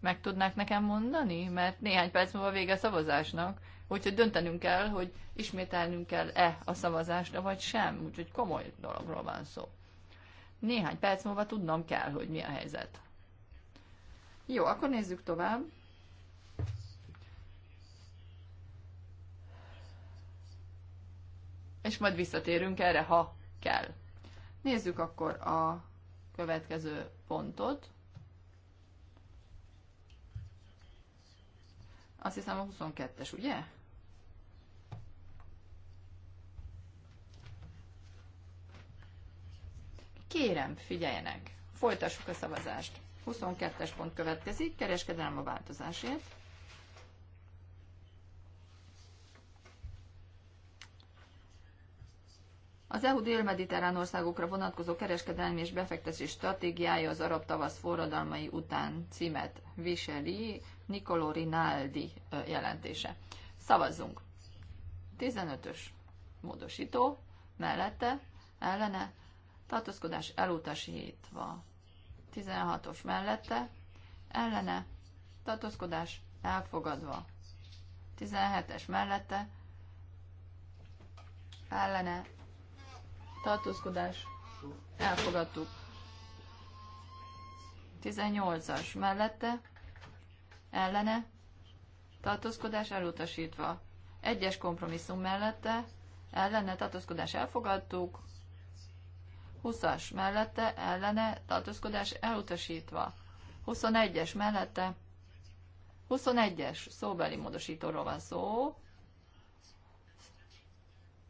meg tudnák nekem mondani? Mert néhány perc múlva vége a szavazásnak hogyha döntenünk kell, hogy ismételnünk kell-e a szavazást, vagy sem. Úgyhogy komoly dologról van szó. Néhány perc múlva tudnom kell, hogy mi a helyzet. Jó, akkor nézzük tovább. És majd visszatérünk erre, ha kell. Nézzük akkor a következő pontot. Azt hiszem a 22-es, ugye? Kérem, figyeljenek! Folytassuk a szavazást. 22-es pont következik, kereskedelem a változásért. Az EU dél-mediterrán országokra vonatkozó kereskedelmi és befektetési stratégiája az arab tavasz forradalmai után címet viseli Nicolò Rinaldi jelentése. Szavazzunk! 15-ös módosító, mellette, ellene, tartózkodás elutasítva. 16-os mellette, ellene, tartózkodás elfogadva. 17-es mellette, ellene, tartózkodás elfogadtuk. 18-as mellette, ellene, tartózkodás elutasítva. Egyes kompromisszum mellette, ellene, tartózkodás elfogadtuk. 20-as mellette ellene tartózkodás elutasítva. 21-es mellette 21-es szóbeli módosítóról van szó.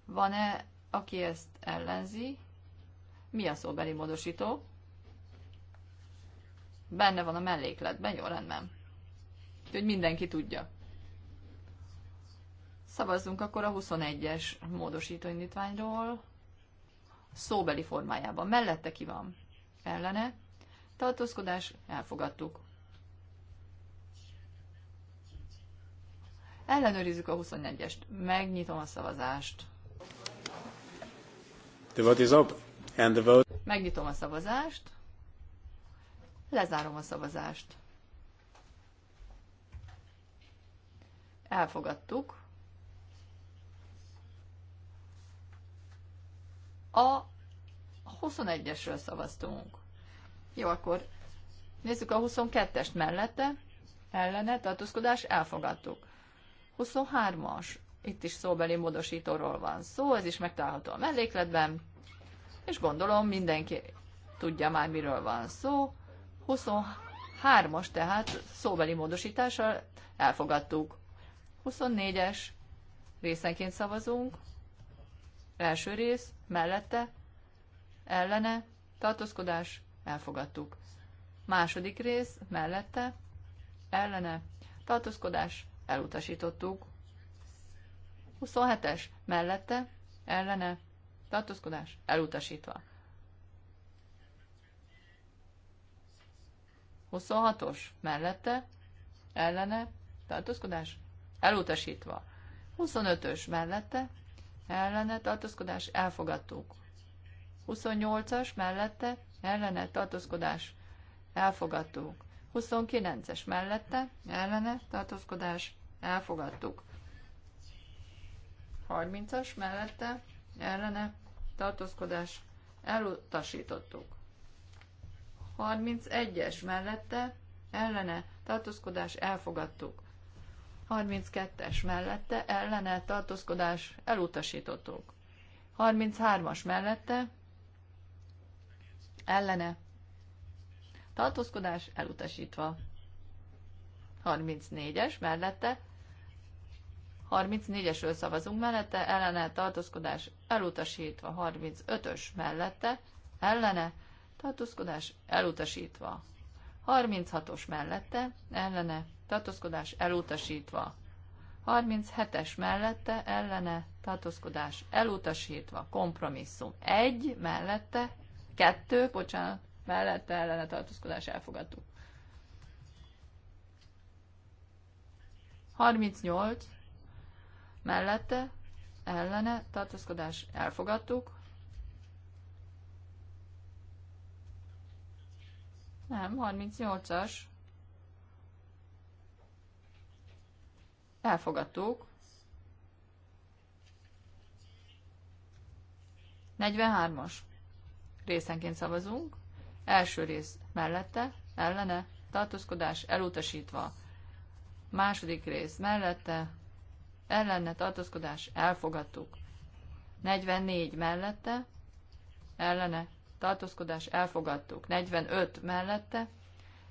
Van-e, aki ezt ellenzi? Mi a szóbeli módosító? Benne van a mellékletben, jó rendben. Úgyhogy mindenki tudja. Szavazzunk akkor a 21-es módosítóindítványról szóbeli formájában. Mellette ki van? Ellene. Tartózkodás, elfogadtuk. Ellenőrizzük a 24-est. Megnyitom a szavazást. The vote is open, And the vote... Megnyitom a szavazást. Lezárom a szavazást. Elfogadtuk. A 21-esről szavaztunk. Jó, akkor nézzük a 22-est mellette, ellene, tartózkodás, elfogadtuk. 23-as, itt is szóbeli módosítóról van szó, ez is megtalálható a mellékletben, és gondolom mindenki tudja már, miről van szó. 23-as tehát szóbeli módosítással elfogadtuk. 24-es részenként szavazunk, Első rész, mellette, ellene, tartózkodás, elfogadtuk. Második rész, mellette, ellene, tartózkodás, elutasítottuk. 27-es, mellette, ellene, tartózkodás, elutasítva. 26-os, mellette, ellene, tartózkodás, elutasítva. 25-ös mellette, ellene tartózkodás elfogadtuk. 28-as mellette ellene tartózkodás elfogadtuk. 29-es mellette ellene tartózkodás elfogadtuk. 30-as mellette ellene tartózkodás elutasítottuk. 31-es mellette ellene tartózkodás elfogadtuk. 32-es mellette ellene tartózkodás elutasítottuk. 33-as mellette ellene tartózkodás elutasítva. 34-es mellette 34-esről szavazunk mellette, ellene tartózkodás elutasítva, 35-ös mellette, ellene tartózkodás elutasítva, 36-os mellette, ellene tartózkodás elutasítva. 37-es mellette ellene tartózkodás elutasítva. Kompromisszum 1 mellette, 2, bocsánat, mellette ellene tartózkodás elfogadtuk. 38 mellette ellene tartózkodás elfogadtuk. Nem, 38-as Elfogadtuk. 43-as. Részenként szavazunk. Első rész mellette, ellene, tartózkodás elutasítva. Második rész mellette, ellene, tartózkodás elfogadtuk. 44 mellette, ellene, tartózkodás elfogadtuk. 45 mellette,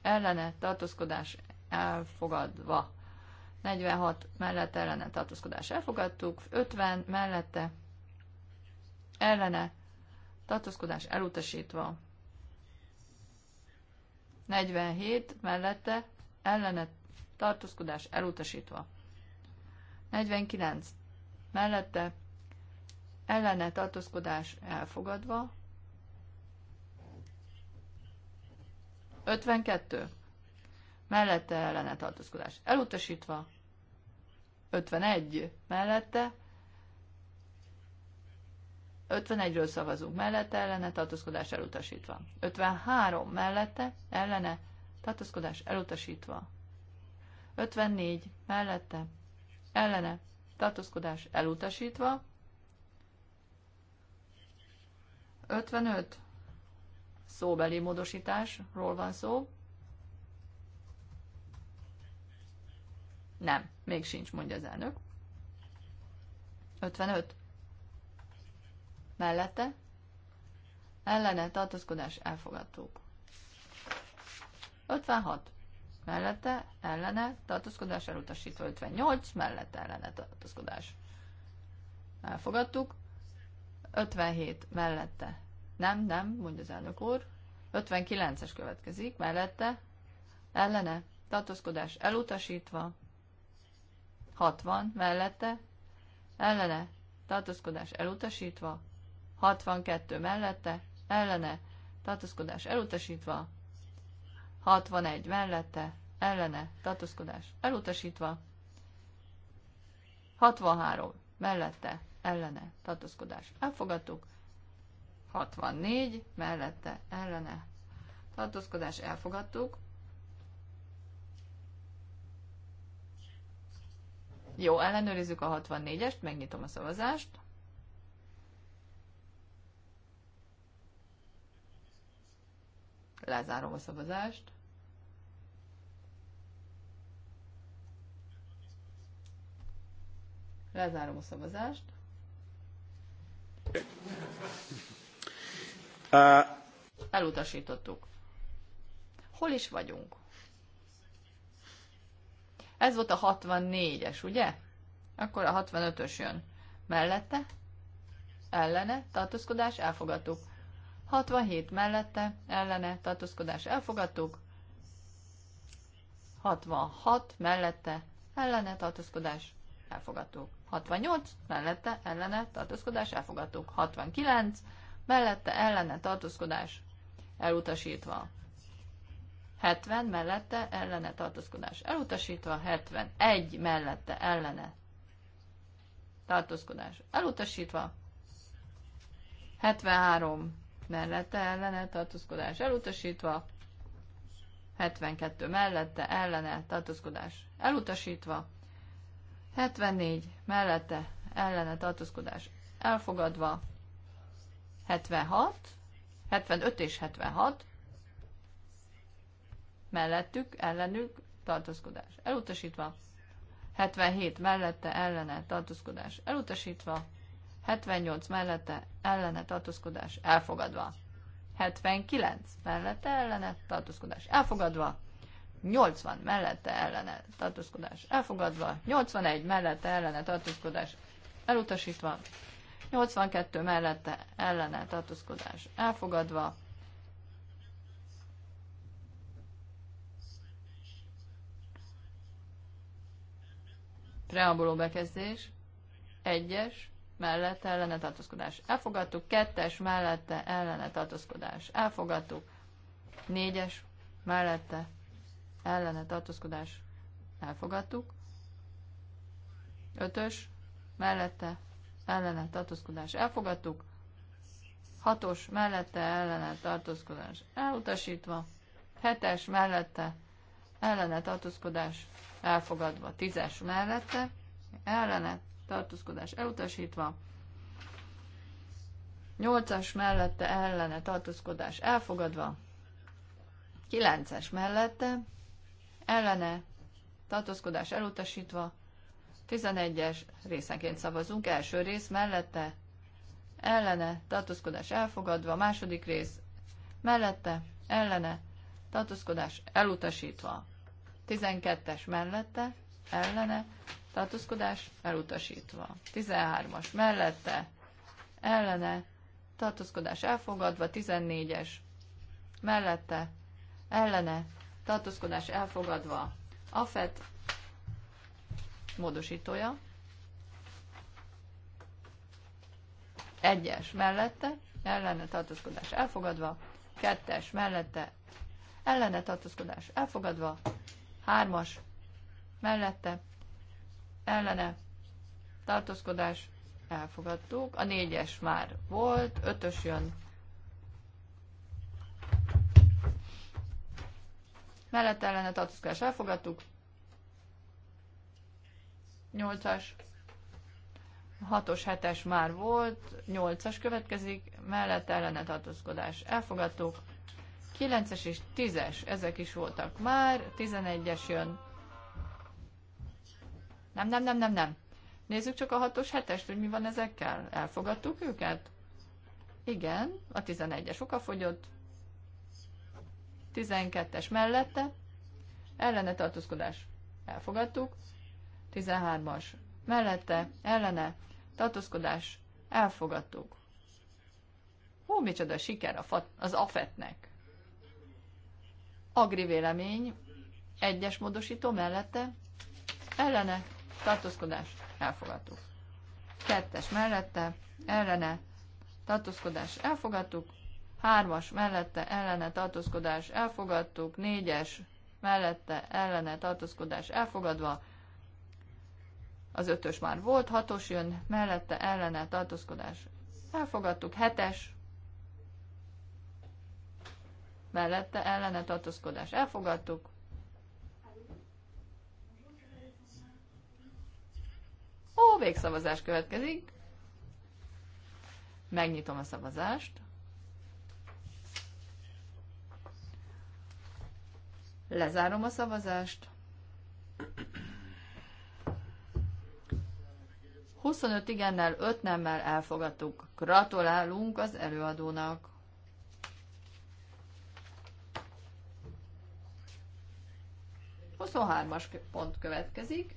ellene, tartózkodás elfogadva. 46 mellette ellene tartózkodás elfogadtuk, 50 mellette ellene tartózkodás elutasítva, 47 mellette ellene tartózkodás elutasítva, 49 mellette ellene tartózkodás elfogadva, 52 mellette ellene tartózkodás elutasítva, 51 mellette, 51-ről szavazunk mellette, ellene, tartózkodás elutasítva. 53 mellette, ellene, tartózkodás elutasítva. 54 mellette, ellene, tartózkodás elutasítva. 55 szóbeli módosításról van szó, Nem, még sincs, mondja az elnök. 55. Mellette. Ellene tartózkodás elfogadtuk. 56. Mellette, ellene, tartózkodás elutasítva 58, mellette ellene tartózkodás. Elfogadtuk. 57 mellette. Nem, nem, mondja az elnök úr. 59-es következik, mellette, ellene, tartózkodás elutasítva. 60 mellette, ellene, tartózkodás elutasítva, 62 mellette, ellene, tartózkodás elutasítva, 61 mellette, ellene, tartózkodás elutasítva, 63 mellette, ellene, tartózkodás elfogadtuk, 64 mellette, ellene, tartózkodás elfogadtuk, Jó, ellenőrizzük a 64-est, megnyitom a szavazást. Lezárom a szavazást. Lezárom a szavazást. Uh, Elutasítottuk. Hol is vagyunk? Ez volt a 64-es, ugye? Akkor a 65-ös jön. Mellette, ellene, tartózkodás, elfogadtuk. 67 mellette, ellene, tartózkodás, elfogadtuk. 66 mellette, ellene, tartózkodás, elfogadtuk. 68 mellette, ellene, tartózkodás, elfogadtuk. 69 mellette, ellene, tartózkodás, elutasítva. 70 mellette ellene tartózkodás elutasítva, 71 mellette ellene tartózkodás elutasítva, 73 mellette ellene tartózkodás elutasítva, 72 mellette ellene tartózkodás elutasítva, 74 mellette ellene tartózkodás elfogadva, 76, 75 és 76 mellettük, ellenük, tartózkodás elutasítva, 77 mellette, ellene, tartózkodás elutasítva, 78 mellette, ellene, tartózkodás elfogadva, 79 mellette, ellene, tartózkodás elfogadva, 80 mellette, ellene, tartózkodás elfogadva, 81 mellette, ellene, tartózkodás elutasítva, 82 mellette, ellene, tartózkodás elfogadva, preambuló bekezdés, egyes, mellette ellene tartózkodás elfogadtuk, kettes, mellette ellene tartózkodás elfogadtuk, négyes, mellette ellene tartózkodás elfogadtuk, ötös, mellette ellene tartózkodás elfogadtuk, hatos, mellette ellene tartózkodás elutasítva, hetes, mellette ellene tartózkodás elfogadva, tízes mellette, ellene, tartózkodás elutasítva, nyolcas mellette, ellene, tartózkodás elfogadva, kilences mellette, ellene, tartózkodás elutasítva, 11-es részenként szavazunk, első rész mellette, ellene, tartózkodás elfogadva, második rész mellette, ellene, tartózkodás elutasítva. 12-es mellette, ellene, tartózkodás elutasítva. 13-as mellette, ellene, tartózkodás elfogadva, 14-es mellette, ellene, tartózkodás elfogadva, AFET módosítója, egyes mellette, ellene tartózkodás elfogadva, 2-es mellette, ellene tartózkodás elfogadva, Hármas. Mellette. Ellene. Tartózkodás. Elfogadtuk. A négyes már volt. Ötös jön. Mellette ellene tartózkodás elfogadtuk. Nyolcas. Hatos, hetes már volt. Nyolcas következik. Mellette ellene tartózkodás elfogadtuk. 9-es és 10-es, ezek is voltak már, 11-es jön. Nem, nem, nem, nem, nem. Nézzük csak a 6-os, 7-est, hogy mi van ezekkel. Elfogadtuk őket? Igen, a 11-es okafogyott. 12-es mellette. Ellene tartózkodás. Elfogadtuk. 13-as mellette, ellene, tartózkodás, elfogadtuk. Hú, micsoda siker a az afetnek. Agri vélemény, egyes módosító mellette, ellene, tartózkodás, elfogadtuk. Kettes mellette, ellene, tartózkodás, elfogadtuk. Hármas mellette, ellene, tartózkodás, elfogadtuk. Négyes mellette, ellene, tartózkodás, elfogadva. Az ötös már volt, hatos jön, mellette, ellene, tartózkodás, elfogadtuk. Hetes mellette ellene tartózkodás elfogadtuk. Ó, végszavazás következik. Megnyitom a szavazást. Lezárom a szavazást. 25 igennel, 5 nemmel elfogadtuk. Gratulálunk az előadónak! 23-as pont következik.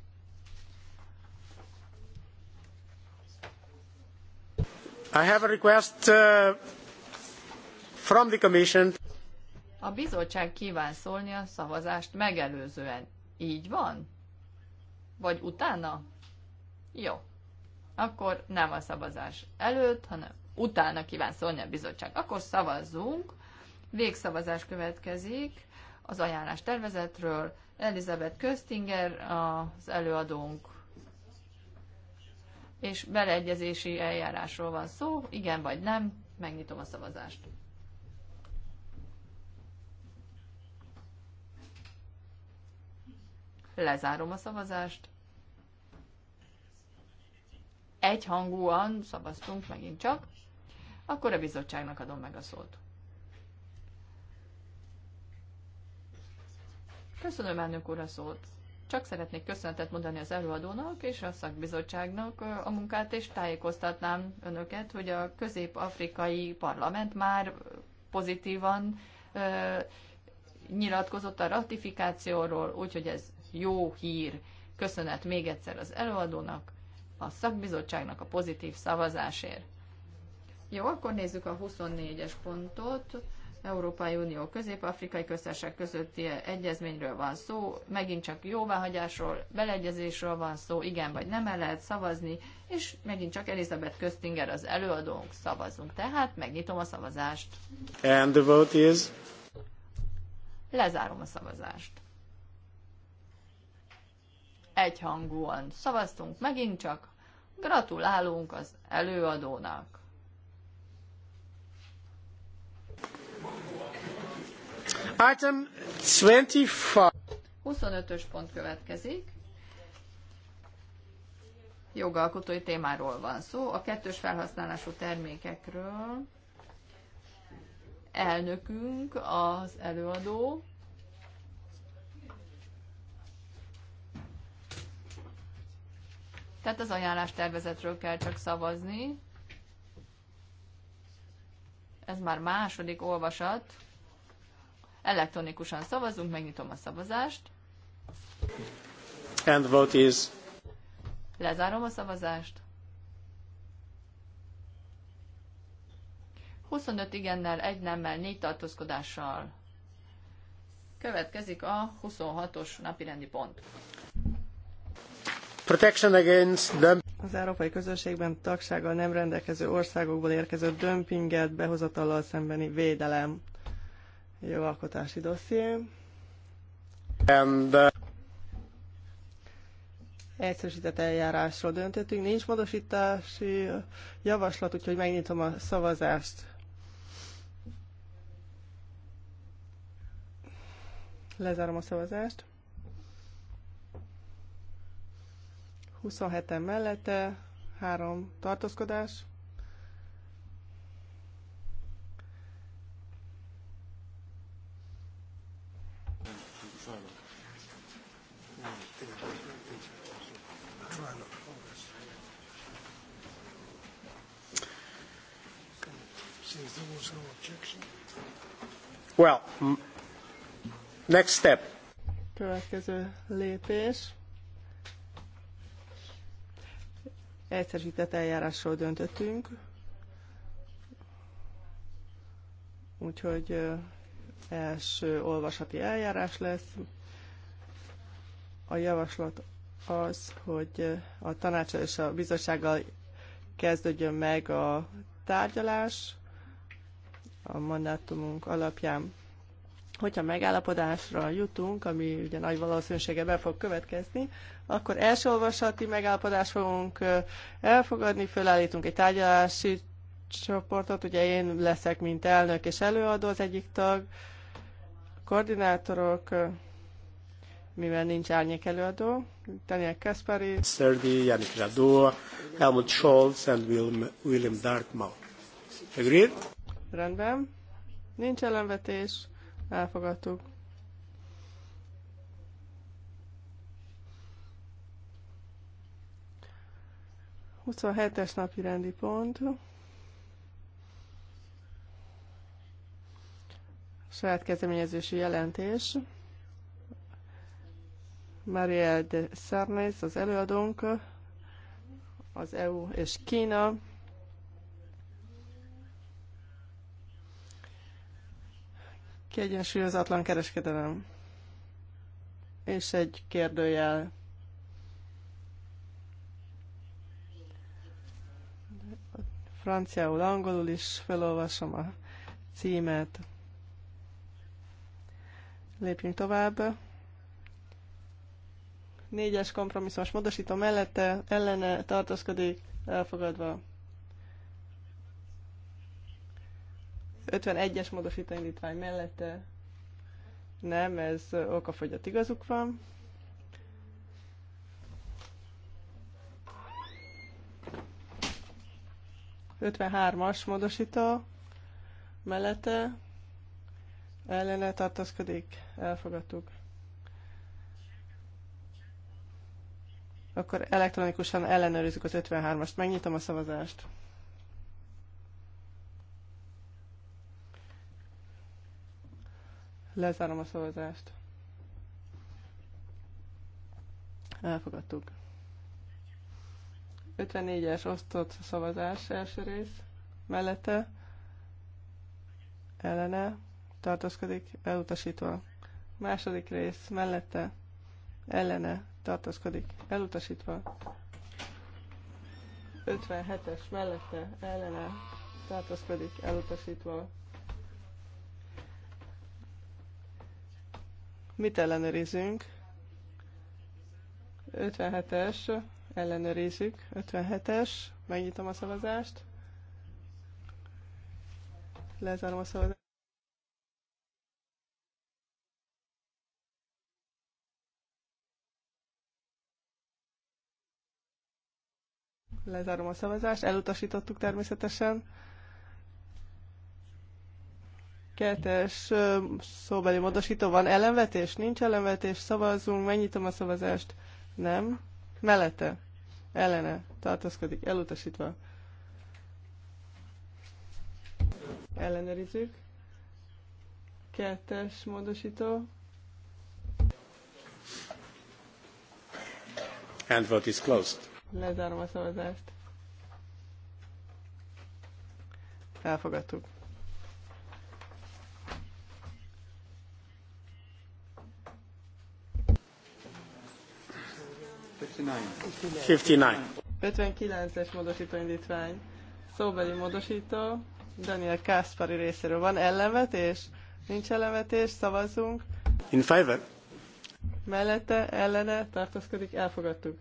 I have a request uh, from the commission. A bizottság kíván szólni a szavazást megelőzően. Így van? Vagy utána? Jó. Akkor nem a szavazás előtt, hanem utána kíván szólni a bizottság. Akkor szavazzunk. Végszavazás következik az ajánlás tervezetről. Elizabeth Köstinger az előadónk, és beleegyezési eljárásról van szó, igen vagy nem, megnyitom a szavazást. Lezárom a szavazást. Egyhangúan szavaztunk megint csak. Akkor a bizottságnak adom meg a szót. Köszönöm elnök úr a szót. Csak szeretnék köszönetet mondani az előadónak és a szakbizottságnak a munkát, és tájékoztatnám önöket, hogy a közép-afrikai parlament már pozitívan ö, nyilatkozott a ratifikációról, úgyhogy ez jó hír. Köszönet még egyszer az előadónak, a szakbizottságnak a pozitív szavazásért. Jó, akkor nézzük a 24-es pontot. Európai Unió Közép-Afrikai Köztársaság közötti egyezményről van szó, megint csak jóváhagyásról, beleegyezésről van szó, igen vagy nem el lehet szavazni, és megint csak Elizabeth Köstinger az előadónk, szavazunk. Tehát megnyitom a szavazást. And the vote is? Lezárom a szavazást. Egyhangúan szavaztunk megint csak. Gratulálunk az előadónak! Item 25. 25-ös pont következik. Jogalkotói témáról van szó, a kettős felhasználású termékekről. Elnökünk, az előadó, Tehát az ajánlás tervezetről kell csak szavazni. Ez már második olvasat. Elektronikusan szavazunk, megnyitom a szavazást. And the vote is... Lezárom a szavazást. 25 igennel, egy nemmel, négy tartózkodással. Következik a 26-os napirendi pont. Protection against the... Az Európai Közösségben tagsággal nem rendelkező országokból érkező dömpinget behozatallal szembeni védelem jogalkotási dosszié. And, uh... Egyszerűsített eljárásról döntöttünk, nincs módosítási javaslat, úgyhogy megnyitom a szavazást. Lezárom a szavazást. 27-en mellette, 3 tartózkodás. was no objection. Well, next step. Következő lépés. Egyszerűsített eljárásról döntöttünk, úgyhogy első olvasati eljárás lesz. A javaslat az, hogy a tanács és a bizottsággal kezdődjön meg a tárgyalás, a mandátumunk alapján. Hogyha megállapodásra jutunk, ami ugye nagy valószínűsége be fog következni, akkor első olvasati megállapodást fogunk elfogadni, fölállítunk egy tárgyalási csoportot, ugye én leszek, mint elnök és előadó az egyik tag, koordinátorok, mivel nincs árnyék előadó, Daniel Kaspari, Szerdi, Janik Radó Helmut Scholz and William, William Dartmouth. Agreed? Rendben. Nincs ellenvetés. Elfogadtuk. Huszonhetes napi rendi pont. Saját kezdeményezési jelentés. Marielle de Sarnes, az előadónk, az EU és Kína kiegyensúlyozatlan kereskedelem. És egy kérdőjel. Franciául, angolul is felolvasom a címet. Lépjünk tovább. Négyes kompromisszumos módosító mellette ellene tartózkodik elfogadva. 51-es módosító indítvány mellette nem, ez okafogyott igazuk van. as módosító mellette ellene tartozkodik, elfogadtuk. Akkor elektronikusan ellenőrizzük az 53-ast. Megnyitom a szavazást. Lezárom a szavazást. Elfogadtuk. 54-es osztott szavazás első rész. Mellette ellene tartózkodik, elutasítva. Második rész mellette ellene tartózkodik, elutasítva. 57-es mellette ellene tartózkodik, elutasítva. Mit ellenőrizünk? 57-es, ellenőrizzük, 57-es, megnyitom a szavazást. Lezárom a szavazást. Lezárom a szavazást, elutasítottuk természetesen. Kettes szóbeli módosító van. Ellenvetés? Nincs ellenvetés. szavazunk, Megnyitom a szavazást. Nem. Mellette. Ellene. Tartozkodik. Elutasítva. Ellenőrizzük. Kettes módosító. And vote is closed. Lezárom a szavazást. Elfogadtuk. 59. 59-es módosító indítvány. Szóbeli módosító. Daniel Kaspari részéről van ellenvetés? Nincs ellenvetés, szavazzunk. In favor. Mellette, ellene, tartózkodik, elfogadtuk.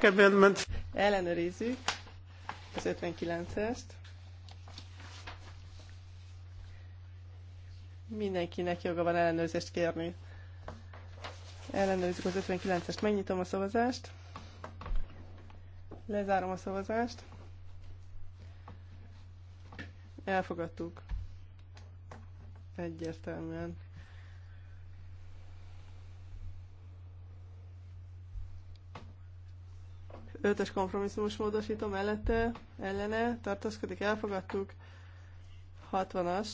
Amendment. Ellenőrizzük az 59-est. Mindenkinek joga van ellenőrzést kérni. Ellenőrizzük az 59-est, megnyitom a szavazást. Lezárom a szavazást. Elfogadtuk. Egyértelműen. Ötös kompromisszumos módosító mellette, ellene, tartózkodik, elfogadtuk. 60-as.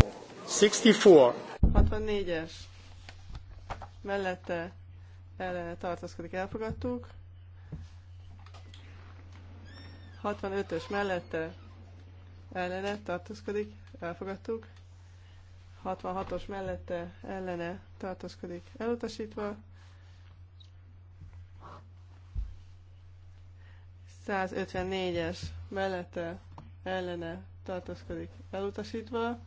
64. 64-es mellette el tartózkodik, elfogadtuk. 65-ös mellette ellene tartózkodik, elfogadtuk. 66-os mellette ellene tartózkodik, elutasítva. 154-es mellette ellene tartózkodik, elutasítva.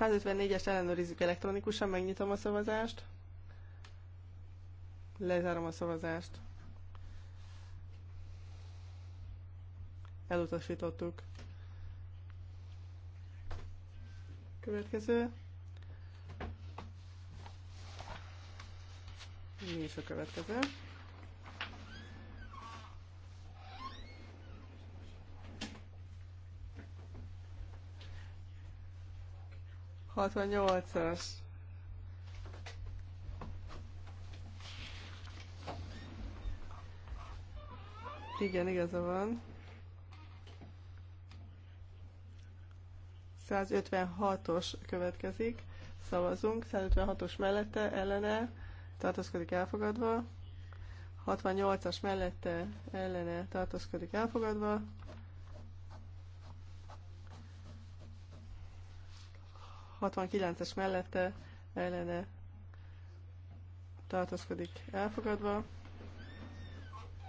154-es ellenőrizzük elektronikusan, megnyitom a szavazást. Lezárom a szavazást. Elutasítottuk. Következő. Mi is a következő? 68-as. Igen, igaza van. 156-os következik. Szavazunk. 156-os mellette, ellene. Tartózkodik elfogadva. 68-as mellette, ellene. Tartózkodik elfogadva. 69-es mellette ellene tartózkodik elfogadva,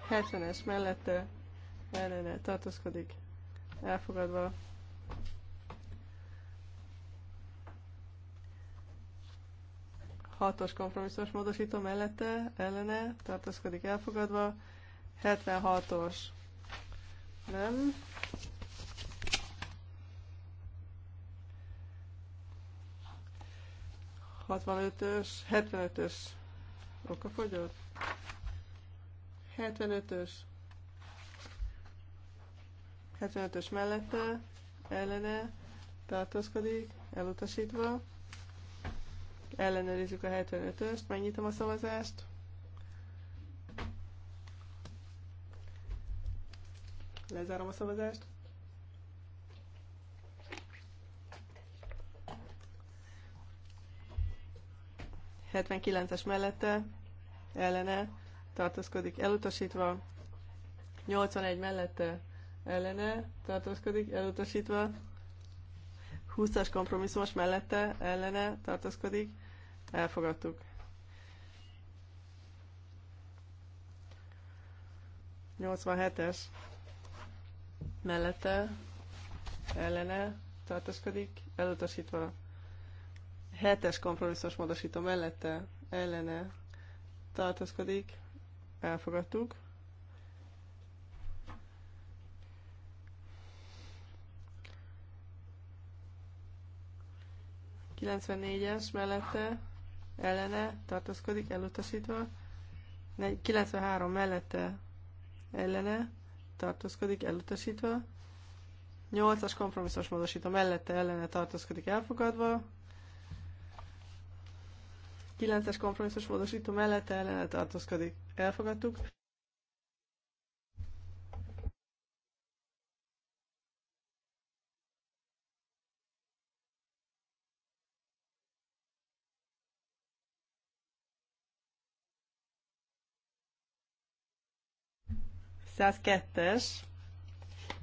70-es mellette ellene tartózkodik elfogadva, hatos kompromisszos módosító mellette ellene tartózkodik elfogadva, 76-os nem, 65-ös, 75-ös okafogyott, 75-ös, 75-ös mellette, ellene tartózkodik, elutasítva. Ellenőrizzük a 75-öst, megnyitom a szavazást. Lezárom a szavazást. 79-es mellette ellene tartózkodik elutasítva, 81 mellette ellene tartózkodik elutasítva, 20-as kompromisszumos mellette ellene tartózkodik, elfogadtuk. 87-es mellette ellene tartózkodik, elutasítva Hetes kompromisszos módosító mellette ellene tartozkodik, Elfogadtuk. es mellette ellene tartozkodik, elutasítva. 93 mellette ellene tartózkodik, elutasítva. 8-as kompromisszos módosító mellette ellene tartózkodik, elfogadva. 9-es kompromisszus módosító mellette ellene tartózkodik. Elfogadtuk. kettes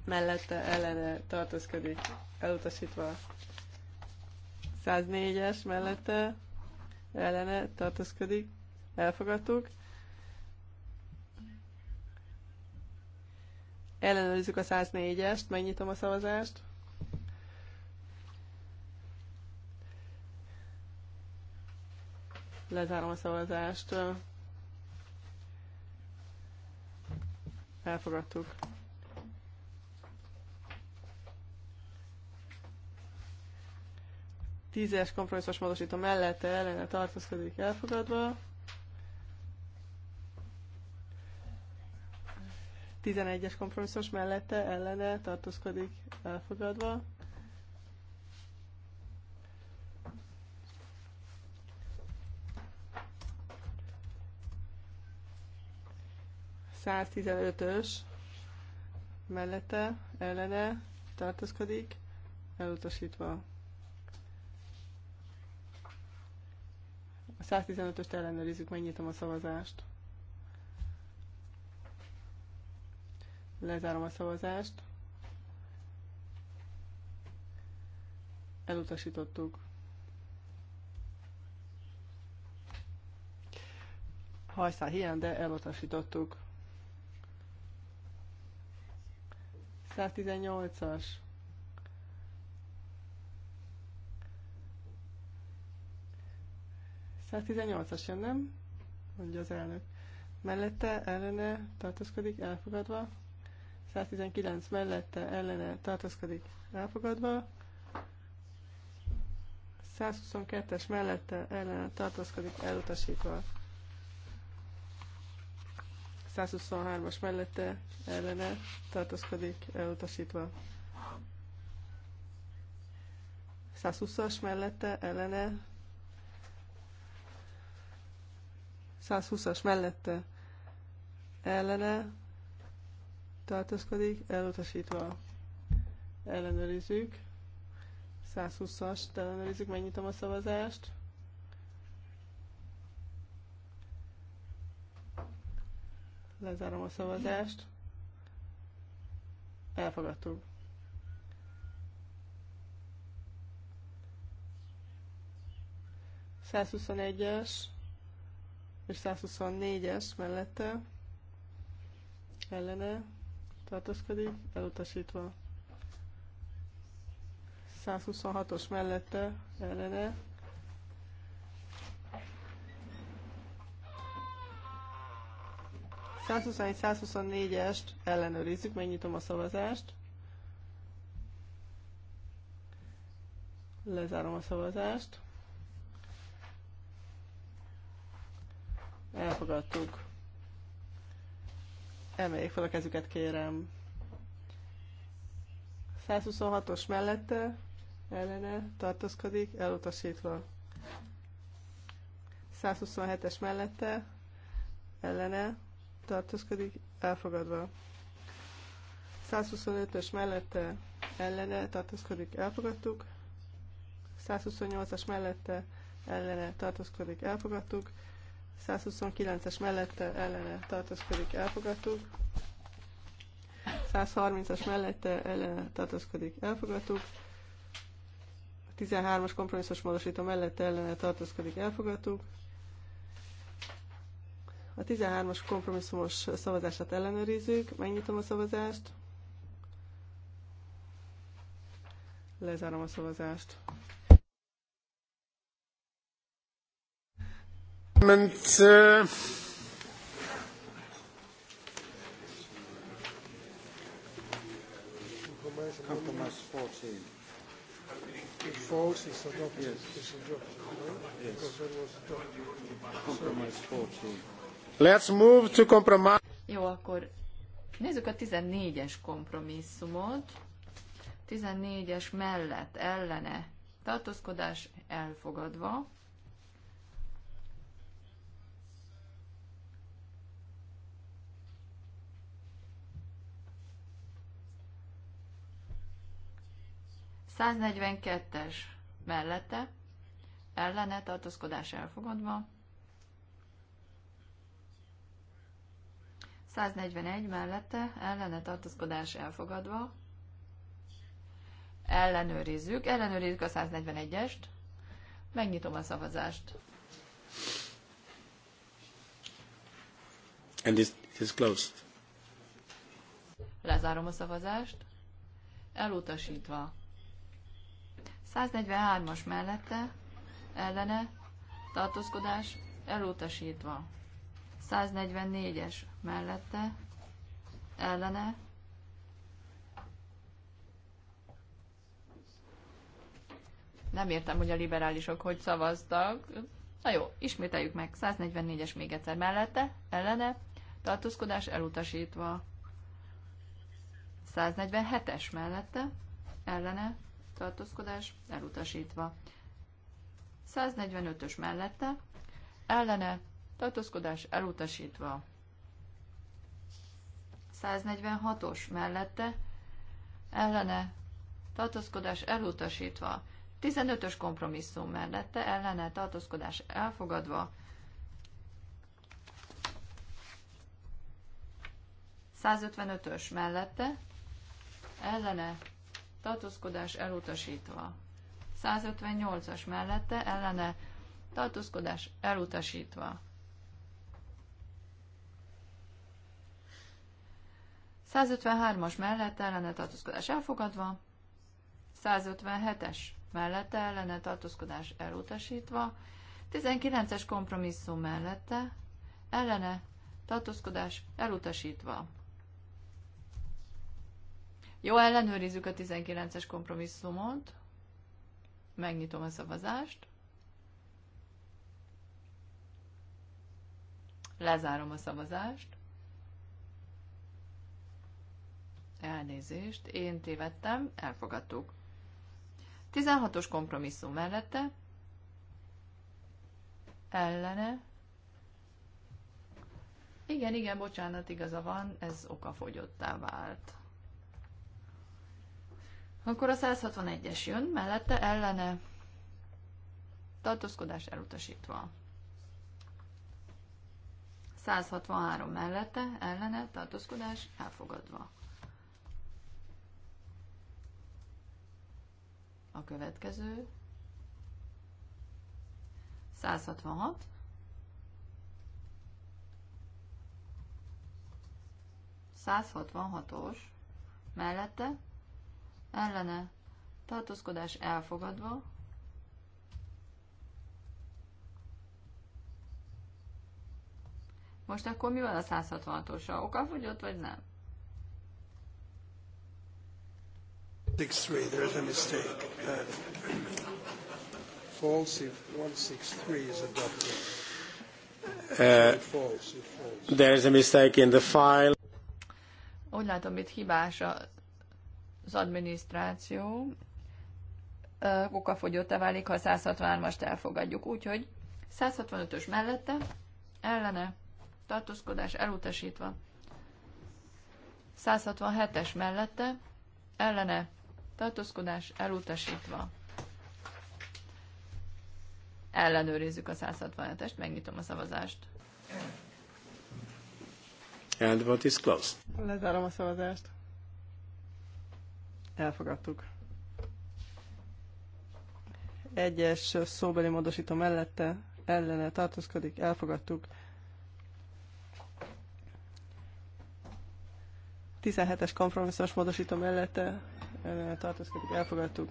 mellette ellene tartózkodik, elutasítva. 104-es mellette ellene tartózkodik, elfogadtuk. Ellenőrizzük a 104-est, megnyitom a szavazást. Lezárom a szavazást. Elfogadtuk. Tízes kompromisszos módosító mellette ellene tartózkodik elfogadva. 11-es kompromisszos mellette ellene tartózkodik elfogadva. ös mellette ellene tartózkodik elutasítva. A 115-öst ellenőrizzük, megnyitom a szavazást. Lezárom a szavazást. Elutasítottuk. Hajszál hiány, de elutasítottuk. 118-as 118-as jön, nem? Mondja az elnök. Mellette, ellene, tartózkodik, elfogadva. 119 mellette, ellene, tartózkodik, elfogadva. 122-es mellette, ellene, tartózkodik, elutasítva. 123-as mellette, ellene, tartózkodik, elutasítva. 120-as mellette, ellene, 120-as mellette ellene tartózkodik, elutasítva ellenőrizzük. 120-ast ellenőrizzük, megnyitom a szavazást. Lezárom a szavazást. Elfogadtuk. Százhuszonegyes és 124-es mellette ellene tartózkodik, elutasítva. 126-os mellette ellene egy 124 est ellenőrizzük, megnyitom a szavazást. Lezárom a szavazást. Elfogadtuk. Emeljék fel a kezüket, kérem. 126-os mellette ellene tartózkodik, elutasítva. 127-es mellette ellene tartózkodik, elfogadva. 125-ös mellette ellene tartózkodik, elfogadtuk. 128-as mellette ellene tartózkodik, elfogadtuk. 129-es mellette ellene tartozkodik elfogadtuk. 130-as mellette ellene tartozkodik elfogadtuk. 13-as kompromisszos módosító mellette ellene tartozkodik elfogadtuk. A 13-as kompromisszumos szavazását ellenőrizzük, megnyitom a szavazást. Lezárom a szavazást. Uh, Let's move to compromise. Jó, akkor nézzük a 14-es kompromisszumot. 14-es mellett ellene tartózkodás elfogadva. 142-es mellette, ellene tartózkodás elfogadva, 141 mellette, ellene tartózkodás elfogadva, ellenőrizzük, ellenőrizzük a 141-est, megnyitom a szavazást. And this is closed. Lezárom a szavazást. Elutasítva. 143-as mellette, ellene, tartózkodás elutasítva. 144-es mellette, ellene, nem értem, hogy a liberálisok hogy szavaztak. Na jó, ismételjük meg. 144-es még egyszer mellette, ellene, tartózkodás elutasítva. 147-es mellette, ellene, tartózkodás elutasítva. 145-ös mellette, ellene, tartózkodás elutasítva. 146-os mellette, ellene, tartózkodás elutasítva. 15-ös kompromisszum mellette, ellene, tartózkodás elfogadva. 155-ös mellette, ellene, tartózkodás elutasítva. 158-as mellette ellene tartózkodás elutasítva. 153-as mellette ellene tartózkodás elfogadva, 157-es mellette ellene tartózkodás elutasítva, 19-es kompromisszum mellette ellene tartózkodás elutasítva. Jó, ellenőrizzük a 19-es kompromisszumot. Megnyitom a szavazást. Lezárom a szavazást. Elnézést, én tévedtem, elfogadtuk. 16-os kompromisszum mellette, ellene, igen, igen, bocsánat, igaza van, ez okafogyottá vált. Akkor a 161-es jön, mellette ellene tartózkodás elutasítva. 163 mellette ellene tartózkodás elfogadva. A következő 166 166-os mellette ellene tartózkodás elfogadva, Most akkor mi van a 166-osa? Oka fogyott, vagy nem? a mistake. Uh, false if is adopted. Uh, false, There is a mistake in the file. Úgy látom, itt hibás a az adminisztráció kukafogyóta válik, ha 163-ast elfogadjuk. Úgyhogy 165-ös mellette ellene tartózkodás elutasítva. 167-es mellette ellene tartózkodás elutasítva. Ellenőrizzük a 167-est, megnyitom a szavazást. And what is closed? Lezárom a szavazást. Elfogadtuk. Egyes szóbeli módosító mellette ellene tartózkodik. Elfogadtuk. 17-es kompromisszumos módosító mellette ellene tartózkodik. Elfogadtuk.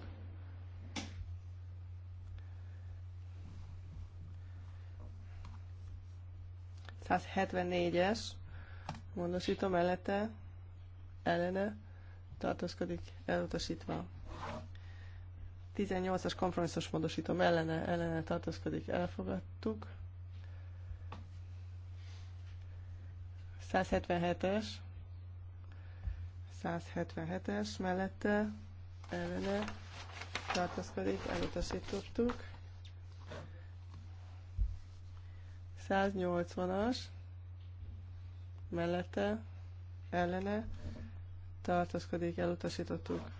74 es módosító mellette ellene tartózkodik elutasítva. 18-as kompromisszus módosítom ellene, ellene tartózkodik, elfogadtuk. 177-es, 177-es mellette ellene tartózkodik, elutasítottuk. 180-as mellette ellene tartózkodik, elutasítottuk.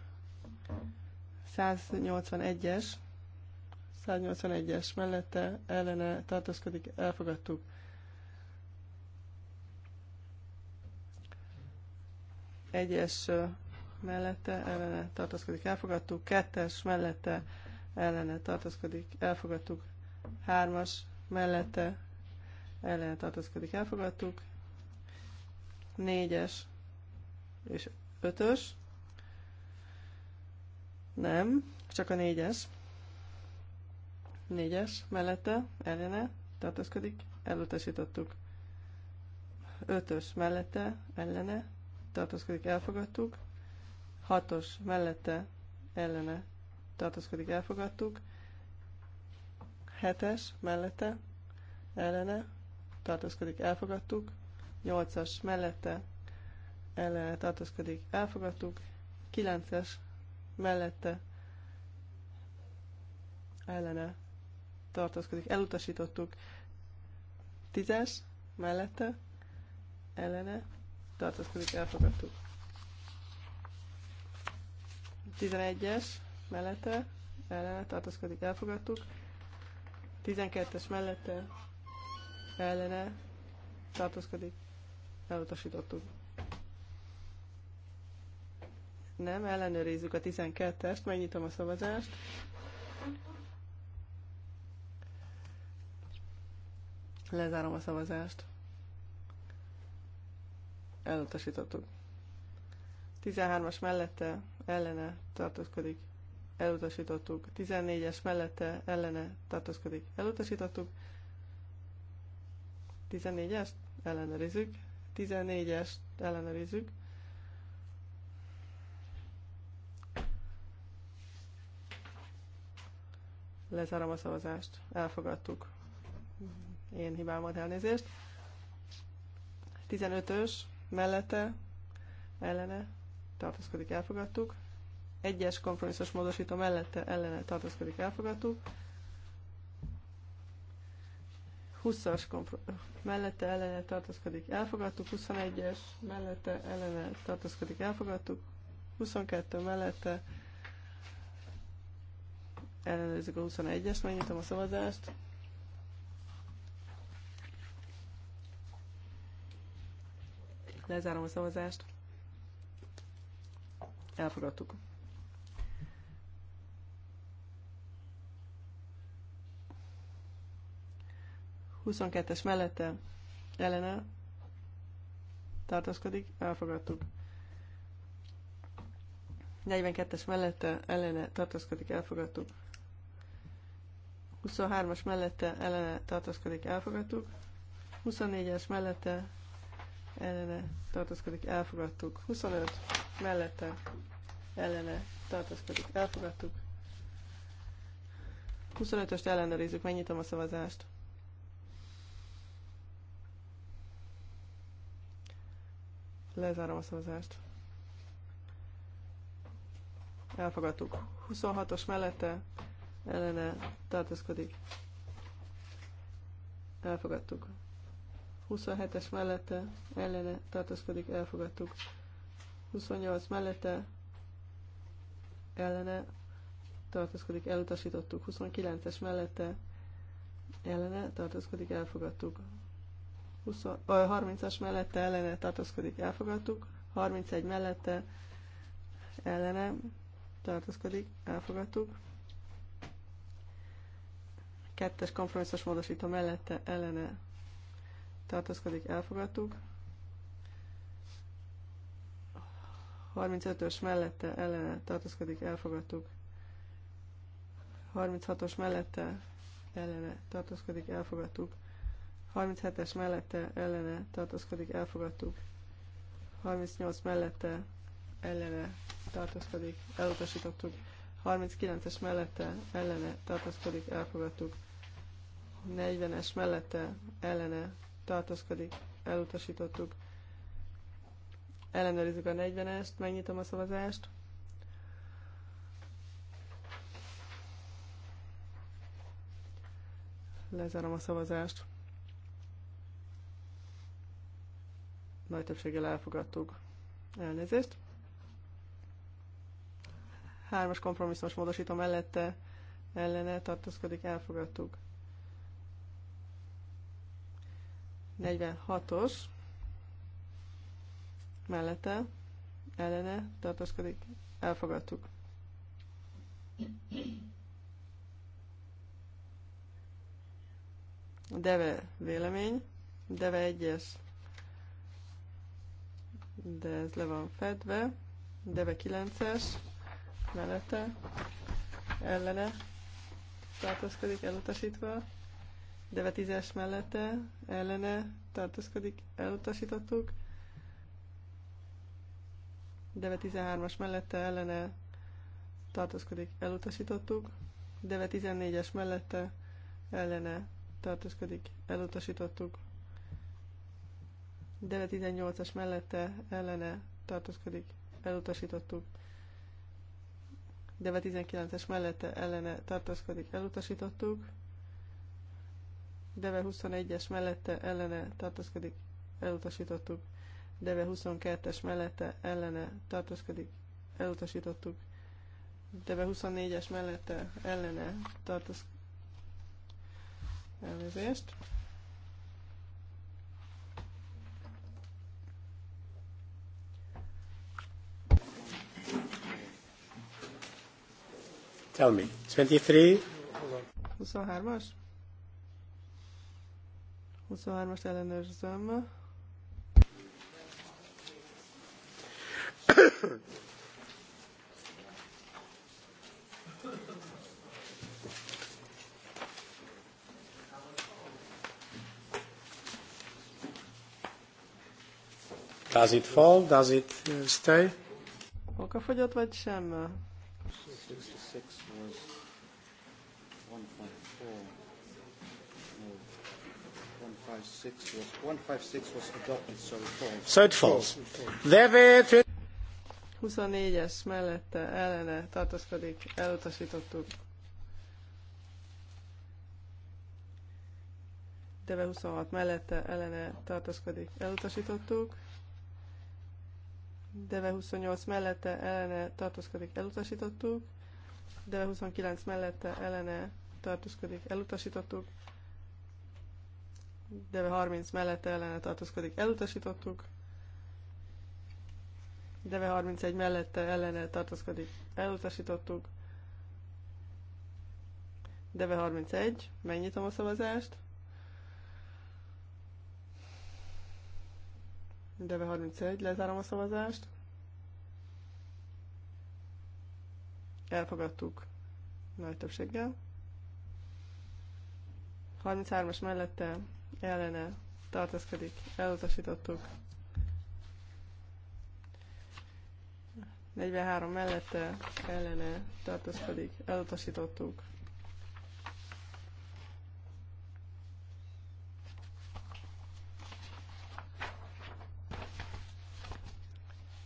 181-es, 181-es mellette ellene tartózkodik, elfogadtuk. Egyes mellette ellene tartózkodik, elfogadtuk. Kettes mellette ellene tartózkodik, elfogadtuk. Hármas mellette ellene tartózkodik, elfogadtuk. Négyes és Ötös. Nem, csak a négyes. Négyes mellette, ellene, tartózkodik, elutasítottuk. Ötös mellette, ellene, tartózkodik, elfogadtuk. Hatos mellette, ellene, tartózkodik, elfogadtuk. Hetes mellette, ellene, tartózkodik, elfogadtuk. Nyolcas mellette, ellene tartózkodik, elfogadtuk. 9-es mellette ellene tartózkodik, elutasítottuk. 10-es mellette ellene tartózkodik, elfogadtuk. 11-es mellette ellene tartózkodik, elfogadtuk. 12-es mellette ellene tartózkodik, elutasítottuk. Nem, ellenőrizzük a 12-est, megnyitom a szavazást. Lezárom a szavazást. Elutasítottuk. 13-as mellette, ellene tartózkodik. Elutasítottuk. 14-es mellette, ellene tartózkodik. Elutasítottuk. 14-est ellenőrizzük. 14-est ellenőrizzük. Lezárom a szavazást. Elfogadtuk. Én hibám volt elnézést. 15-ös mellette, ellene, tartózkodik, elfogadtuk. Egyes kompromisszos módosító mellette, ellene, tartózkodik, elfogadtuk. 20-as mellette ellene tartózkodik, elfogadtuk, 21-es mellette ellene tartózkodik, elfogadtuk, 22 mellette Ellenőrizzük a 21 es megnyitom a szavazást. Lezárom a szavazást. Elfogadtuk. Huszonkettes mellette ellene tartózkodik, elfogadtuk. 42-es mellette ellene tartózkodik, elfogadtuk. 23-as mellette ellene tartozkodik elfogadtuk. 24-es mellette ellene tartozkodik elfogadtuk. 25 mellette ellene tartozkodik elfogadtuk. 25-öst ellenőrizzük, megnyitom a szavazást. Lezárom a szavazást. Elfogadtuk. 26-os mellette ellene tartozkodik. Elfogadtuk. 27-es mellette ellene tartozkodik, elfogadtuk. 28 mellette ellene tartozkodik, elutasítottuk. 29-es mellette ellene tartozkodik, elfogadtuk. 20, 30-as mellette ellene tartozkodik, elfogadtuk. 31 mellette ellene tartozkodik, elfogadtuk. Kettes kompromisszos módosító mellette ellene tartozkodik elfogadtuk. 35-ös mellette ellene tartozkodik elfogadtuk. 36-os mellette ellene tartozkodik elfogadtuk. 37-es mellette ellene tartozkodik elfogadtuk. 38 mellette ellene tartozkodik elutasítottuk. 39-es mellette ellene tartozkodik elfogadtuk. 40-es mellette ellene tartózkodik, elutasítottuk. Ellenőrizzük a 40-est, megnyitom a szavazást. Lezárom a szavazást. Nagy többséggel elfogadtuk. Elnézést. Hármas kompromisszumos módosító mellette ellene tartózkodik, elfogadtuk. 46-os mellette ellene tartózkodik. Elfogadtuk. Deve vélemény, Deve egyes, de ez le van fedve, Deve 9-es, mellette, ellene tartózkodik, elutasítva, devetizás mellette ellene tartózkodik, elutasítottuk. Deve 13-as mellette ellene tartózkodik, elutasítottuk. Deve 14-es mellette ellene tartózkodik, elutasítottuk. Deve 18-as mellette ellene tartózkodik, elutasítottuk. Deve 19-es mellette ellene tartózkodik, elutasítottuk. Deve 21-es mellette ellene tartózkodik, elutasítottuk. Deve 22-es mellette ellene tartózkodik, elutasítottuk. Deve 24-es mellette ellene tartózkodik. Elnézést. Tell me, 23? 23-as? 23-as ellenőrzöm. Does it fall? Does it uh, stay? Okafogyott vagy sem? 66 was 156 was, adopted, so it falls. So it falls. Deve 24-es mellette ellene tartózkodik, elutasítottuk. Deve 26 mellette ellene tartózkodik, elutasítottuk. Deve 28 mellette ellene tartózkodik, elutasítottuk. Deve 29 mellette ellene tartózkodik, elutasítottuk de 30 mellette ellene tartózkodik, elutasítottuk. Deve 31 mellette ellene tartózkodik, elutasítottuk. Deve 31, megnyitom a szavazást. Deve 31, lezárom a szavazást. Elfogadtuk nagy többséggel. 33-as mellette ellene tartaszkodik, elutasítottuk. 43 mellette ellene tartaszkodik, elutasítottuk.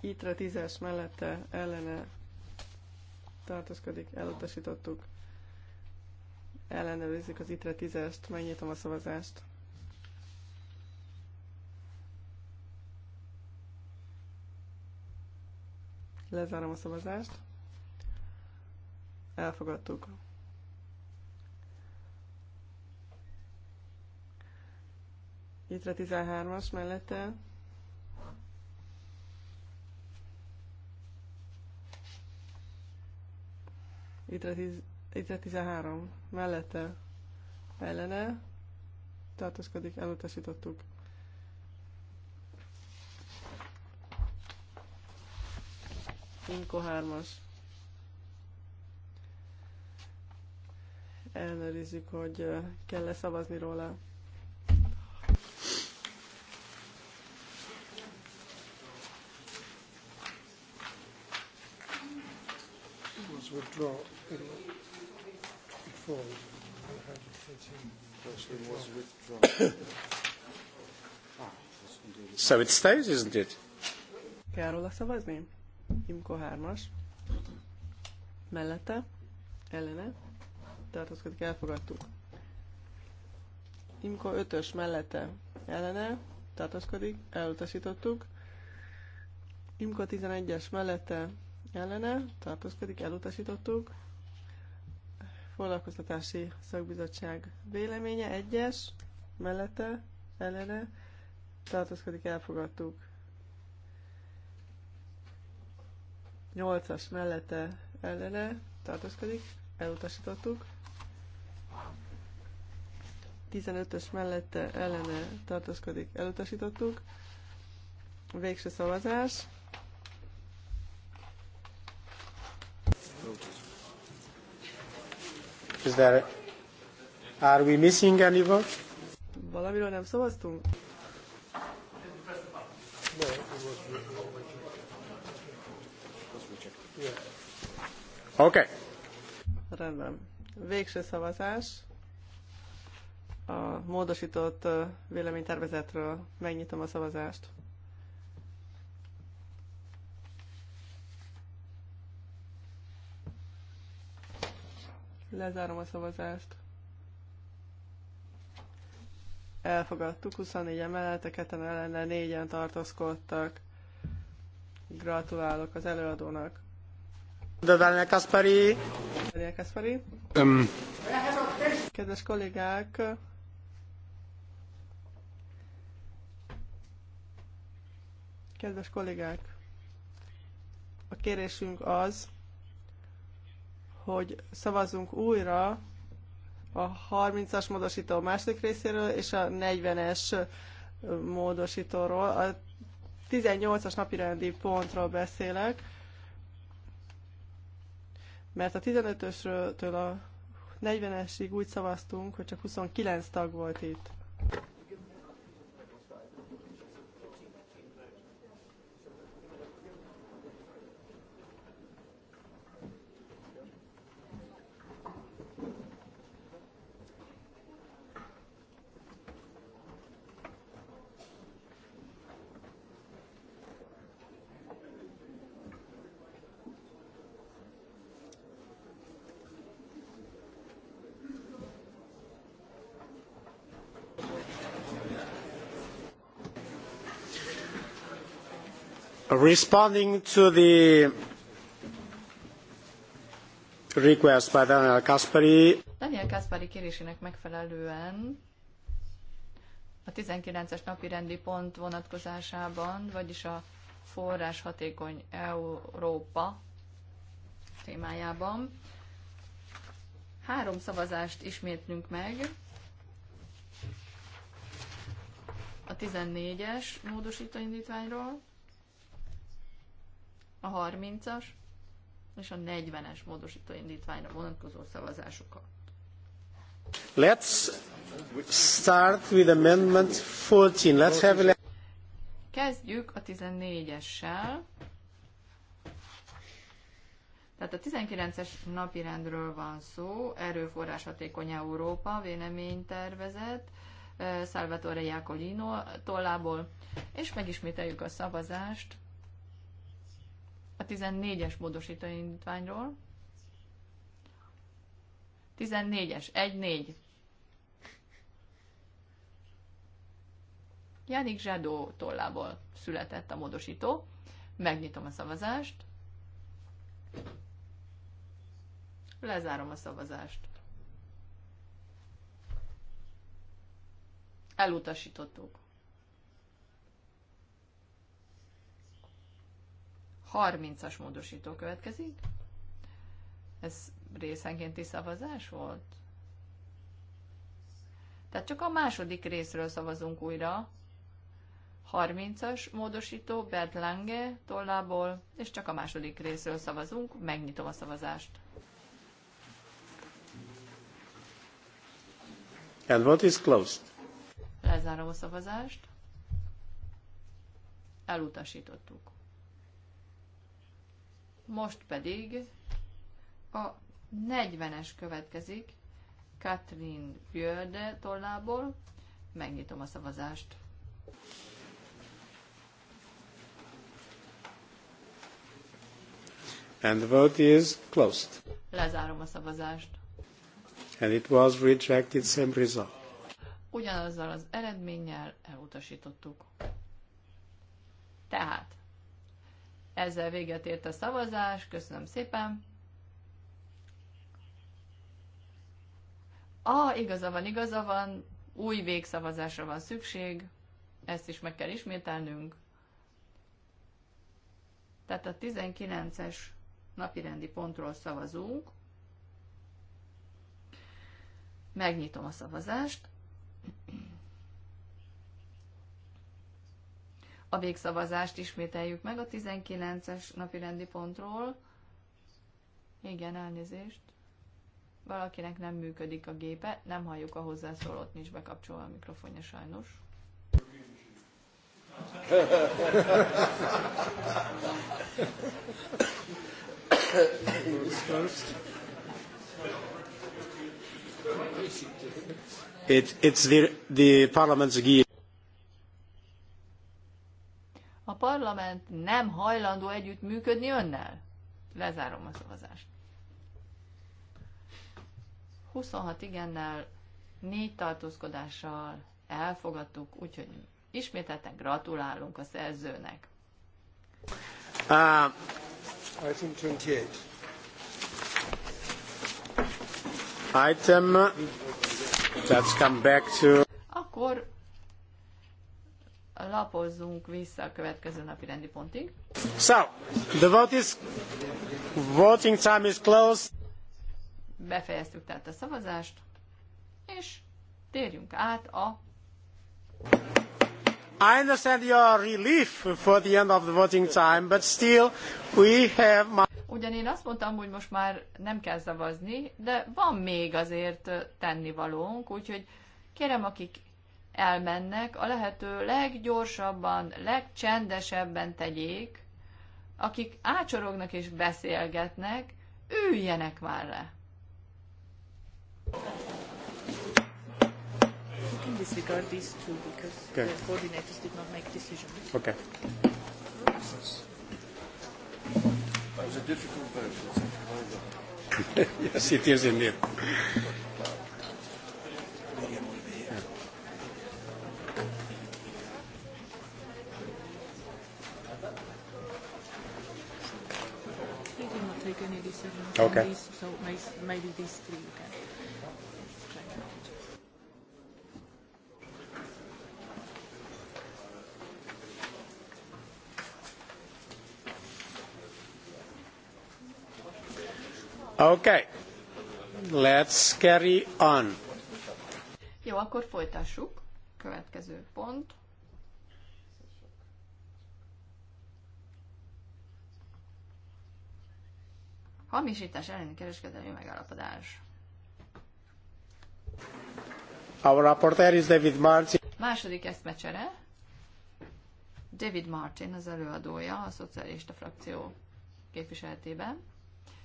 Itre 10-es mellette ellene tartózkodik, elutasítottuk. Ellenőrizzük az Itre 10-est, megnyitom a szavazást. Lezárom a szavazást. Elfogadtuk. Ittre 13-as mellette. Ittre, tiz, ittre 13 mellette ellene tartózkodik, elutasítottuk. Inko 3-as. Ellenőrizzük, hogy kell-e szavazni róla. Ah, so it stays, isn't it? Kell róla szavazni? Imko 3-as. Mellette. Ellene. Tartózkodik, elfogadtuk. Imko 5-ös mellette. Ellene. Tartózkodik, elutasítottuk. Imko 11-es mellette. Ellene. Tartózkodik, elutasítottuk. Foglalkoztatási szakbizottság véleménye 1-es. Mellette. Ellene. Tartózkodik, elfogadtuk 8-as mellette ellene tartózkodik, elutasítottuk. 15-ös mellette ellene tartózkodik, elutasítottuk. Végső szavazás. Is there, are we missing any vote? Valamiről nem szavaztunk? Oké. Okay. Rendben. Végső szavazás a módosított véleménytervezetről. Megnyitom a szavazást. Lezárom a szavazást. Elfogadtuk, 24 emellette, keten ellene, négyen tartózkodtak. Gratulálok az előadónak. Kedves kollégák, kedves kollégák, a kérésünk az, hogy szavazunk újra a 30-as módosító második részéről és a 40-es módosítóról. A 18-as napirendi pontról beszélek mert a 15-ösről a 40-esig úgy szavaztunk, hogy csak 29 tag volt itt. Responding to the request by Daniel Kaspari. Daniel Kaspari kérésének megfelelően a 19-es napi rendi pont vonatkozásában, vagyis a forrás hatékony Európa témájában három szavazást ismétlünk meg. A 14-es módosítóindítványról, a 30-as és a 40-es módosító indítványra vonatkozó szavazásokat. Let's start with amendment 14. Let's have a. Kezdjük a 14-essel. Tehát a 19-es napirendről van szó, erőforrás hatékony Európa véleménytervezet, eh, Salvatore Iacolino tollából, és megismételjük a szavazást a 14-es módosító indítványról. 14-es, 1-4. Janik Zsadó tollából született a módosító. Megnyitom a szavazást. Lezárom a szavazást. Elutasítottuk. 30-as módosító következik. Ez részenkénti szavazás volt? Tehát csak a második részről szavazunk újra. 30-as módosító Bert Lange tollából, és csak a második részről szavazunk. Megnyitom a szavazást. And what is closed. Lezárom a szavazást. Elutasítottuk. Most pedig a 40-es következik Katrin Björde tollából. Megnyitom a szavazást. And the vote is closed. Lezárom a szavazást. And it was rejected same result. Ugyanazzal az eredménnyel elutasítottuk. Tehát ezzel véget ért a szavazás. Köszönöm szépen. Ah, igaza van, igaza van. Új végszavazásra van szükség. Ezt is meg kell ismételnünk. Tehát a 19-es napirendi pontról szavazunk. Megnyitom a szavazást. A végszavazást ismételjük meg a 19-es napi rendi pontról. Igen, elnézést. Valakinek nem működik a gépe, nem halljuk a hozzászólót, nincs bekapcsolva a mikrofonja sajnos. It, it's the, the parliament's parlament nem hajlandó együtt működni önnel? Lezárom a szavazást. 26 igennel, 4 tartózkodással elfogadtuk, úgyhogy ismételten gratulálunk a szerzőnek. Uh, item 28. Item. Let's come back to. Akkor lapozzunk vissza a következő napi rendi pontig. So, the vote is, voting time is closed. Befejeztük tehát a szavazást, és térjünk át a I understand your relief for the end of the voting time, but still we have my... Ugyan én azt mondtam, hogy most már nem kell szavazni, de van még azért tennivalónk, úgyhogy kérem, akik elmennek, a lehető leggyorsabban, legcsendesebben tegyék, akik ácsorognak és beszélgetnek, üljenek már le. okay. yes, it is there. take any decision from okay. these, so maybe these three you can. check out. Okay. Let's carry on. Jó, akkor folytassuk. Következő pont. hamisítás elleni kereskedelmi megállapodás. Our reporter is David Martin. Második eszmecsere. David Martin az előadója a szocialista frakció képviseletében.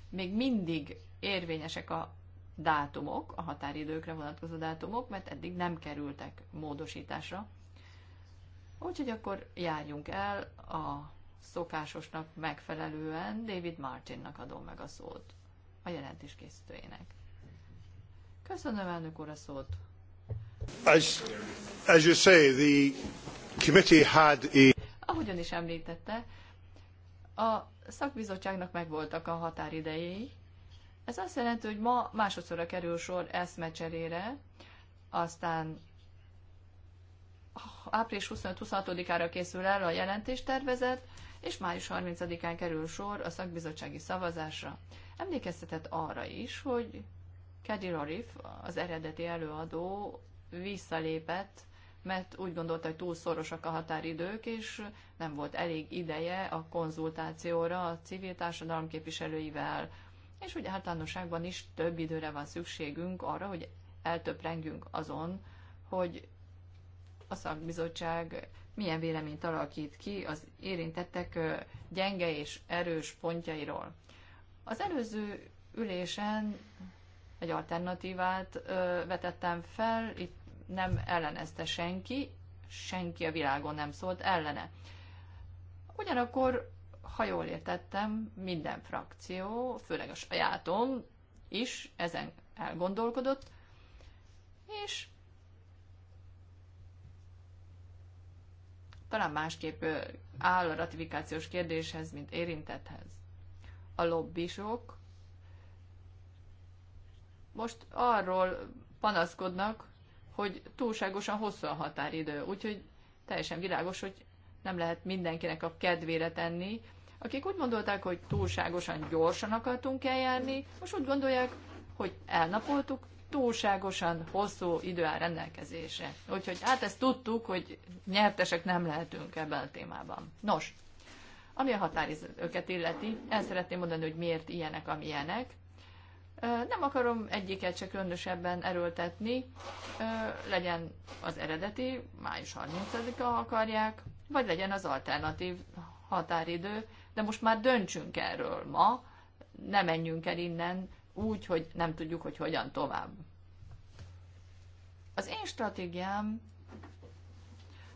Még mindig érvényesek a dátumok, a határidőkre vonatkozó dátumok, mert eddig nem kerültek módosításra. Úgyhogy akkor járjunk el a szokásosnak megfelelően David Martinnak adom meg a szót, a jelentés készítőjének. Köszönöm, elnök úr, a szót. As, as you say, the committee had a... Ahogyan is említette, a szakbizottságnak megvoltak a határidei. Ez azt jelenti, hogy ma másodszorra kerül sor eszmecserére, aztán április 25-26-ára készül el a jelentéstervezet, és május 30-án kerül sor a szakbizottsági szavazásra. Emlékeztetett arra is, hogy Kedi Rarif, az eredeti előadó visszalépett, mert úgy gondolta, hogy túl szorosak a határidők, és nem volt elég ideje a konzultációra a civil társadalom képviselőivel, és úgy általánosságban is több időre van szükségünk arra, hogy eltöprengjünk azon, hogy a szakbizottság milyen véleményt alakít ki az érintettek gyenge és erős pontjairól. Az előző ülésen egy alternatívát vetettem fel, itt nem ellenezte senki, senki a világon nem szólt ellene. Ugyanakkor, ha jól értettem, minden frakció, főleg a sajátom is ezen elgondolkodott, és talán másképp áll a ratifikációs kérdéshez, mint érintethez. A lobbisok most arról panaszkodnak, hogy túlságosan hosszú a határidő, úgyhogy teljesen világos, hogy nem lehet mindenkinek a kedvére tenni. Akik úgy gondolták, hogy túlságosan gyorsan akartunk eljárni, most úgy gondolják, hogy elnapoltuk, túlságosan hosszú idő áll rendelkezésre. Úgyhogy hát ezt tudtuk, hogy nyertesek nem lehetünk ebben a témában. Nos, ami a határidőket illeti, el szeretném mondani, hogy miért ilyenek, amilyenek. Nem akarom egyiket se különösebben erőltetni, legyen az eredeti, május 30-a akarják, vagy legyen az alternatív határidő, de most már döntsünk erről ma, ne menjünk el innen úgy, hogy nem tudjuk, hogy hogyan tovább. Az én stratégiám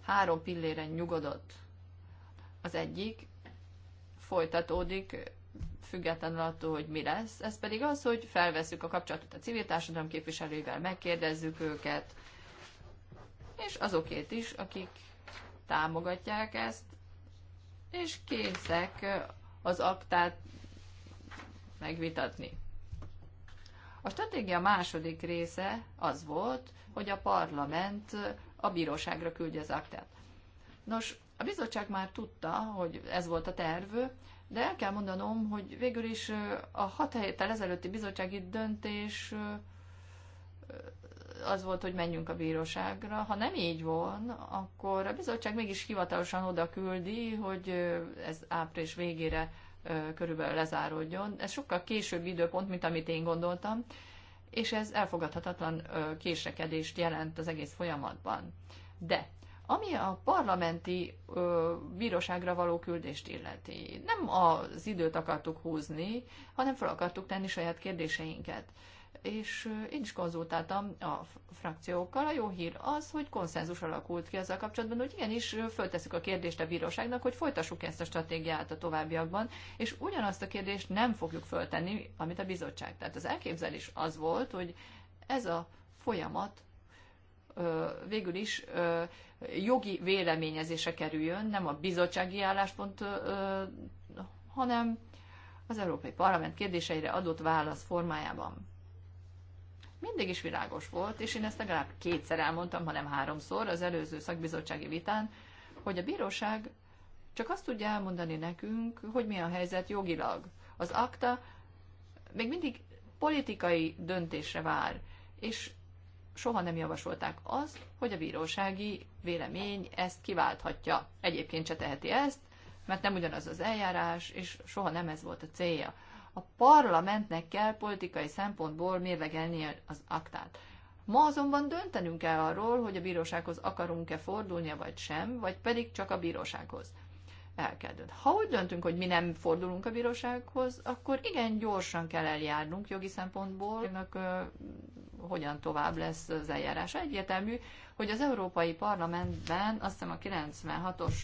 három pilléren nyugodott. Az egyik folytatódik, függetlenül attól, hogy mi lesz, ez pedig az, hogy felveszük a kapcsolatot a civil társadalom képviselőivel, megkérdezzük őket, és azokét is, akik támogatják ezt, és készek az aktát megvitatni. A stratégia második része az volt, hogy a parlament a bíróságra küldje az aktát. Nos, a bizottság már tudta, hogy ez volt a terv, de el kell mondanom, hogy végül is a hat héttel ezelőtti bizottsági döntés az volt, hogy menjünk a bíróságra. Ha nem így van, akkor a bizottság mégis hivatalosan oda küldi, hogy ez április végére körülbelül lezáródjon. Ez sokkal később időpont, mint amit én gondoltam, és ez elfogadhatatlan késrekedést jelent az egész folyamatban. De ami a parlamenti ö, bíróságra való küldést illeti, nem az időt akartuk húzni, hanem fel akartuk tenni saját kérdéseinket és én is konzultáltam a frakciókkal. A jó hír az, hogy konszenzus alakult ki ezzel kapcsolatban, hogy igenis föltesszük a kérdést a bíróságnak, hogy folytassuk ezt a stratégiát a továbbiakban, és ugyanazt a kérdést nem fogjuk föltenni, amit a bizottság. Tehát az elképzelés az volt, hogy ez a folyamat végül is jogi véleményezése kerüljön, nem a bizottsági álláspont, hanem az Európai Parlament kérdéseire adott válasz formájában mindig is világos volt, és én ezt legalább kétszer elmondtam, hanem háromszor az előző szakbizottsági vitán, hogy a bíróság csak azt tudja elmondani nekünk, hogy mi a helyzet jogilag. Az akta még mindig politikai döntésre vár, és soha nem javasolták azt, hogy a bírósági vélemény ezt kiválthatja. Egyébként se teheti ezt, mert nem ugyanaz az eljárás, és soha nem ez volt a célja a parlamentnek kell politikai szempontból mérlegelnie az aktát. Ma azonban döntenünk kell arról, hogy a bírósághoz akarunk-e fordulnia, vagy sem, vagy pedig csak a bírósághoz. El kell dönt. Ha úgy döntünk, hogy mi nem fordulunk a bírósághoz, akkor igen gyorsan kell eljárnunk jogi szempontból, ö, hogyan tovább lesz az eljárás. Egyértelmű, hogy az Európai Parlamentben, azt hiszem a 96-os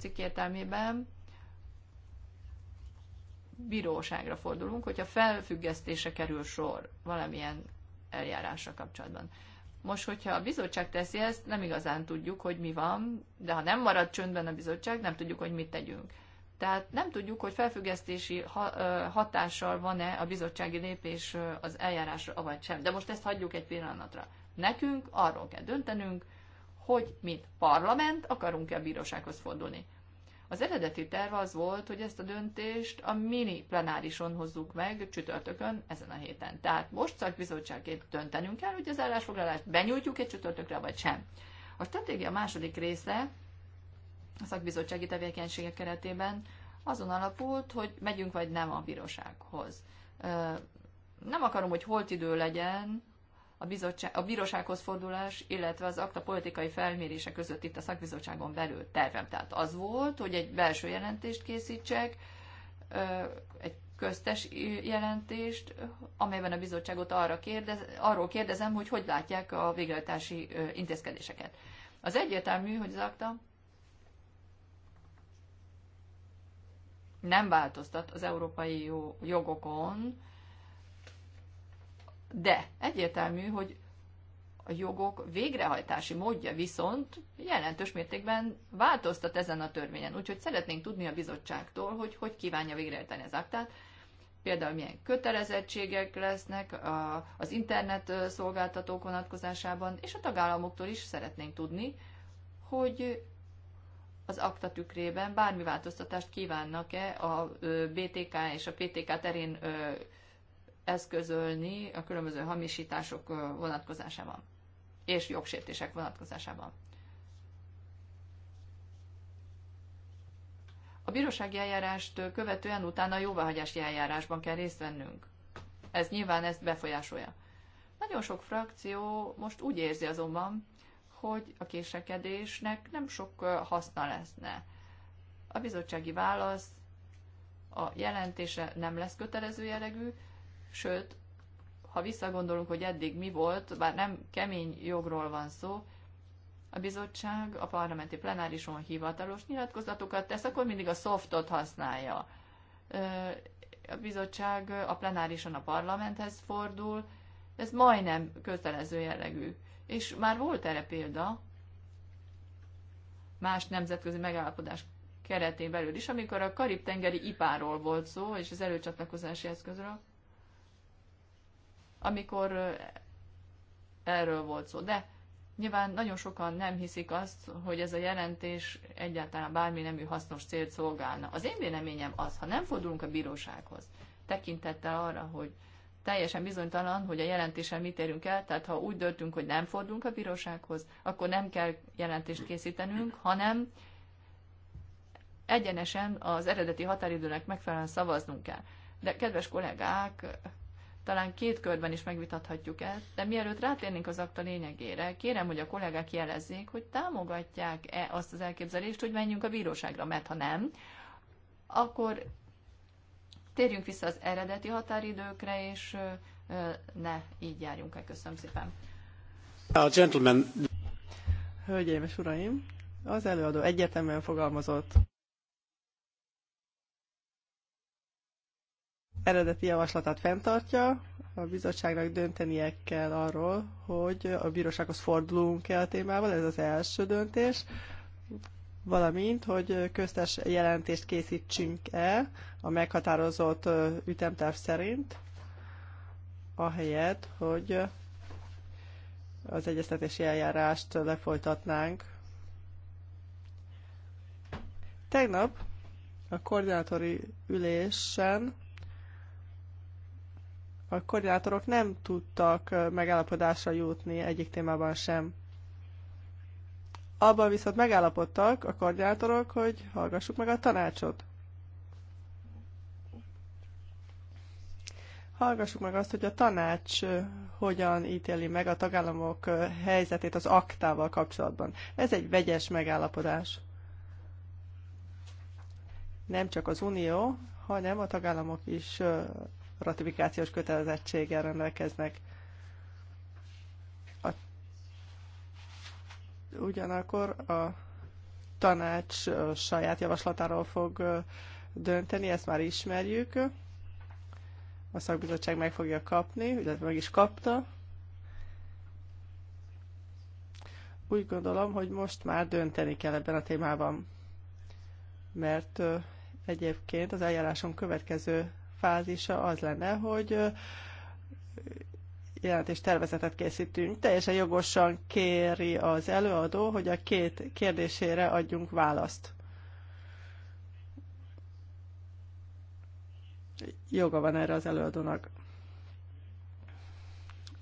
cikk értelmében bíróságra fordulunk, hogyha felfüggesztése kerül sor valamilyen eljárásra kapcsolatban. Most, hogyha a bizottság teszi ezt, nem igazán tudjuk, hogy mi van, de ha nem marad csöndben a bizottság, nem tudjuk, hogy mit tegyünk. Tehát nem tudjuk, hogy felfüggesztési hatással van-e a bizottsági lépés az eljárásra, avagy sem. De most ezt hagyjuk egy pillanatra. Nekünk arról kell döntenünk, hogy mint parlament akarunk-e a bírósághoz fordulni. Az eredeti terv az volt, hogy ezt a döntést a mini plenárison hozzuk meg csütörtökön ezen a héten. Tehát most szakbizottságként döntenünk kell, hogy az állásfoglalást benyújtjuk egy csütörtökre, vagy sem. A stratégia második része a szakbizottsági tevékenységek keretében azon alapult, hogy megyünk vagy nem a bírósághoz. Nem akarom, hogy holt idő legyen, a, bizottság, a bírósághoz fordulás, illetve az akta politikai felmérése között itt a szakbizottságon belül tervem. Tehát az volt, hogy egy belső jelentést készítsek, egy köztes jelentést, amelyben a bizottságot arra kérdez, arról kérdezem, hogy hogy látják a végrehajtási intézkedéseket. Az egyértelmű, hogy az akta nem változtat az európai jogokon, de egyértelmű, hogy a jogok végrehajtási módja viszont jelentős mértékben változtat ezen a törvényen. Úgyhogy szeretnénk tudni a bizottságtól, hogy hogy kívánja végrehajtani az aktát, például milyen kötelezettségek lesznek az internet szolgáltatók vonatkozásában, és a tagállamoktól is szeretnénk tudni, hogy az akta tükrében bármi változtatást kívánnak-e a BTK és a PTK terén eszközölni a különböző hamisítások vonatkozásában és jogsértések vonatkozásában. A bírósági eljárást követően utána jóváhagyási eljárásban kell részt vennünk. Ez nyilván ezt befolyásolja. Nagyon sok frakció most úgy érzi azonban, hogy a késekedésnek nem sok haszna leszne. A bizottsági válasz a jelentése nem lesz kötelező jellegű, Sőt, ha visszagondolunk, hogy eddig mi volt, bár nem kemény jogról van szó, a bizottság a parlamenti plenárison hivatalos nyilatkozatokat tesz, akkor mindig a softot használja. A bizottság a plenárison a parlamenthez fordul, ez majdnem kötelező jellegű. És már volt erre példa más nemzetközi megállapodás keretén belül is, amikor a karib-tengeri ipáról volt szó, és az előcsatlakozási eszközről, amikor erről volt szó. De nyilván nagyon sokan nem hiszik azt, hogy ez a jelentés egyáltalán bármi nemű hasznos célt szolgálna. Az én véleményem az, ha nem fordulunk a bírósághoz, tekintettel arra, hogy teljesen bizonytalan, hogy a jelentéssel mit érünk el, tehát ha úgy döntünk, hogy nem fordulunk a bírósághoz, akkor nem kell jelentést készítenünk, hanem egyenesen az eredeti határidőnek megfelelően szavaznunk kell. De kedves kollégák, talán két körben is megvitathatjuk ezt, de mielőtt rátérnénk az akta lényegére, kérem, hogy a kollégák jelezzék, hogy támogatják-e azt az elképzelést, hogy menjünk a bíróságra, mert ha nem, akkor térjünk vissza az eredeti határidőkre, és ne így járjunk el. Köszönöm szépen. A uh, gentleman. Hölgyeim és uraim, az előadó egyetemben fogalmazott eredeti javaslatát fenntartja, a bizottságnak döntenie kell arról, hogy a bírósághoz fordulunk-e a témával, ez az első döntés, valamint, hogy köztes jelentést készítsünk-e a meghatározott ütemterv szerint, ahelyett, hogy az egyeztetési eljárást lefolytatnánk. Tegnap a koordinátori ülésen a koordinátorok nem tudtak megállapodásra jutni egyik témában sem. Abban viszont megállapodtak a koordinátorok, hogy hallgassuk meg a tanácsot. Hallgassuk meg azt, hogy a tanács hogyan ítéli meg a tagállamok helyzetét az aktával kapcsolatban. Ez egy vegyes megállapodás. Nem csak az Unió, hanem a tagállamok is ratifikációs kötelezettséggel rendelkeznek. A, ugyanakkor a tanács a saját javaslatáról fog dönteni, ezt már ismerjük. A szakbizottság meg fogja kapni, illetve meg is kapta. Úgy gondolom, hogy most már dönteni kell ebben a témában, mert egyébként az eljáráson következő fázisa az lenne, hogy jelentés tervezetet készítünk. Teljesen jogosan kéri az előadó, hogy a két kérdésére adjunk választ. Joga van erre az előadónak.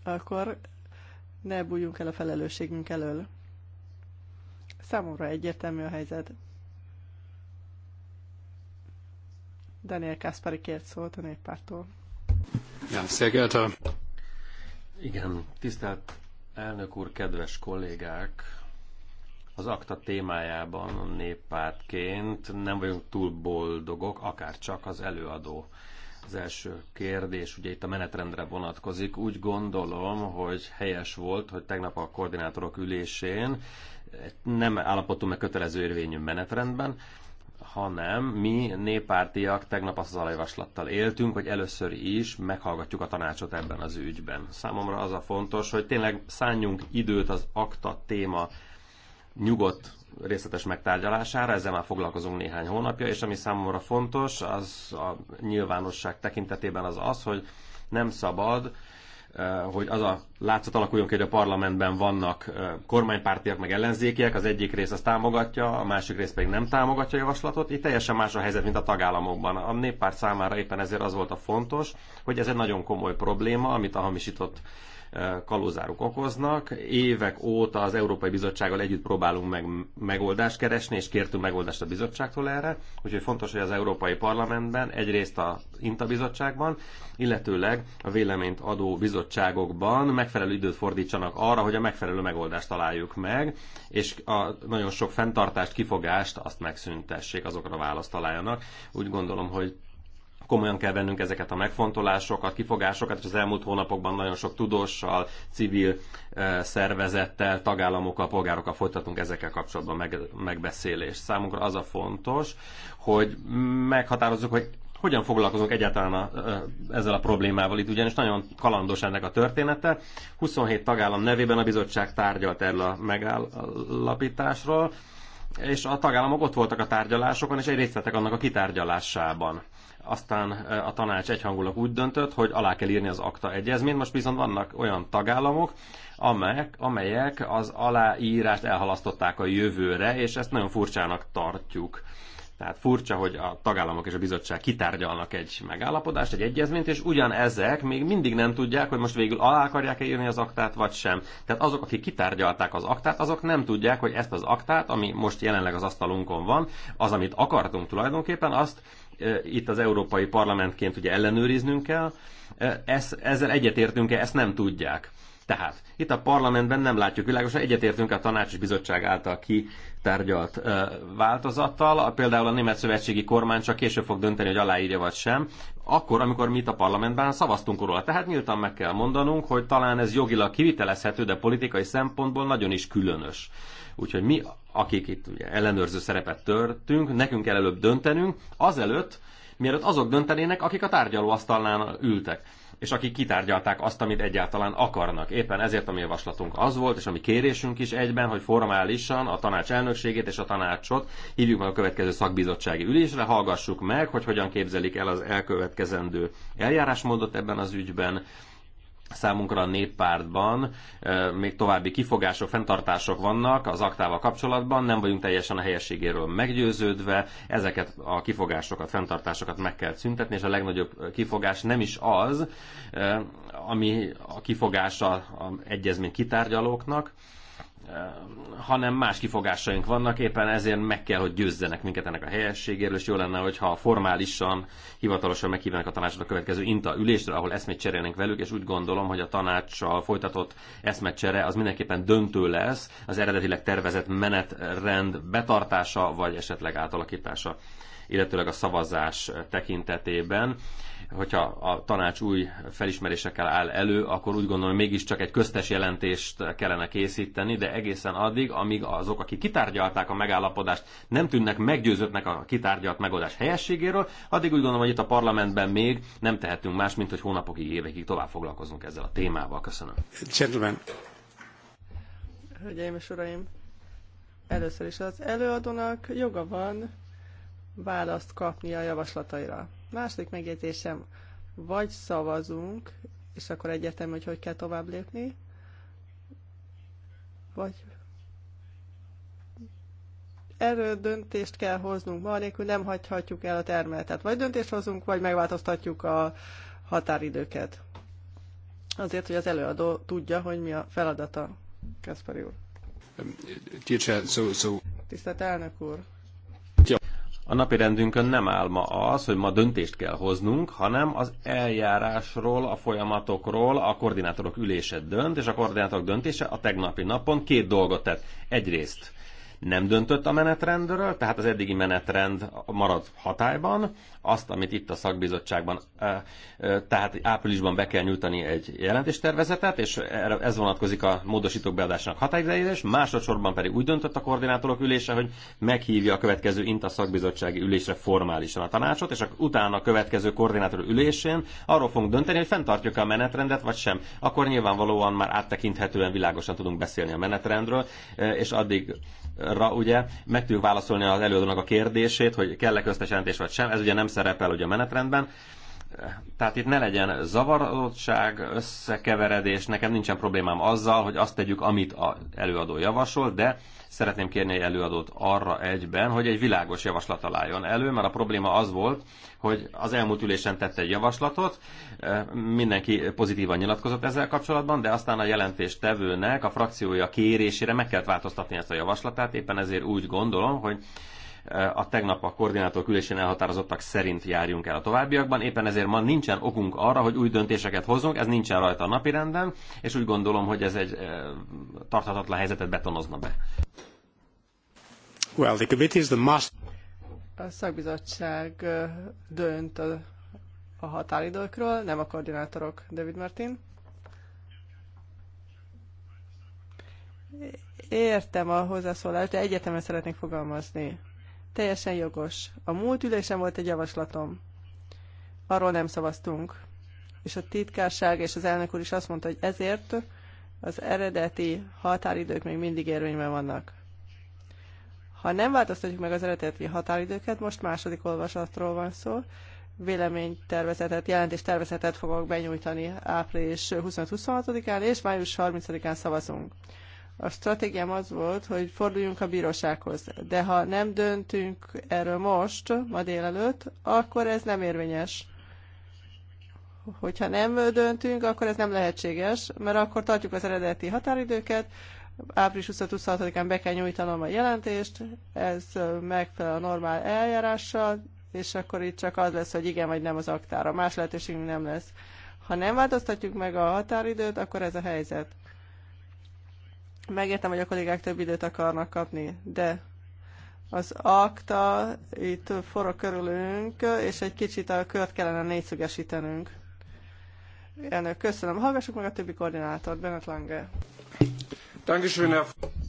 Akkor ne bújjunk el a felelősségünk elől. Számomra egyértelmű a helyzet. Daniel Kaspari kért szólt a néppártól. Ja, szegelte. Igen, tisztelt elnök úr, kedves kollégák! Az akta témájában a néppártként nem vagyunk túl boldogok, akár csak az előadó. Az első kérdés, ugye itt a menetrendre vonatkozik. Úgy gondolom, hogy helyes volt, hogy tegnap a koordinátorok ülésén nem állapodtunk meg kötelező érvényű menetrendben, hanem mi néppártiak tegnap azt az alajvaslattal éltünk, hogy először is meghallgatjuk a tanácsot ebben az ügyben. Számomra az a fontos, hogy tényleg szálljunk időt az akta téma nyugodt részletes megtárgyalására, ezzel már foglalkozunk néhány hónapja, és ami számomra fontos, az a nyilvánosság tekintetében az az, hogy nem szabad Eh, hogy az a látszat alakuljon ki, hogy a parlamentben vannak eh, kormánypártiak, meg ellenzékiek, az egyik rész azt támogatja, a másik rész pedig nem támogatja a javaslatot. Itt teljesen más a helyzet, mint a tagállamokban. A néppárt számára éppen ezért az volt a fontos, hogy ez egy nagyon komoly probléma, amit a hamisított kalózárok okoznak. Évek óta az Európai Bizottsággal együtt próbálunk meg megoldást keresni, és kértünk megoldást a bizottságtól erre, úgyhogy fontos, hogy az Európai Parlamentben, egyrészt a INTA bizottságban, illetőleg a véleményt adó bizottságokban megfelelő időt fordítsanak arra, hogy a megfelelő megoldást találjuk meg, és a nagyon sok fenntartást, kifogást azt megszüntessék, azokra választ találjanak. Úgy gondolom, hogy komolyan kell vennünk ezeket a megfontolásokat, kifogásokat, és az elmúlt hónapokban nagyon sok tudóssal, civil eh, szervezettel, tagállamokkal, polgárokkal folytatunk ezekkel kapcsolatban meg, megbeszélést. Számunkra az a fontos, hogy meghatározzuk, hogy hogyan foglalkozunk egyáltalán a, eh, ezzel a problémával itt, ugyanis nagyon kalandos ennek a története. 27 tagállam nevében a bizottság tárgyalt erről a megállapításról, és a tagállamok ott voltak a tárgyalásokon, és részt vettek annak a kitárgyalásában. Aztán a tanács egyhangulag úgy döntött, hogy alá kell írni az akta egyezményt. Most viszont vannak olyan tagállamok, amelyek, amelyek az aláírást elhalasztották a jövőre, és ezt nagyon furcsának tartjuk. Tehát furcsa, hogy a tagállamok és a bizottság kitárgyalnak egy megállapodást, egy egyezményt, és ugyanezek még mindig nem tudják, hogy most végül alá akarják-e írni az aktát, vagy sem. Tehát azok, akik kitárgyalták az aktát, azok nem tudják, hogy ezt az aktát, ami most jelenleg az asztalunkon van, az, amit akartunk tulajdonképpen, azt itt az Európai Parlamentként ugye ellenőriznünk kell, ezt, ezzel egyetértünk-e, ezt nem tudják. Tehát itt a parlamentben nem látjuk világosan, egyetértünk a tanács és bizottság által kitárgyalt ö, változattal. A, például a német szövetségi kormány csak később fog dönteni, hogy aláírja vagy sem, akkor, amikor mi itt a parlamentben szavaztunk róla. Tehát nyíltan meg kell mondanunk, hogy talán ez jogilag kivitelezhető, de politikai szempontból nagyon is különös. Úgyhogy mi akik itt ugye ellenőrző szerepet törtünk, nekünk kell előbb döntenünk, azelőtt, mielőtt azok döntenének, akik a tárgyalóasztalnál ültek és akik kitárgyalták azt, amit egyáltalán akarnak. Éppen ezért a mi javaslatunk az volt, és mi kérésünk is egyben, hogy formálisan a tanács elnökségét és a tanácsot hívjuk meg a következő szakbizottsági ülésre, hallgassuk meg, hogy hogyan képzelik el az elkövetkezendő eljárásmódot ebben az ügyben, Számunkra a néppártban még további kifogások, fenntartások vannak az aktával kapcsolatban, nem vagyunk teljesen a helyességéről meggyőződve, ezeket a kifogásokat, fenntartásokat meg kell szüntetni, és a legnagyobb kifogás nem is az, ami a kifogása az egyezmény kitárgyalóknak, hanem más kifogásaink vannak, éppen ezért meg kell, hogy győzzenek minket ennek a helyességéről, és jó lenne, hogyha formálisan, hivatalosan meghívnak a tanácsot a következő INTA ülésre, ahol eszmét cserélnénk velük, és úgy gondolom, hogy a tanácssal folytatott eszmecsere az mindenképpen döntő lesz az eredetileg tervezett menetrend betartása, vagy esetleg átalakítása illetőleg a szavazás tekintetében hogyha a tanács új felismerésekkel áll elő, akkor úgy gondolom, hogy mégiscsak egy köztes jelentést kellene készíteni, de egészen addig, amíg azok, akik kitárgyalták a megállapodást, nem tűnnek meggyőződnek a kitárgyalt megoldás helyességéről, addig úgy gondolom, hogy itt a parlamentben még nem tehetünk más, mint hogy hónapokig, évekig tovább foglalkozunk ezzel a témával. Köszönöm. Gentlemen. Hölgyeim és uraim, először is az előadónak joga van választ kapni a javaslataira. Második megjegyzésem, vagy szavazunk, és akkor egyetem, hogy hogy kell tovább lépni, vagy erről döntést kell hoznunk, ma nélkül nem hagyhatjuk el a termeletet. vagy döntést hozunk, vagy megváltoztatjuk a határidőket. Azért, hogy az előadó tudja, hogy mi a feladata. Kaspari úr. Tisztelt elnök úr! A napi rendünkön nem áll ma az, hogy ma döntést kell hoznunk, hanem az eljárásról, a folyamatokról a koordinátorok ülése dönt, és a koordinátorok döntése a tegnapi napon két dolgot tett. Egyrészt nem döntött a menetrendről, tehát az eddigi menetrend marad hatályban. Azt, amit itt a szakbizottságban, tehát áprilisban be kell nyújtani egy jelentéstervezetet, és ez vonatkozik a módosítók beadásának határidejére, és másodszorban pedig úgy döntött a koordinátorok ülése, hogy meghívja a következő INTA szakbizottsági ülésre formálisan a tanácsot, és utána a következő koordinátor ülésén arról fogunk dönteni, hogy fenntartjuk a menetrendet, vagy sem. Akkor nyilvánvalóan már áttekinthetően világosan tudunk beszélni a menetrendről, és addig ra, ugye, meg tudjuk válaszolni az előadónak a kérdését, hogy kell-e köztes jelentés vagy sem, ez ugye nem szerepel ugye a menetrendben, tehát itt ne legyen zavarodottság, összekeveredés, nekem nincsen problémám azzal, hogy azt tegyük, amit az előadó javasol, de Szeretném kérni előadót arra egyben, hogy egy világos javaslat találjon elő, mert a probléma az volt, hogy az elmúlt ülésen tette egy javaslatot, eh, mindenki pozitívan nyilatkozott ezzel kapcsolatban, de aztán a tevőnek a frakciója kérésére meg kellett változtatni ezt a javaslatát, éppen ezért úgy gondolom, hogy a tegnap a koordinátor külésén elhatározottak szerint járjunk el a továbbiakban. Éppen ezért ma nincsen okunk arra, hogy új döntéseket hozzunk, ez nincsen rajta a napirenden, és úgy gondolom, hogy ez egy eh, tarthatatlan helyzetet betonozna be. Well, the committee is the must. A szakbizottság eh, dönt a, a határidőkről, nem a koordinátorok, David Martin. Értem a hozzászólást, de egyetemre szeretnék fogalmazni. Teljesen jogos. A múlt ülésen volt egy javaslatom. Arról nem szavaztunk. És a titkárság és az elnök úr is azt mondta, hogy ezért az eredeti határidők még mindig érvényben vannak. Ha nem változtatjuk meg az eredeti határidőket, most második olvasatról van szó, véleménytervezetet, jelentéstervezetet fogok benyújtani április 25-26-án, és május 30-án szavazunk. A stratégiám az volt, hogy forduljunk a bírósághoz, de ha nem döntünk erről most, ma délelőtt, akkor ez nem érvényes. Hogyha nem döntünk, akkor ez nem lehetséges, mert akkor tartjuk az eredeti határidőket, április 26-án be kell nyújtanom a jelentést, ez megfelel a normál eljárással, és akkor itt csak az lesz, hogy igen vagy nem az aktára. Más lehetőségünk nem lesz. Ha nem változtatjuk meg a határidőt, akkor ez a helyzet. Megértem, hogy a kollégák több időt akarnak kapni, de az akta itt forog körülünk, és egy kicsit a kört kellene négyszögesítenünk. Elnök, köszönöm. Hallgassuk meg a többi koordinátort, Bennett Lange.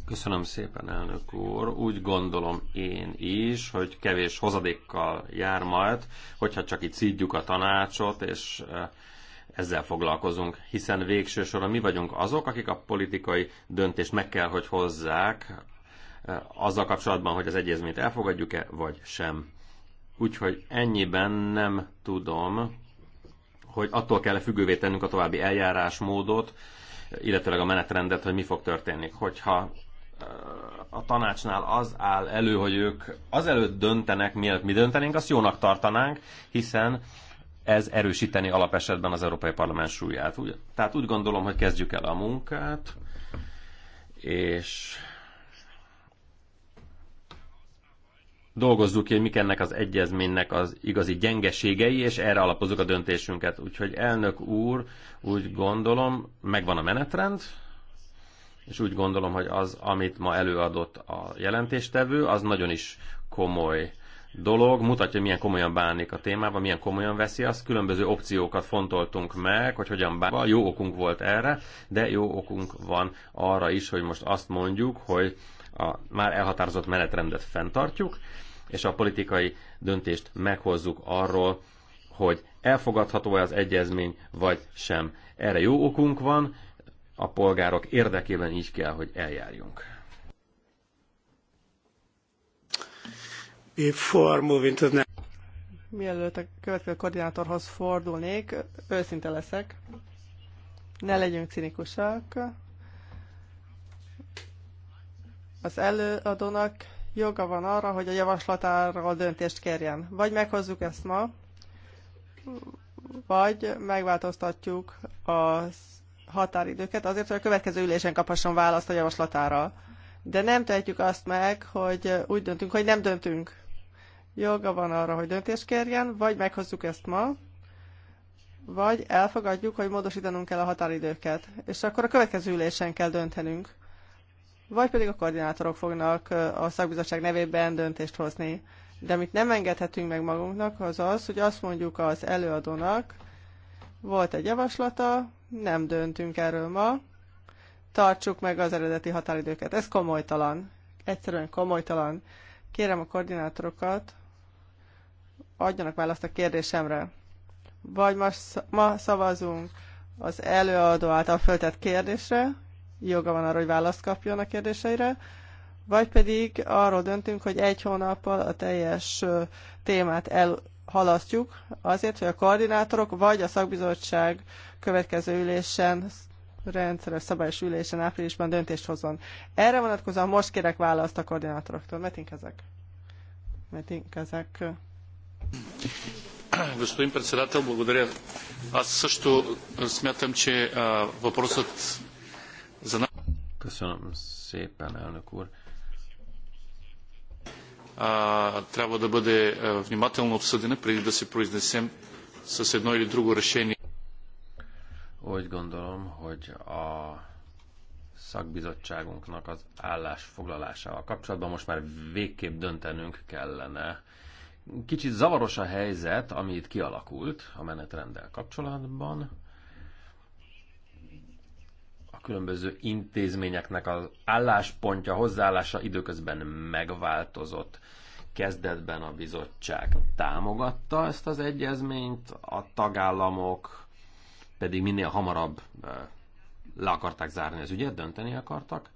Köszönöm szépen, elnök úr. Úgy gondolom én is, hogy kevés hozadékkal jár majd, hogyha csak itt szídjuk a tanácsot, és eh, ezzel foglalkozunk, hiszen végső soron mi vagyunk azok, akik a politikai döntést meg kell, hogy hozzák eh, azzal kapcsolatban, hogy az egyezményt elfogadjuk-e, vagy sem. Úgyhogy ennyiben nem tudom, hogy attól kell függővé tennünk a további eljárásmódot, illetőleg a menetrendet, hogy mi fog történni. Hogyha eh, a tanácsnál az áll elő, hogy ők azelőtt döntenek, mielőtt mi döntenénk, azt jónak tartanánk, hiszen ez erősíteni alapesetben az Európai Parlament súlyát. Ugye? Tehát úgy gondolom, hogy kezdjük el a munkát, és dolgozzuk ki, hogy mik ennek az egyezménynek az igazi gyengeségei, és erre alapozzuk a döntésünket. Úgyhogy elnök úr, úgy gondolom, megvan a menetrend, és úgy gondolom, hogy az, amit ma előadott a jelentéstevő, az nagyon is komoly dolog, mutatja, milyen komolyan bánik a témában, milyen komolyan veszi azt. Különböző opciókat fontoltunk meg, hogy hogyan bánik. Jó okunk volt erre, de jó okunk van arra is, hogy most azt mondjuk, hogy a már elhatározott menetrendet fenntartjuk, és a politikai döntést meghozzuk arról, hogy elfogadható-e az egyezmény, vagy sem. Erre jó okunk van, a polgárok érdekében így kell, hogy eljárjunk. Before moving to the Mielőtt a következő koordinátorhoz fordulnék, őszinte leszek. Ne legyünk cinikusak. Az előadónak joga van arra, hogy a javaslatáról döntést kérjen. Vagy meghozzuk ezt ma, vagy megváltoztatjuk a határidőket azért, hogy a következő ülésen kaphasson választ a javaslatára. De nem tehetjük azt meg, hogy úgy döntünk, hogy nem döntünk joga van arra, hogy döntést kérjen, vagy meghozzuk ezt ma, vagy elfogadjuk, hogy módosítanunk kell a határidőket, és akkor a következő ülésen kell döntenünk. Vagy pedig a koordinátorok fognak a szakbizottság nevében döntést hozni. De amit nem engedhetünk meg magunknak, az az, hogy azt mondjuk az előadónak, volt egy javaslata, nem döntünk erről ma, tartsuk meg az eredeti határidőket. Ez komolytalan. Egyszerűen komolytalan. Kérem a koordinátorokat, adjanak választ a kérdésemre. Vagy ma, ma szavazunk az előadó által föltett kérdésre, joga van arra, hogy választ kapjon a kérdéseire, vagy pedig arról döntünk, hogy egy hónappal a teljes témát elhalasztjuk, azért, hogy a koordinátorok vagy a szakbizottság következő ülésen, rendszeres szabályos ülésen áprilisban döntést hozzon. Erre vonatkozóan most kérek választ a koordinátoroktól. Metink ezek. Metink ezek. Господин председател, благодаря. Аз също смятам, че а, въпросът за нас... трябва да бъде а, внимателно обсъдена преди да се произнесем с едно или друго решение. Úgy gondolom, hogy a szakbizottságunknak az állásfoglalásával kapcsolatban most már végképp döntenünk kellene Kicsit zavaros a helyzet, ami itt kialakult a menetrenddel kapcsolatban. A különböző intézményeknek az álláspontja, hozzáállása időközben megváltozott kezdetben a bizottság támogatta ezt az egyezményt, a tagállamok pedig minél hamarabb eh, le akarták zárni az ügyet, dönteni akartak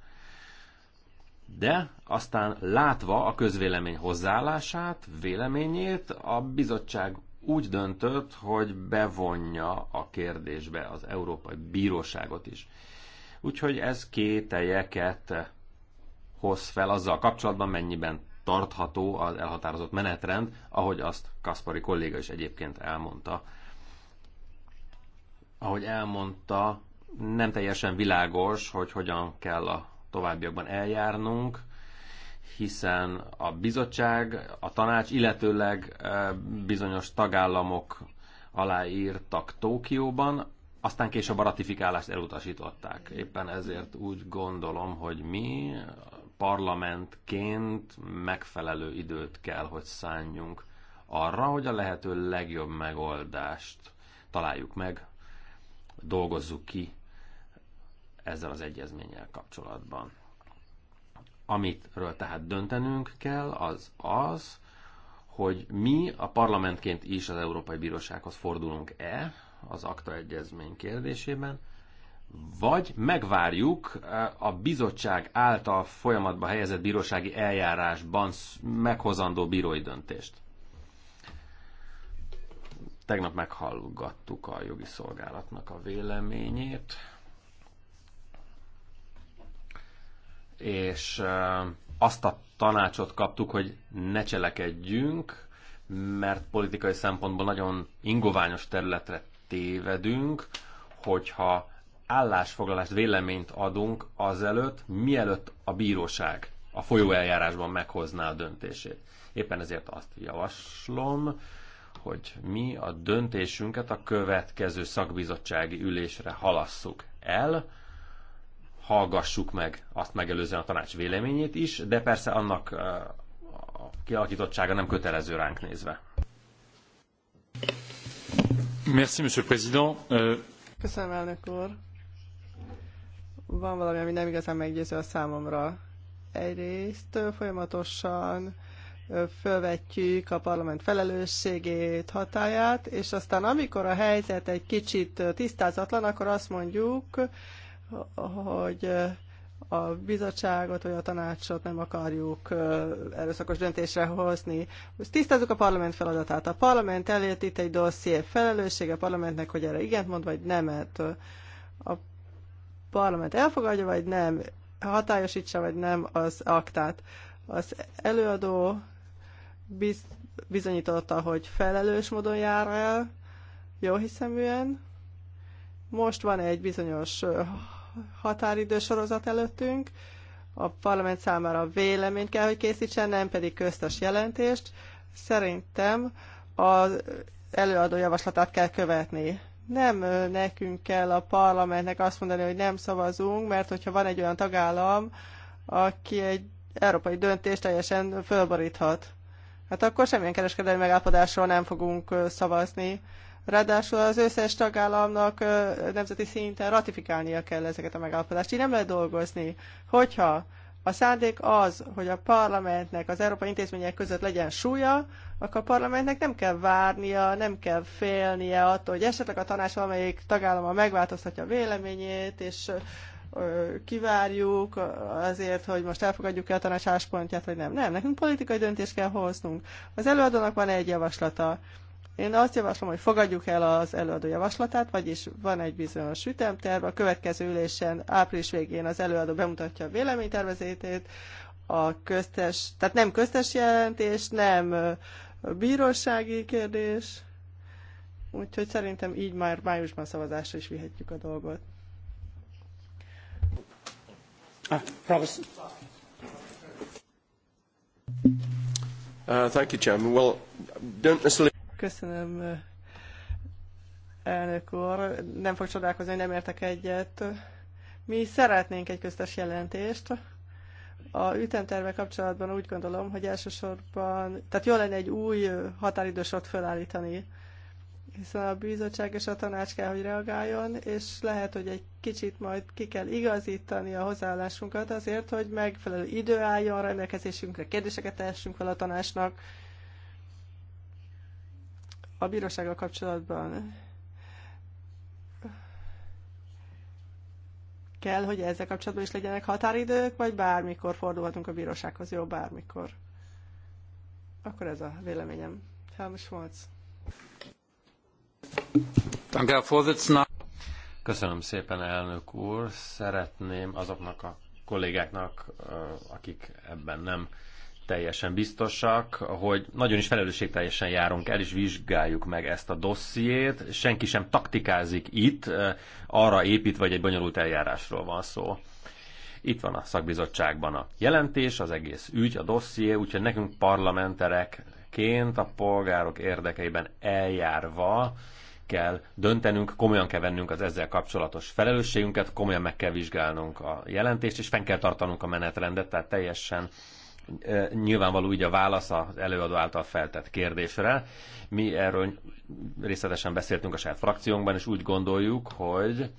de aztán látva a közvélemény hozzáállását, véleményét, a bizottság úgy döntött, hogy bevonja a kérdésbe az Európai Bíróságot is. Úgyhogy ez kételjeket hoz fel azzal kapcsolatban, mennyiben tartható az elhatározott menetrend, ahogy azt Kaspari kolléga is egyébként elmondta. Ahogy elmondta, nem teljesen világos, hogy hogyan kell a továbbiakban eljárnunk, hiszen a bizottság, a tanács, illetőleg eh, bizonyos tagállamok aláírtak Tókióban, aztán később a ratifikálást elutasították. Éppen ezért úgy gondolom, hogy mi parlamentként megfelelő időt kell, hogy szálljunk arra, hogy a lehető legjobb megoldást találjuk meg, dolgozzuk ki ezzel az egyezménnyel kapcsolatban. Amitről tehát döntenünk kell, az az, hogy mi a parlamentként is az Európai Bírósághoz fordulunk-e az akta egyezmény kérdésében, vagy megvárjuk eh, a bizottság által folyamatba helyezett bírósági eljárásban meghozandó bírói döntést. Tegnap meghallgattuk a jogi szolgálatnak a véleményét. és azt a tanácsot kaptuk, hogy ne cselekedjünk, mert politikai szempontból nagyon ingoványos területre tévedünk, hogyha állásfoglalást, véleményt adunk azelőtt, mielőtt a bíróság a folyóeljárásban meghozná a döntését. Éppen ezért azt javaslom, hogy mi a döntésünket a következő szakbizottsági ülésre halasszuk el, hallgassuk meg azt megelőzően a tanács véleményét is, de persze annak eh, a kialakítottsága nem kötelező ránk nézve. Merci, Monsieur Président. Euh, Köszönöm, elnök úr. Van valami, ami nem igazán meggyőző a számomra. Egyrészt folyamatosan fölvetjük a parlament felelősségét, hatáját, és aztán amikor a helyzet egy kicsit tisztázatlan, akkor azt mondjuk, hogy a bizottságot vagy a tanácsot nem akarjuk erőszakos döntésre hozni. Tisztázzuk a parlament feladatát. A parlament elért itt egy dosszié felelőssége a parlamentnek, hogy erre igent mond, vagy nemet. A parlament elfogadja, vagy nem, hatályosítsa, vagy nem az aktát. Az előadó biz, bizonyította, hogy felelős módon jár el, jó hiszeműen. Most van egy bizonyos határidő sorozat előttünk. A parlament számára véleményt kell, hogy készítsen, nem pedig köztes jelentést. Szerintem az előadó javaslatát kell követni. Nem nekünk kell a parlamentnek azt mondani, hogy nem szavazunk, mert hogyha van egy olyan tagállam, aki egy európai döntést teljesen fölboríthat. Hát akkor semmilyen kereskedelmi megállapodásról nem fogunk szavazni. Ráadásul az összes tagállamnak nemzeti szinten ratifikálnia kell ezeket a megállapodást. Így nem lehet dolgozni. Hogyha a szándék az, hogy a parlamentnek az európai intézmények között legyen súlya, akkor a parlamentnek nem kell várnia, nem kell félnie attól, hogy esetleg a tanács valamelyik tagállama megváltoztatja a véleményét, és kivárjuk azért, hogy most elfogadjuk-e a tanács álláspontját, vagy nem. Nem, nekünk politikai döntést kell hoznunk. Az előadónak van egy javaslata. Én azt javaslom, hogy fogadjuk el az előadó javaslatát, vagyis van egy bizonyos ütemterv, a következő ülésen április végén az előadó bemutatja a véleménytervezetét, a köztes, tehát nem köztes jelentés, nem bírósági kérdés, úgyhogy szerintem így már májusban szavazásra is vihetjük a dolgot. Ah, uh, thank you, Chairman. Well, don't necessarily... Köszönöm, elnök úr. Nem fog csodálkozni, hogy nem értek egyet. Mi szeretnénk egy köztes jelentést. A ütemterve kapcsolatban úgy gondolom, hogy elsősorban, tehát jó lenne egy új határidősort felállítani, hiszen a bizottság és a tanács kell, hogy reagáljon, és lehet, hogy egy kicsit majd ki kell igazítani a hozzáállásunkat azért, hogy megfelelő idő álljon rendelkezésünkre, kérdéseket tehessünk fel a tanácsnak, a bírósággal kapcsolatban kell, hogy ezzel kapcsolatban is legyenek határidők, vagy bármikor fordulhatunk a bírósághoz, jó, bármikor. Akkor ez a véleményem. Helmut Schmolz. Köszönöm szépen, elnök úr. Szeretném azoknak a kollégáknak, akik ebben nem teljesen biztosak, hogy nagyon is felelősségteljesen járunk el, és vizsgáljuk meg ezt a dossziét. Senki sem taktikázik itt, arra épít, vagy egy bonyolult eljárásról van szó. Itt van a szakbizottságban a jelentés, az egész ügy, a dosszié, úgyhogy nekünk parlamentereként a polgárok érdekeiben eljárva kell döntenünk, komolyan kell vennünk az ezzel kapcsolatos felelősségünket, komolyan meg kell vizsgálnunk a jelentést, és fenn kell tartanunk a menetrendet, tehát teljesen nyilvánvaló így a válasz az előadó által feltett kérdésre. Mi erről részletesen beszéltünk a saját frakciónkban, és úgy gondoljuk, hogy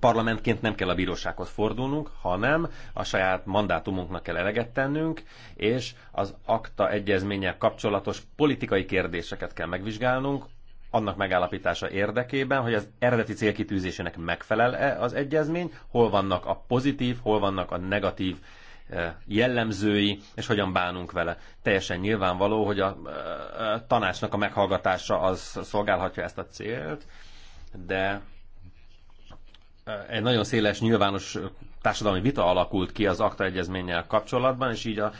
parlamentként nem kell a bírósághoz fordulnunk, hanem a saját mandátumunknak kell eleget tennünk, és az akta egyezménnyel kapcsolatos politikai kérdéseket kell megvizsgálnunk, annak megállapítása érdekében, hogy az eredeti célkitűzésének megfelel-e az egyezmény, hol vannak a pozitív, hol vannak a negatív uh, jellemzői, és hogyan bánunk vele. Teljesen nyilvánvaló, hogy a tanácsnak a meghallgatása az szolgálhatja ezt a célt, de egy nagyon széles nyilvános társadalmi vita alakult ki az akta egyezménnyel kapcsolatban, és így a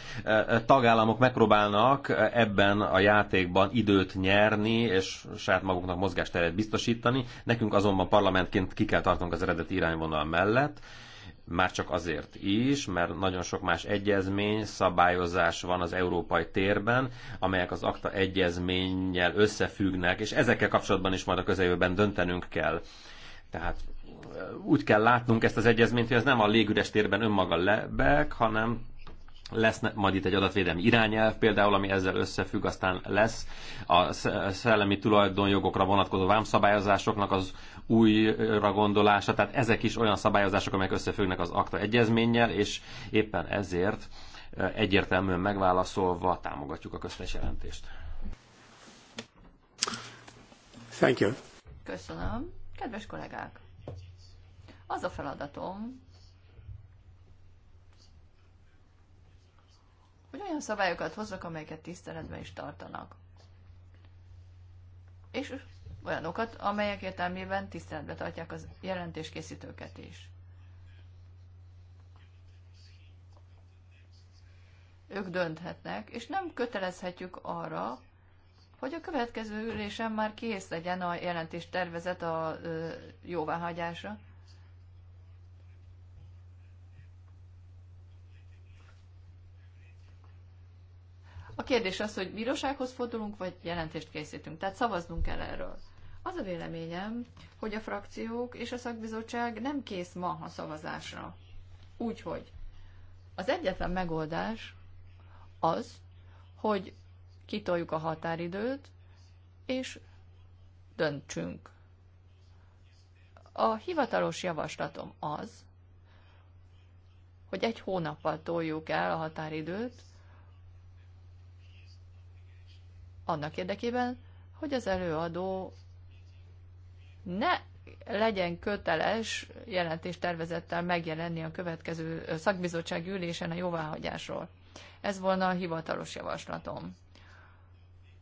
tagállamok megpróbálnak ebben a játékban időt nyerni, és saját maguknak mozgásteret biztosítani. Nekünk azonban parlamentként ki kell tartunk az eredeti irányvonal mellett, már csak azért is, mert nagyon sok más egyezmény, szabályozás van az európai térben, amelyek az akta egyezménnyel összefüggnek, és ezekkel kapcsolatban is majd a közeljövőben döntenünk kell. Tehát úgy kell látnunk ezt az egyezményt, hogy ez nem a légüres térben önmaga lebeg, hanem lesz majd itt egy adatvédelmi irányelv például, ami ezzel összefügg, aztán lesz a szellemi tulajdonjogokra vonatkozó vámszabályozásoknak az újra gondolása, tehát ezek is olyan szabályozások, amelyek összefüggnek az akta egyezménnyel, és éppen ezért e, egyértelműen megválaszolva támogatjuk a köztes jelentést. Thank you. Köszönöm. Kedves kollégák, az a feladatom, hogy olyan szabályokat hozzak, amelyeket tiszteletben is tartanak. És olyanokat, amelyek értelmében tiszteletbe tartják az jelentéskészítőket is. Ők dönthetnek, és nem kötelezhetjük arra, hogy a következő ülésen már kész legyen a jelentés tervezet a jóváhagyásra. A kérdés az, hogy bírósághoz fordulunk, vagy jelentést készítünk. Tehát szavaznunk kell erről. Az a véleményem, hogy a frakciók és a szakbizottság nem kész ma a szavazásra. Úgyhogy az egyetlen megoldás az, hogy kitoljuk a határidőt, és döntsünk. A hivatalos javaslatom az, hogy egy hónappal toljuk el a határidőt, annak érdekében, hogy az előadó ne legyen köteles jelentéstervezettel megjelenni a következő szakbizottság ülésen a jóváhagyásról. Ez volna a hivatalos javaslatom.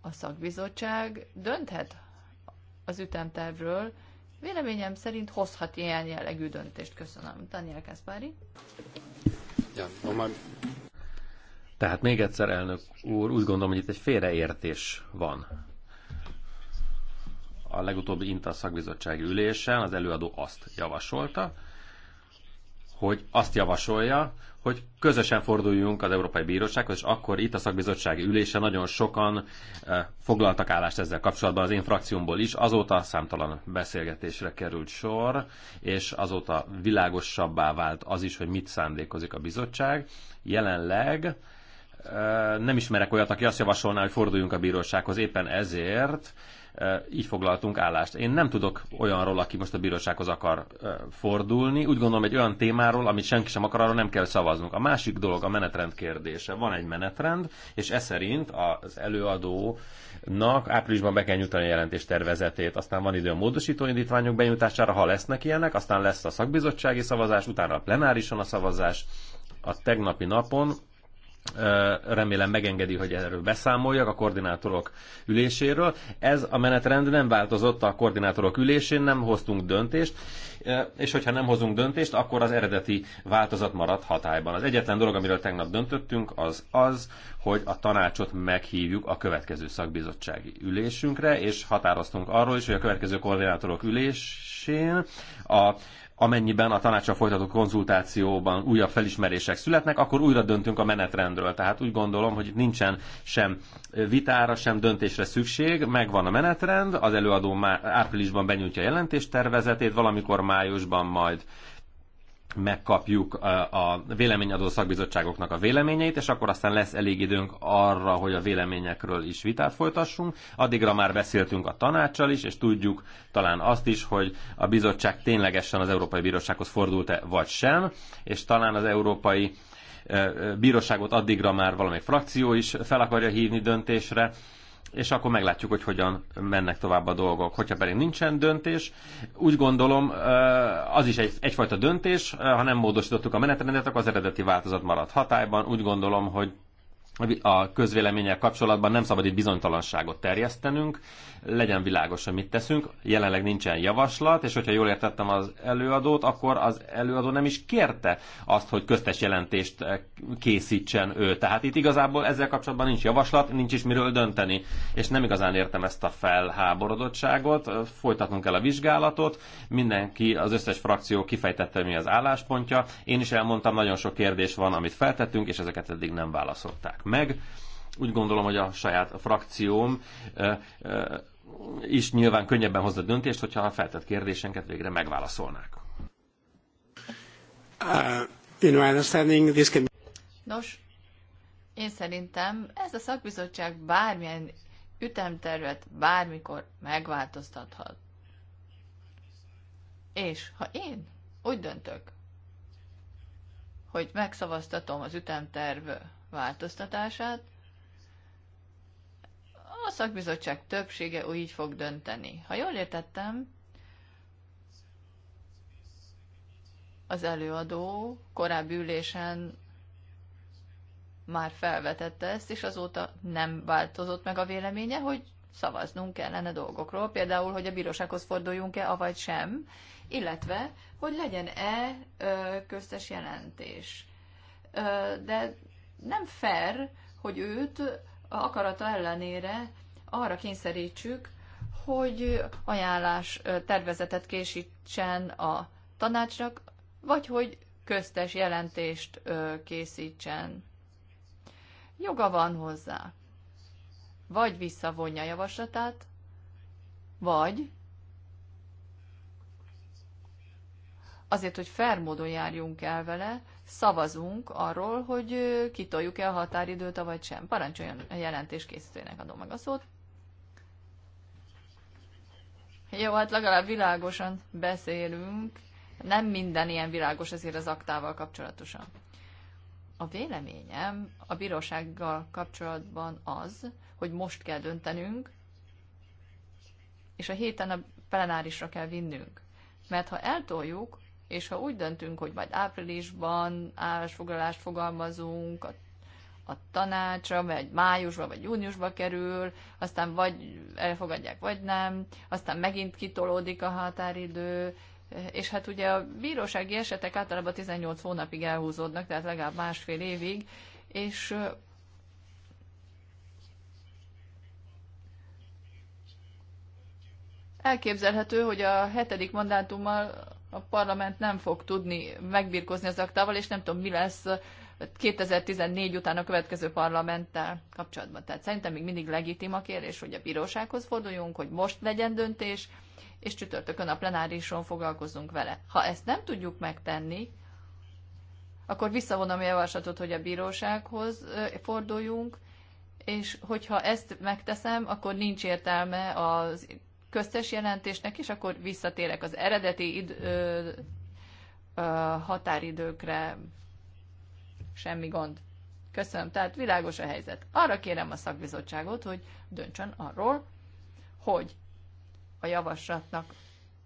A szakbizottság dönthet az ütemtervről, véleményem szerint hozhat ilyen jellegű döntést. Köszönöm. Daniel Kaspari. Ja, no, már... Tehát még egyszer, elnök úr, úgy gondolom, hogy itt egy félreértés van a legutóbbi INTA szakbizottsági ülésen az előadó azt javasolta, hogy azt javasolja, hogy közösen forduljunk az Európai Bírósághoz, és akkor itt a szakbizottsági ülése nagyon sokan eh, foglaltak állást ezzel kapcsolatban az én frakciómból is. Azóta számtalan beszélgetésre került sor, és azóta világosabbá vált az is, hogy mit szándékozik a bizottság. Jelenleg eh, nem ismerek olyat, aki azt javasolná, hogy forduljunk a bírósághoz. Éppen ezért így foglaltunk állást. Én nem tudok olyanról, aki most a bírósághoz akar fordulni. Úgy gondolom, egy olyan témáról, amit senki sem akar, arról nem kell szavaznunk. A másik dolog a menetrend kérdése. Van egy menetrend, és ez szerint az előadónak áprilisban be kell nyújtani a jelentés tervezetét, aztán van idő a módosító indítványok benyújtására, ha lesznek ilyenek, aztán lesz a szakbizottsági szavazás, utána a plenárison a szavazás, a tegnapi napon remélem megengedi, hogy erről beszámoljak a koordinátorok üléséről. Ez a menetrend nem változott a koordinátorok ülésén, nem hoztunk döntést, és hogyha nem hozunk döntést, akkor az eredeti változat marad hatályban. Az egyetlen dolog, amiről tegnap döntöttünk, az az, hogy a tanácsot meghívjuk a következő szakbizottsági ülésünkre, és határoztunk arról is, hogy a következő koordinátorok ülésén a amennyiben a tanácsa folytatott konzultációban újabb felismerések születnek, akkor újra döntünk a menetrendről. Tehát úgy gondolom, hogy itt nincsen sem vitára, sem döntésre szükség, megvan a menetrend, az előadó már áprilisban benyújtja a jelentéstervezetét, valamikor májusban majd megkapjuk a véleményadó szakbizottságoknak a véleményeit, és akkor aztán lesz elég időnk arra, hogy a véleményekről is vitát folytassunk. Addigra már beszéltünk a tanácssal is, és tudjuk talán azt is, hogy a bizottság ténylegesen az Európai Bírósághoz fordult-e vagy sem, és talán az Európai Bíróságot addigra már valamelyik frakció is fel akarja hívni döntésre és akkor meglátjuk, hogy hogyan mennek tovább a dolgok. Hogyha pedig nincsen döntés, úgy gondolom, az is egy, egyfajta döntés, ha nem módosítottuk a menetrendet, akkor az eredeti változat marad hatályban. Úgy gondolom, hogy a közvéleménnyel kapcsolatban nem szabad itt bizonytalanságot terjesztenünk, legyen világos, hogy mit teszünk. Jelenleg nincsen javaslat, és hogyha jól értettem az előadót, akkor az előadó nem is kérte azt, hogy köztes jelentést eh, készítsen ő. Tehát itt igazából ezzel kapcsolatban nincs javaslat, nincs is miről dönteni, és nem igazán értem ezt a felháborodottságot. Eh, folytatnunk kell a vizsgálatot, mindenki, az összes frakció kifejtette, mi az álláspontja. Én is elmondtam, nagyon sok kérdés van, amit feltettünk, és ezeket eddig nem válaszolták meg. Úgy gondolom, hogy a saját a frakcióm is nyilván könnyebben hozza döntést, hogyha a feltett kérdésenket végre megválaszolnák. Uh, Nos, én szerintem ez a szakbizottság bármilyen ütemtervet bármikor megváltoztathat. És ha én úgy döntök, hogy megszavaztatom az ütemterv változtatását, a szakbizottság többsége úgy fog dönteni. Ha jól értettem, az előadó korábbi ülésen már felvetette ezt, és azóta nem változott meg a véleménye, hogy szavaznunk kellene dolgokról, például, hogy a bírósághoz forduljunk-e, avagy sem, illetve, hogy legyen-e köztes jelentés. Ö, de nem fair, hogy őt akarata ellenére arra kényszerítsük, hogy ajánlás tervezetet készítsen a tanácsnak, vagy hogy köztes jelentést készítsen. Joga van hozzá. Vagy visszavonja javaslatát, vagy azért, hogy fair módon járjunk el vele, szavazunk arról, hogy kitoljuk-e a határidőt, vagy sem. Parancsoljon a jelentés készítőjének adom meg a szót. Jó, hát legalább világosan beszélünk. Nem minden ilyen világos azért az aktával kapcsolatosan. A véleményem a bírósággal kapcsolatban az, hogy most kell döntenünk, és a héten a plenárisra kell vinnünk. Mert ha eltoljuk, és ha úgy döntünk, hogy majd áprilisban állásfoglalást fogalmazunk, a, a tanácsra, vagy májusban, vagy júniusba kerül, aztán vagy elfogadják, vagy nem, aztán megint kitolódik a határidő, és hát ugye a bírósági esetek általában 18 hónapig elhúzódnak, tehát legalább másfél évig, és elképzelhető, hogy a hetedik mandátummal a parlament nem fog tudni megbirkozni az aktával, és nem tudom, mi lesz 2014 után a következő parlamenttel kapcsolatban. Tehát szerintem még mindig legitim a kérés, hogy a bírósághoz forduljunk, hogy most legyen döntés, és csütörtökön a plenárison foglalkozunk vele. Ha ezt nem tudjuk megtenni, akkor visszavonom a javaslatot, hogy a bírósághoz forduljunk, és hogyha ezt megteszem, akkor nincs értelme az köztes jelentésnek, és akkor visszatérek az eredeti id- ö, ö, határidőkre. Semmi gond. Köszönöm. Tehát világos a helyzet. Arra kérem a szakbizottságot, hogy döntsön arról, hogy a javaslatnak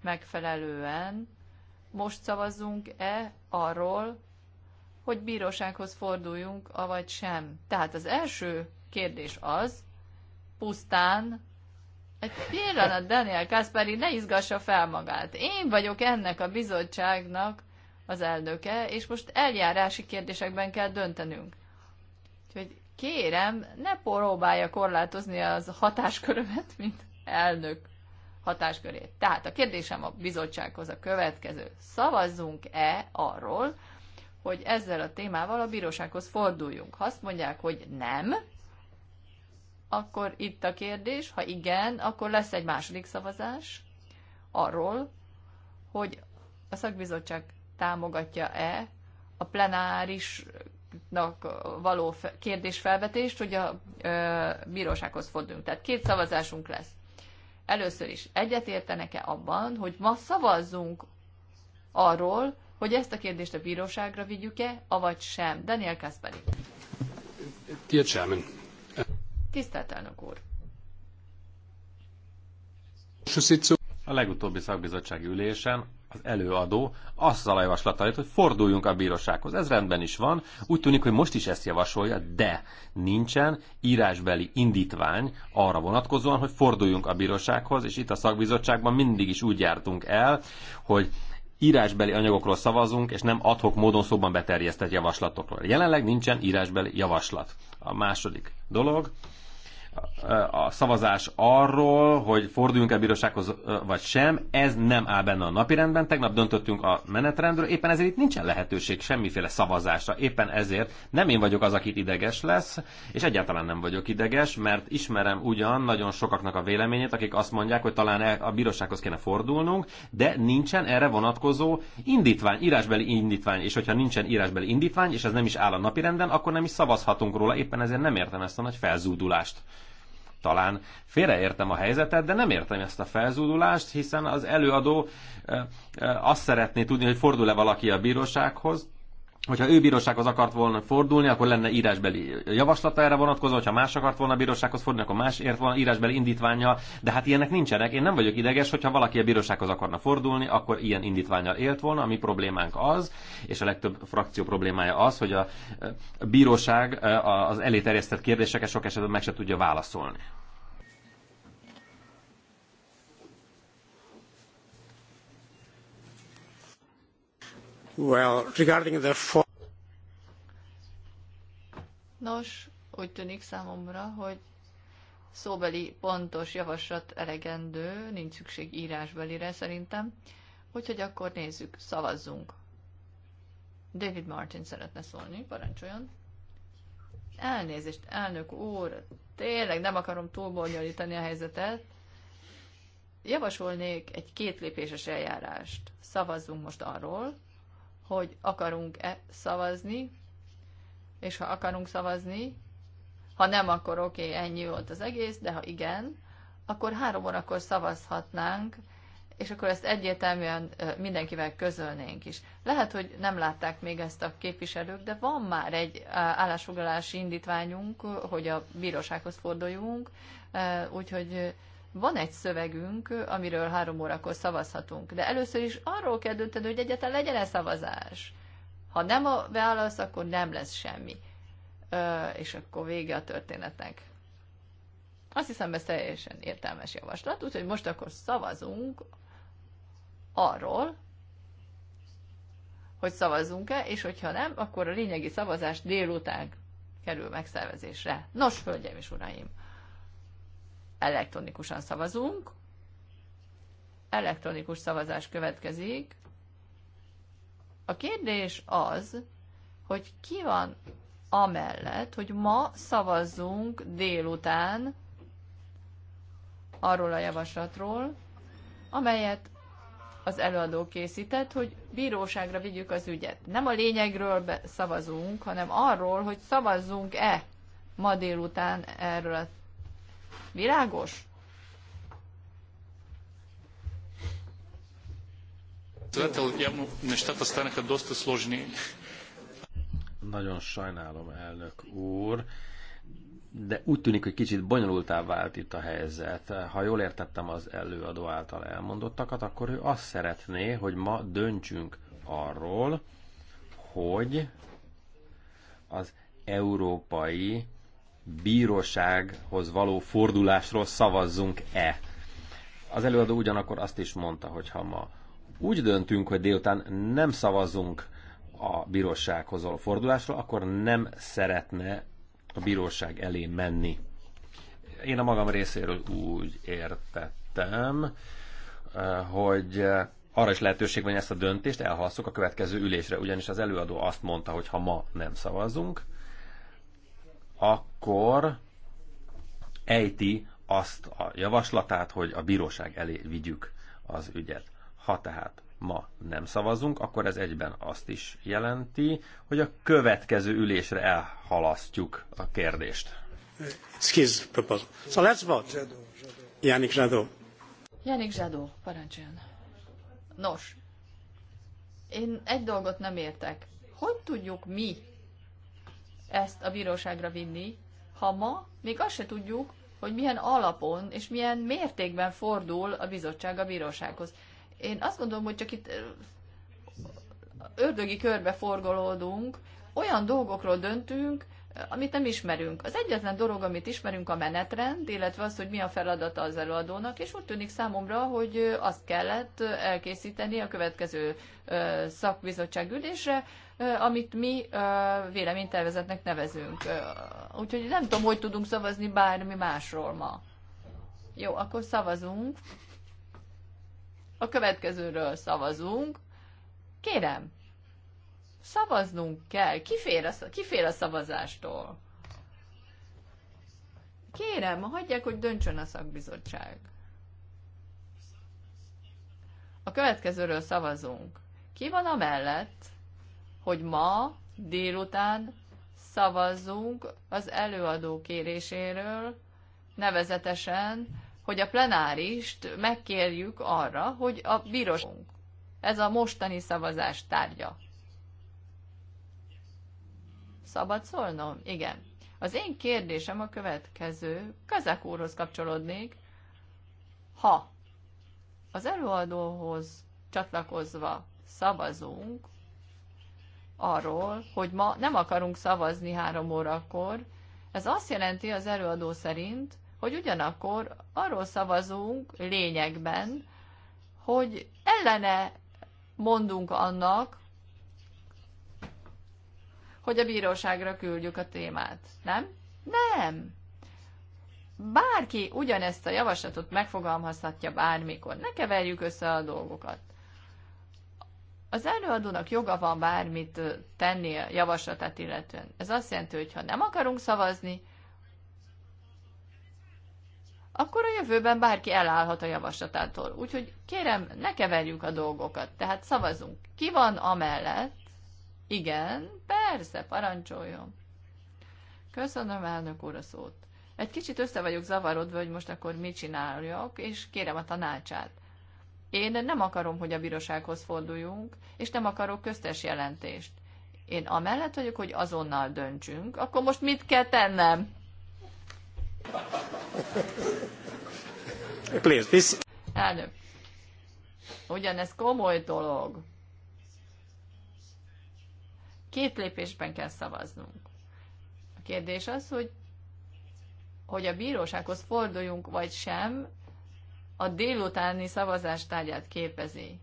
megfelelően most szavazzunk-e arról, hogy bírósághoz forduljunk, avagy sem. Tehát az első kérdés az, pusztán egy pillanat, Daniel Kaspari, ne izgassa fel magát. Én vagyok ennek a bizottságnak az elnöke, és most eljárási kérdésekben kell döntenünk. Úgyhogy kérem, ne próbálja korlátozni az hatáskörömet, mint elnök hatáskörét. Tehát a kérdésem a bizottsághoz a következő. Szavazzunk-e arról, hogy ezzel a témával a bírósághoz forduljunk? Ha azt mondják, hogy nem, akkor itt a kérdés, ha igen, akkor lesz egy második szavazás arról, hogy a szakbizottság támogatja-e a plenárisnak való kérdésfelvetést, hogy a bírósághoz forduljunk. Tehát két szavazásunk lesz. Először is egyetértenek-e abban, hogy ma szavazzunk arról, hogy ezt a kérdést a bíróságra vigyük-e, avagy sem. Daniel Kaspari. Dear Chairman, Tisztelt elnök úr! A legutóbbi szakbizottsági ülésen az előadó azzal a javaslattal hogy forduljunk a bírósághoz. Ez rendben is van, úgy tűnik, hogy most is ezt javasolja, de nincsen írásbeli indítvány arra vonatkozóan, hogy forduljunk a bírósághoz, és itt a szakbizottságban mindig is úgy jártunk el, hogy írásbeli anyagokról szavazunk, és nem adhok módon szóban beterjesztett javaslatokról. Jelenleg nincsen írásbeli javaslat. A második dolog, a szavazás arról, hogy forduljunk-e bírósághoz vagy sem, ez nem áll benne a napirendben. Tegnap döntöttünk a menetrendről, éppen ezért itt nincsen lehetőség semmiféle szavazásra. Éppen ezért nem én vagyok az, akit ideges lesz, és egyáltalán nem vagyok ideges, mert ismerem ugyan nagyon sokaknak a véleményét, akik azt mondják, hogy talán e- a bírósághoz kéne fordulnunk, de nincsen erre vonatkozó indítvány, írásbeli indítvány, és hogyha nincsen írásbeli indítvány, és ez nem is áll a napirenden, akkor nem is szavazhatunk róla, éppen ezért nem értem ezt a nagy felzúdulást talán félreértem a helyzetet, de nem értem ezt a felzúdulást, hiszen az előadó azt szeretné tudni, hogy fordul-e valaki a bírósághoz, hogyha ő bírósághoz akart volna fordulni, akkor lenne írásbeli javaslata erre vonatkozó, ha más akart volna bírósághoz fordulni, akkor más ért volna írásbeli indítványa, de hát ilyenek nincsenek. Én nem vagyok ideges, hogyha valaki a bírósághoz akarna fordulni, akkor ilyen indítványal élt volna. A mi problémánk az, és a legtöbb frakció problémája az, hogy a bíróság az eléterjesztett kérdéseket sok esetben meg se tudja válaszolni. Nos, úgy tűnik számomra, hogy szóbeli pontos javaslat elegendő, nincs szükség írásbelire szerintem, úgyhogy akkor nézzük, szavazzunk. David Martin szeretne szólni, parancsoljon. Elnézést, elnök úr, tényleg nem akarom túlbonyolítani a helyzetet. Javasolnék egy kétlépéses eljárást. Szavazzunk most arról, hogy akarunk-e szavazni, és ha akarunk szavazni, ha nem, akkor oké, okay, ennyi volt az egész, de ha igen, akkor három órakor szavazhatnánk, és akkor ezt egyértelműen mindenkivel közölnénk is. Lehet, hogy nem látták még ezt a képviselők, de van már egy állásfoglalási indítványunk, hogy a bírósághoz forduljunk, úgyhogy van egy szövegünk, amiről három órakor szavazhatunk, de először is arról kell döntened, hogy egyáltalán legyen-e szavazás. Ha nem a válasz, akkor nem lesz semmi. Ö, és akkor vége a történetnek. Azt hiszem, ez teljesen értelmes javaslat, úgyhogy most akkor szavazunk arról, hogy szavazzunk-e, és hogyha nem, akkor a lényegi szavazás délután kerül megszervezésre. Nos, hölgyeim és uraim! elektronikusan szavazunk. Elektronikus szavazás következik. A kérdés az, hogy ki van amellett, hogy ma szavazzunk délután arról a javaslatról, amelyet az előadó készített, hogy bíróságra vigyük az ügyet. Nem a lényegről szavazunk, hanem arról, hogy szavazzunk-e ma délután erről a Világos? Nagyon sajnálom, elnök úr, de úgy tűnik, hogy kicsit bonyolultá vált itt a helyzet. Ha jól értettem az előadó által elmondottakat, akkor ő azt szeretné, hogy ma döntsünk arról, hogy az európai bírósághoz való fordulásról szavazzunk-e. Az előadó ugyanakkor azt is mondta, hogy ha ma úgy döntünk, hogy délután nem szavazzunk a bírósághoz való fordulásról, akkor nem szeretne a bíróság elé menni. Én a magam részéről úgy értettem, eh, hogy eh, arra is lehetőség van, hogy ezt a döntést elhasszuk a következő ülésre, ugyanis az előadó azt mondta, hogy ha ma nem szavazunk, akkor ejti azt a javaslatát, hogy a bíróság elé vigyük az ügyet. Ha tehát ma nem szavazunk, akkor ez egyben azt is jelenti, hogy a következő ülésre elhalasztjuk a kérdést. Excuse proposal. So let's vote. Jánik Zsadó. Jánik Zsadó, parancsoljon. Nos, én egy dolgot nem értek. Hogy tudjuk mi ezt a bíróságra vinni, ha ma még azt se tudjuk, hogy milyen alapon és milyen mértékben fordul a bizottság a bírósághoz. Én azt gondolom, hogy csak itt ördögi körbe forgolódunk, olyan dolgokról döntünk, amit nem ismerünk. Az egyetlen dolog, amit ismerünk a menetrend, illetve az, hogy mi a feladata az előadónak, és úgy tűnik számomra, hogy azt kellett elkészíteni a következő szakbizottság ülésre, amit mi véleménytervezetnek nevezünk. Úgyhogy nem tudom, hogy tudunk szavazni bármi másról ma. Jó, akkor szavazunk. A következőről szavazunk. Kérem, Szavaznunk kell. Kifér a, kifér a szavazástól? Kérem, hagyják, hogy döntsön a szakbizottság. A következőről szavazunk. Ki van amellett, hogy ma délután szavazzunk az előadó kéréséről, nevezetesen, hogy a plenárist megkérjük arra, hogy a bíróság. Ez a mostani szavazás tárgya. Szabad szólnom? Igen. Az én kérdésem a következő. Kazák úrhoz kapcsolódnék. Ha az előadóhoz csatlakozva szavazunk arról, hogy ma nem akarunk szavazni három órakor, ez azt jelenti az előadó szerint, hogy ugyanakkor arról szavazunk lényegben, hogy ellene mondunk annak, hogy a bíróságra küldjük a témát. Nem? Nem! Bárki ugyanezt a javaslatot megfogalmazhatja bármikor. Ne keverjük össze a dolgokat. Az előadónak joga van bármit tenni a javaslatát illetően. Ez azt jelenti, hogy ha nem akarunk szavazni, akkor a jövőben bárki elállhat a javaslatától. Úgyhogy kérem, ne keverjük a dolgokat. Tehát szavazunk. Ki van amellett, igen, persze, parancsoljon. Köszönöm, elnök úr, a szót. Egy kicsit össze vagyok zavarodva, hogy most akkor mit csináljak, és kérem a tanácsát. Én nem akarom, hogy a bírósághoz forduljunk, és nem akarok köztes jelentést. Én amellett vagyok, hogy azonnal döntsünk, akkor most mit kell tennem? Please, please. Elnök, ugyanez komoly dolog. Két lépésben kell szavaznunk. A kérdés az, hogy, hogy a bírósághoz forduljunk vagy sem, a délutáni szavazás tárgyát képezi.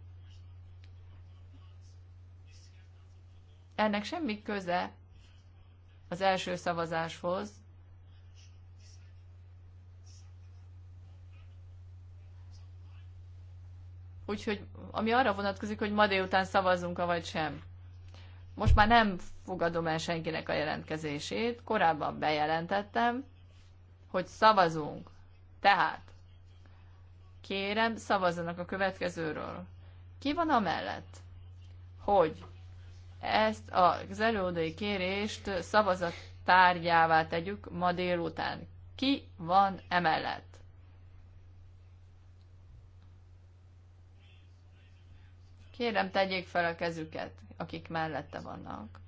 Ennek semmi köze az első szavazáshoz, Úgyhogy ami arra vonatkozik, hogy ma délután szavazunk vagy sem. Most már nem fogadom el senkinek a jelentkezését, korábban bejelentettem, hogy szavazunk. Tehát, kérem, szavazzanak a következőről. Ki van amellett, hogy ezt az előadói kérést szavazat tárgyává tegyük ma délután? Ki van emellett? Kérem, tegyék fel a kezüket akik mellette vannak.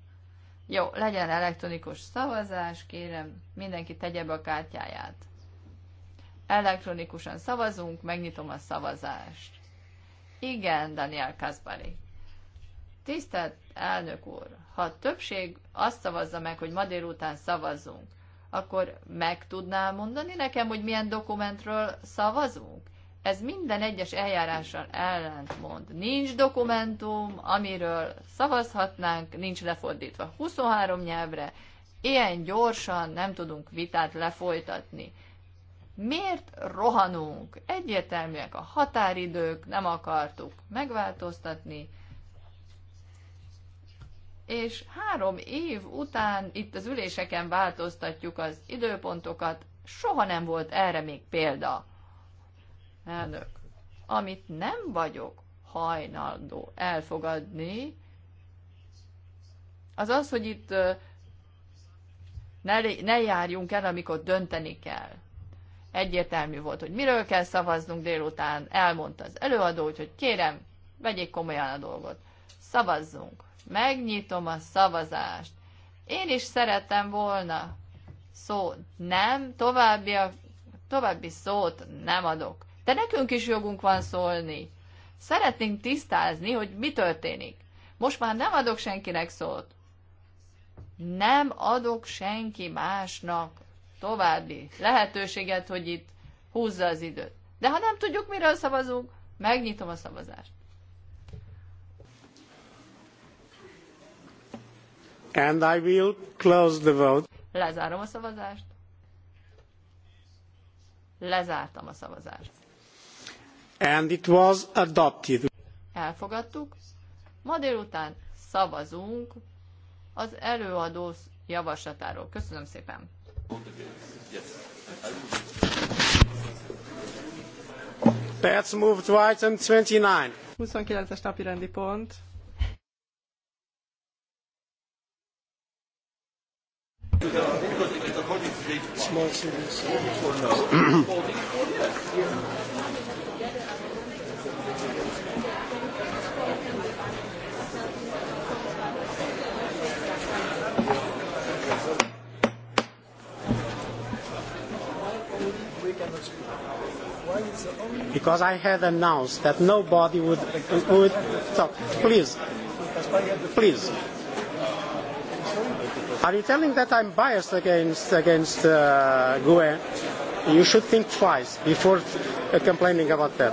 Jó, legyen elektronikus szavazás, kérem, mindenki tegye be a kártyáját. Elektronikusan szavazunk, megnyitom a szavazást. Igen, Daniel Kaspari. Tisztelt elnök úr, ha a többség azt szavazza meg, hogy ma délután szavazunk, akkor meg tudná mondani nekem, hogy milyen dokumentről szavazunk? ez minden egyes eljárással ellentmond. Nincs dokumentum, amiről szavazhatnánk, nincs lefordítva 23 nyelvre, ilyen gyorsan nem tudunk vitát lefolytatni. Miért rohanunk? Egyértelműek a határidők, nem akartuk megváltoztatni, és három év után itt az üléseken változtatjuk az időpontokat, soha nem volt erre még példa. Elnök, amit nem vagyok hajnaldó elfogadni, az az, hogy itt ne, ne járjunk el, amikor dönteni kell. Egyértelmű volt, hogy miről kell szavaznunk délután, elmondta az előadó, hogy kérem, vegyék komolyan a dolgot. Szavazzunk. Megnyitom a szavazást. Én is szerettem volna. Szót nem, további, a, további szót nem adok de nekünk is jogunk van szólni. Szeretnénk tisztázni, hogy mi történik. Most már nem adok senkinek szót. Nem adok senki másnak további lehetőséget, hogy itt húzza az időt. De ha nem tudjuk, miről szavazunk, megnyitom a szavazást. And I will close the vote. Lezárom a szavazást. Lezártam a szavazást and it was adopted. Elfogadtuk. Ma délután szavazunk az előadó javaslatáról. Köszönöm szépen. Let's move to item 29. 29-es napi rendi pont. Small oh, Because I had announced that nobody would, would talk. Please. Please. Are you telling that I'm biased against, against uh, GUE? You should think twice before uh, complaining about that.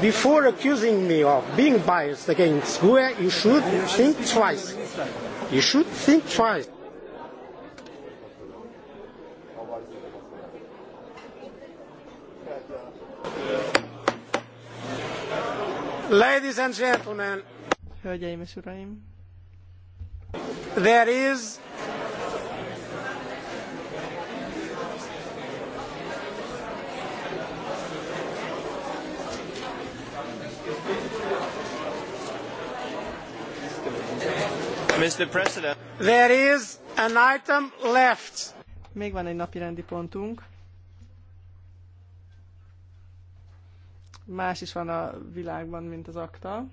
Before accusing me of being biased against GUE, you should think twice. You should think twice. Ladies and gentlemen. Hölgyeim és uraim. There is Mr. President. There is an item left. Még van egy rendi pontunk. Más is van a világban, mint az akta.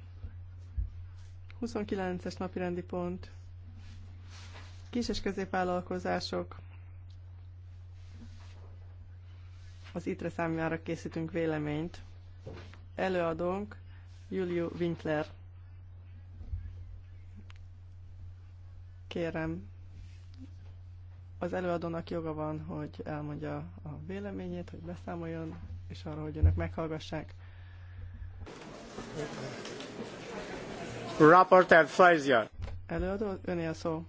29-es napirendi pont. Kis- és középvállalkozások. Az ITRE számára készítünk véleményt. Előadónk Julio Winkler. Kérem, az előadónak joga van, hogy elmondja a véleményét, hogy beszámoljon, és arra, hogy önök meghallgassák. Rapporteur Frazier. Előadó, öné a szó.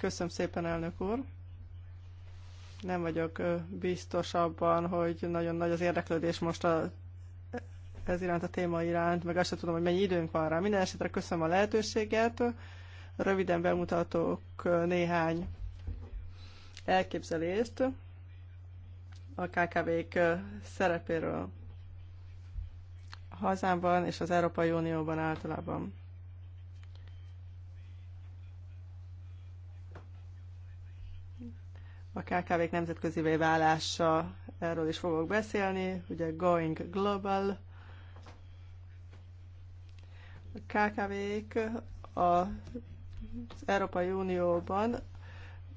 Köszönöm szépen, elnök úr. Nem vagyok biztos abban, hogy nagyon nagy az érdeklődés most a, ez iránt a téma iránt, meg azt sem tudom, hogy mennyi időnk van rá. Minden esetre köszönöm a lehetőséget. Röviden bemutatok néhány elképzelést a KKV-k szerepéről hazámban és az Európai Unióban általában. A KKV-k nemzetközi válása, erről is fogok beszélni, ugye Going Global. A KKV-k az Európai Unióban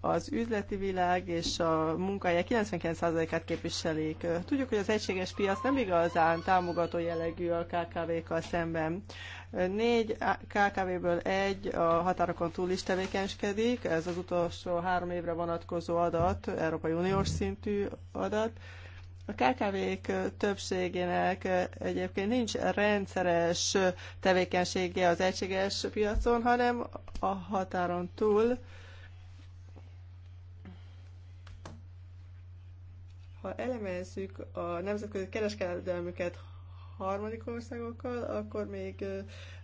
az üzleti világ és a munkahelyek 99%-át képviselik. Tudjuk, hogy az egységes piac nem igazán támogató jellegű a KKV-kkal szemben. Négy KKV-ből egy a határokon túl is tevékenykedik, ez az utolsó három évre vonatkozó adat, Európai Uniós szintű adat. A KKV-k többségének egyébként nincs rendszeres tevékenysége az egységes piacon, hanem a határon túl Ha elemezzük a nemzetközi kereskedelmüket harmadik országokkal, akkor még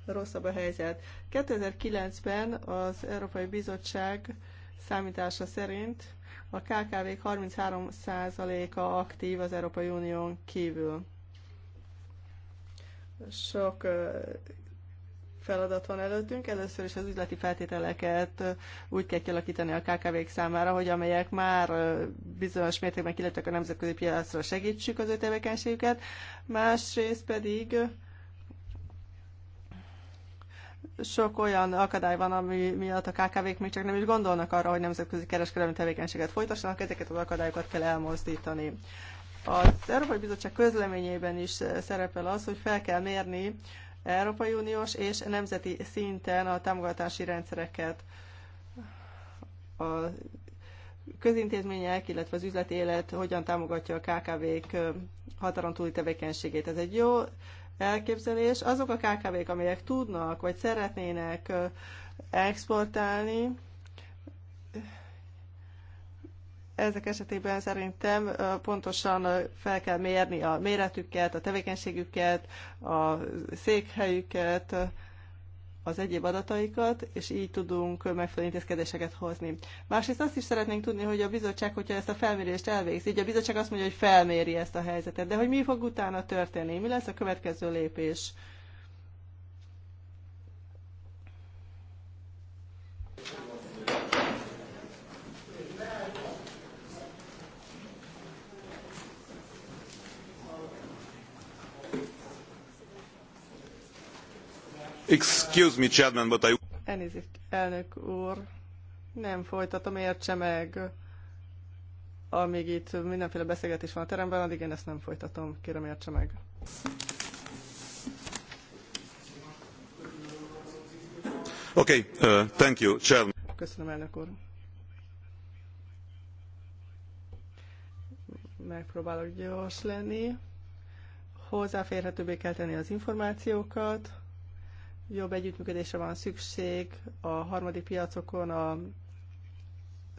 rosszabb a helyzet. 2009-ben az Európai Bizottság számítása szerint a kkv 33%-a aktív az Európai Unión kívül. Sok feladat van előttünk. Először is az üzleti feltételeket úgy kell kialakítani a KKV-k számára, hogy amelyek már bizonyos mértékben kiletek a nemzetközi piacra, segítsük az ő tevékenységüket. Másrészt pedig sok olyan akadály van, ami miatt a KKV-k még csak nem is gondolnak arra, hogy nemzetközi kereskedelmi tevékenységet folytassanak, ezeket az akadályokat kell elmozdítani. Az Európai Bizottság közleményében is szerepel az, hogy fel kell mérni Európai Uniós és nemzeti szinten a támogatási rendszereket. A közintézmények, illetve az üzleti élet hogyan támogatja a KKV-k határon túli tevékenységét. Ez egy jó elképzelés. Azok a KKV-k, amelyek tudnak vagy szeretnének exportálni, ezek esetében szerintem pontosan fel kell mérni a méretüket, a tevékenységüket, a székhelyüket, az egyéb adataikat, és így tudunk megfelelő intézkedéseket hozni. Másrészt azt is szeretnénk tudni, hogy a bizottság, hogyha ezt a felmérést elvégzi, így a bizottság azt mondja, hogy felméri ezt a helyzetet, de hogy mi fog utána történni, mi lesz a következő lépés Excuse me, Chairman, but I... Elnézést, elnök úr. Nem folytatom, értse meg. Amíg itt mindenféle beszélgetés van a teremben, addig én ezt nem folytatom. Kérem, értse meg. Okay, uh, thank you, Chairman. Köszönöm, elnök úr. Megpróbálok gyors lenni. Hozzáférhetőbbé kell tenni az információkat jobb együttműködésre van szükség a harmadik piacokon a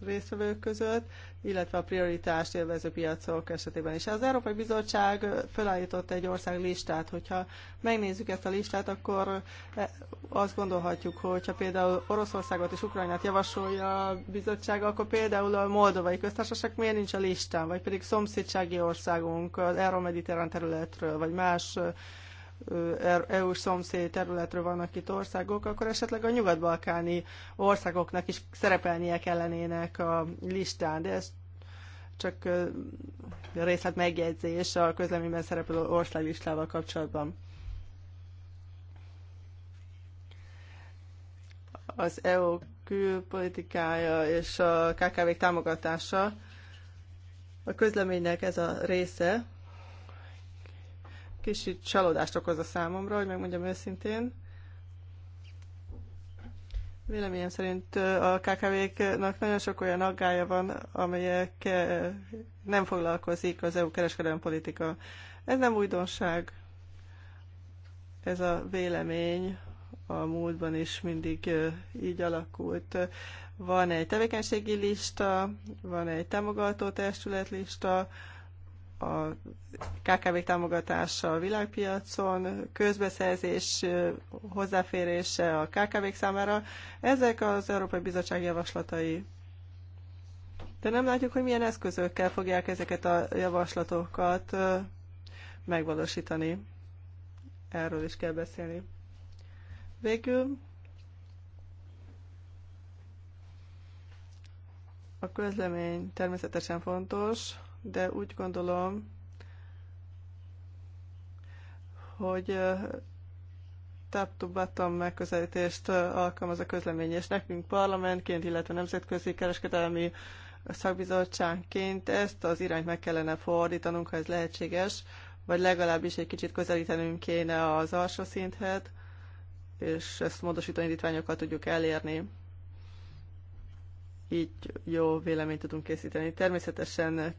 résztvevők között, illetve a prioritást élvező piacok esetében is. Az Európai Bizottság felállított egy ország listát, hogyha megnézzük ezt a listát, akkor e, azt gondolhatjuk, hogyha például Oroszországot és Ukrajnát javasolja a bizottság, akkor például a Moldovai Köztársaság miért nincs a listán, vagy pedig szomszédsági országunk az Euró-Mediterrán területről, vagy más Er, EU-s szomszéd területről vannak itt országok, akkor esetleg a nyugat-balkáni országoknak is szerepelnie kellenének a listán, de ez csak részlet megjegyzés a közleményben szereplő országlistával kapcsolatban. Az EU külpolitikája és a KKV támogatása. A közleménynek ez a része, Kicsit csalódást okoz a számomra, hogy megmondjam őszintén. Véleményem szerint a KKV-knak nagyon sok olyan aggája van, amelyek nem foglalkozik az EU kereskedelmi politika. Ez nem újdonság. Ez a vélemény a múltban is mindig így alakult. Van egy tevékenységi lista, van egy támogató testület lista, a KKV támogatása a világpiacon, közbeszerzés hozzáférése a KKV-k számára. Ezek az Európai Bizottság javaslatai. De nem látjuk, hogy milyen eszközökkel fogják ezeket a javaslatokat megvalósítani. Erről is kell beszélni. Végül a közlemény természetesen fontos, de úgy gondolom, hogy top to bottom megközelítést alkalmaz a közlemény, és nekünk parlamentként, illetve nemzetközi kereskedelmi szakbizottságként ezt az irányt meg kellene fordítanunk, ha ez lehetséges, vagy legalábbis egy kicsit közelítenünk kéne az alsó szinthez, és ezt módosító indítványokkal tudjuk elérni. Így jó véleményt tudunk készíteni. Természetesen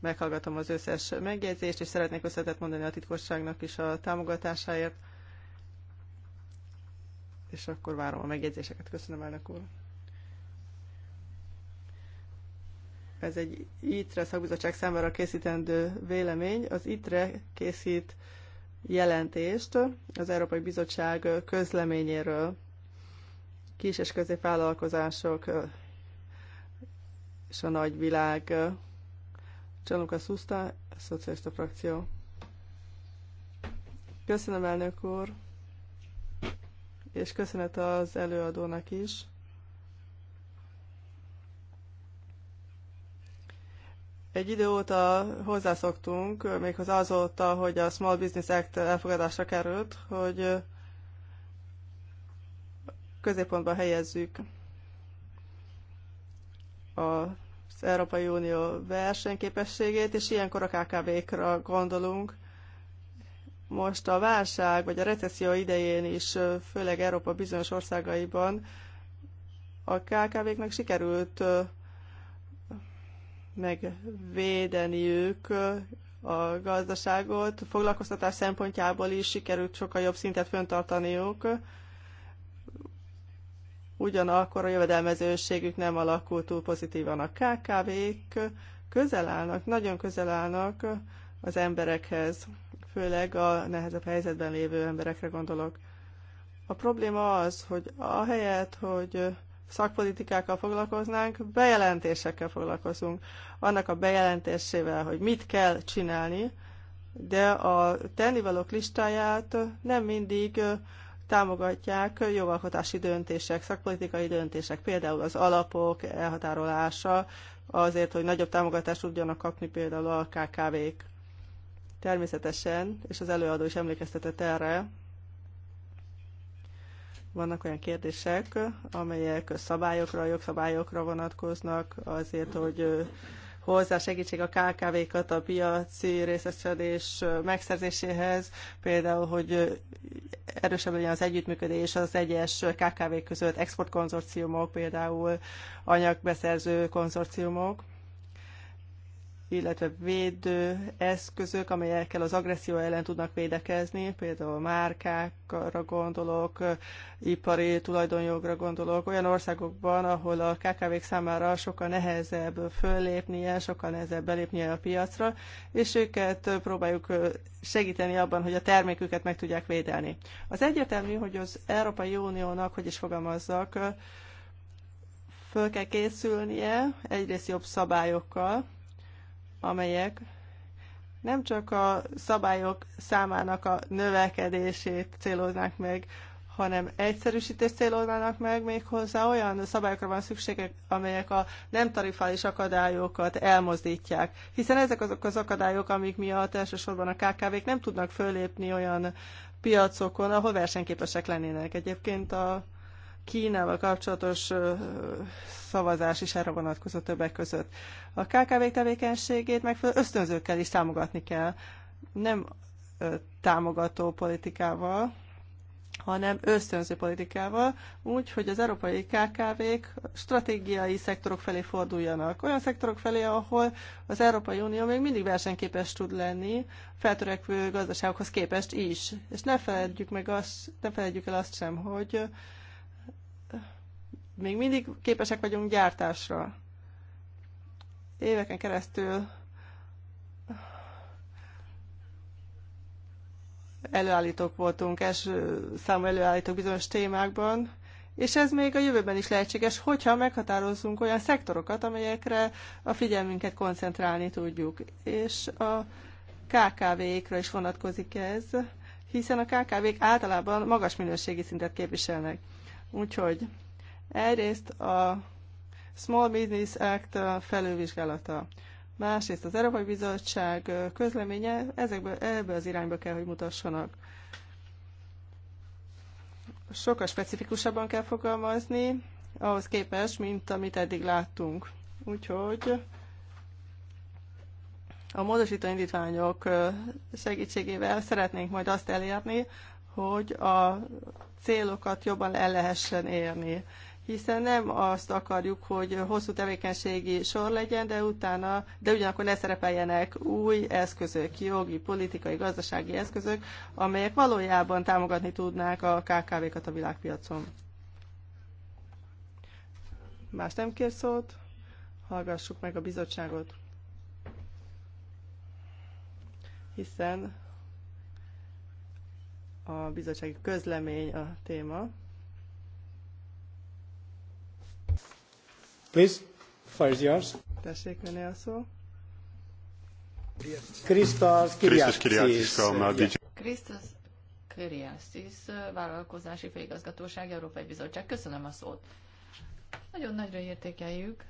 meghallgatom az összes megjegyzést, és szeretnék összetett mondani a titkosságnak is a támogatásáért. És akkor várom a megjegyzéseket. Köszönöm, elnök úr. Ez egy ITRE szakbizottság számára készítendő vélemény. Az ITRE készít jelentést az Európai Bizottság közleményéről kis- és középvállalkozások és a nagyvilág Csaluka Szuszta, Szocialista Frakció. Köszönöm, elnök úr, és köszönet az előadónak is. Egy idő óta hozzászoktunk, méghozzá azóta, hogy a Small Business Act elfogadásra került, hogy középpontba helyezzük a Európai Unió versenyképességét, és ilyenkor a KKV-kra gondolunk. Most a válság vagy a recesszió idején is, főleg Európa bizonyos országaiban, a kkv knek sikerült megvédeniük a gazdaságot, foglalkoztatás szempontjából is sikerült sokkal jobb szintet föntartaniuk ugyanakkor a jövedelmezőségük nem alakult túl pozitívan. A KKV-k közel állnak, nagyon közel állnak az emberekhez, főleg a nehezebb helyzetben lévő emberekre gondolok. A probléma az, hogy ahelyett, hogy szakpolitikákkal foglalkoznánk, bejelentésekkel foglalkozunk. Annak a bejelentésével, hogy mit kell csinálni, de a tennivalók listáját nem mindig támogatják jogalkotási döntések, szakpolitikai döntések, például az alapok elhatárolása, azért, hogy nagyobb támogatást tudjanak kapni például a KKV-k. Természetesen, és az előadó is emlékeztetett erre, vannak olyan kérdések, amelyek szabályokra, jogszabályokra vonatkoznak, azért, hogy Hozzá segítség a KKV-kat a piaci részesedés megszerzéséhez, például, hogy erősebb legyen az együttműködés az egyes KKV között, exportkonzorciumok, például anyagbeszerző konzorciumok, illetve védő eszközök, amelyekkel az agresszió ellen tudnak védekezni, például márkákra gondolok, ipari tulajdonjogra gondolok, olyan országokban, ahol a KKV-k számára sokkal nehezebb föllépnie, sokkal nehezebb belépnie a piacra, és őket próbáljuk segíteni abban, hogy a terméküket meg tudják védelni. Az egyetemű, hogy az Európai Uniónak, hogy is fogalmazzak, föl kell készülnie egyrészt jobb szabályokkal, amelyek nem csak a szabályok számának a növekedését céloznák meg, hanem egyszerűsítést célolnának meg, méghozzá olyan szabályokra van szükségek, amelyek a nem tarifális akadályokat elmozdítják. Hiszen ezek azok az akadályok, amik miatt elsősorban a KKV-k nem tudnak fölépni olyan piacokon, ahol versenyképesek lennének. Egyébként a Kínával kapcsolatos szavazás is erre vonatkozott többek között. A KKV tevékenységét megfelelő ösztönzőkkel is támogatni kell, nem támogató politikával, hanem ösztönző politikával, úgy, hogy az európai KKV-k stratégiai szektorok felé forduljanak. Olyan szektorok felé, ahol az Európai Unió még mindig versenyképes tud lenni, feltörekvő gazdaságokhoz képest is. És ne felejtjük, meg azt, ne felejtjük el azt sem, hogy még mindig képesek vagyunk gyártásra. Éveken keresztül előállítók voltunk, és számú előállítók bizonyos témákban, és ez még a jövőben is lehetséges, hogyha meghatározunk olyan szektorokat, amelyekre a figyelmünket koncentrálni tudjuk. És a KKV-kra is vonatkozik ez, hiszen a KKV-k általában magas minőségi szintet képviselnek. Úgyhogy Egyrészt a Small Business Act felülvizsgálata. Másrészt az Európai Bizottság közleménye, ezekből, ebbe az irányba kell, hogy mutassanak. Sokkal specifikusabban kell fogalmazni, ahhoz képest, mint amit eddig láttunk. Úgyhogy a módosító indítványok segítségével szeretnénk majd azt elérni, hogy a célokat jobban el lehessen érni hiszen nem azt akarjuk, hogy hosszú tevékenységi sor legyen, de utána, de ugyanakkor ne szerepeljenek új eszközök, jogi, politikai, gazdasági eszközök, amelyek valójában támogatni tudnák a KKV-kat a világpiacon. Más nem kér szót? Hallgassuk meg a bizottságot. Hiszen a bizottsági közlemény a téma. Please, fire is yours. Tessék, öné a szó. Krisztus Kiriakis. Krisztus Kiriakis, vállalkozási főigazgatóság, Európai Bizottság. Köszönöm a szót. Nagyon nagyra értékeljük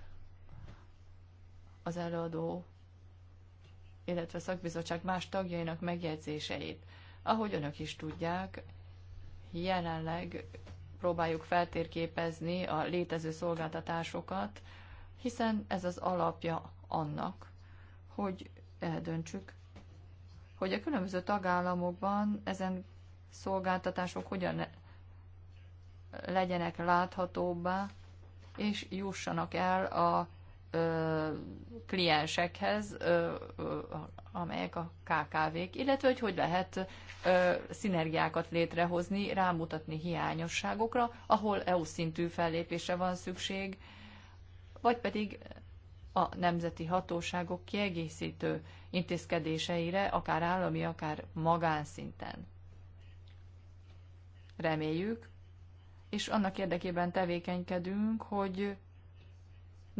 az előadó, illetve a szakbizottság más tagjainak megjegyzéseit. Ahogy önök is tudják, jelenleg próbáljuk feltérképezni a létező szolgáltatásokat, hiszen ez az alapja annak, hogy eldöntsük, hogy a különböző tagállamokban ezen szolgáltatások hogyan legyenek láthatóbbá, és jussanak el a ö, kliensekhez, ö, ö, amelyek a KKV-k, illetve hogy hogy lehet ö, szinergiákat létrehozni, rámutatni hiányosságokra, ahol EU szintű fellépésre van szükség, vagy pedig a nemzeti hatóságok kiegészítő intézkedéseire, akár állami, akár magánszinten. Reméljük, és annak érdekében tevékenykedünk, hogy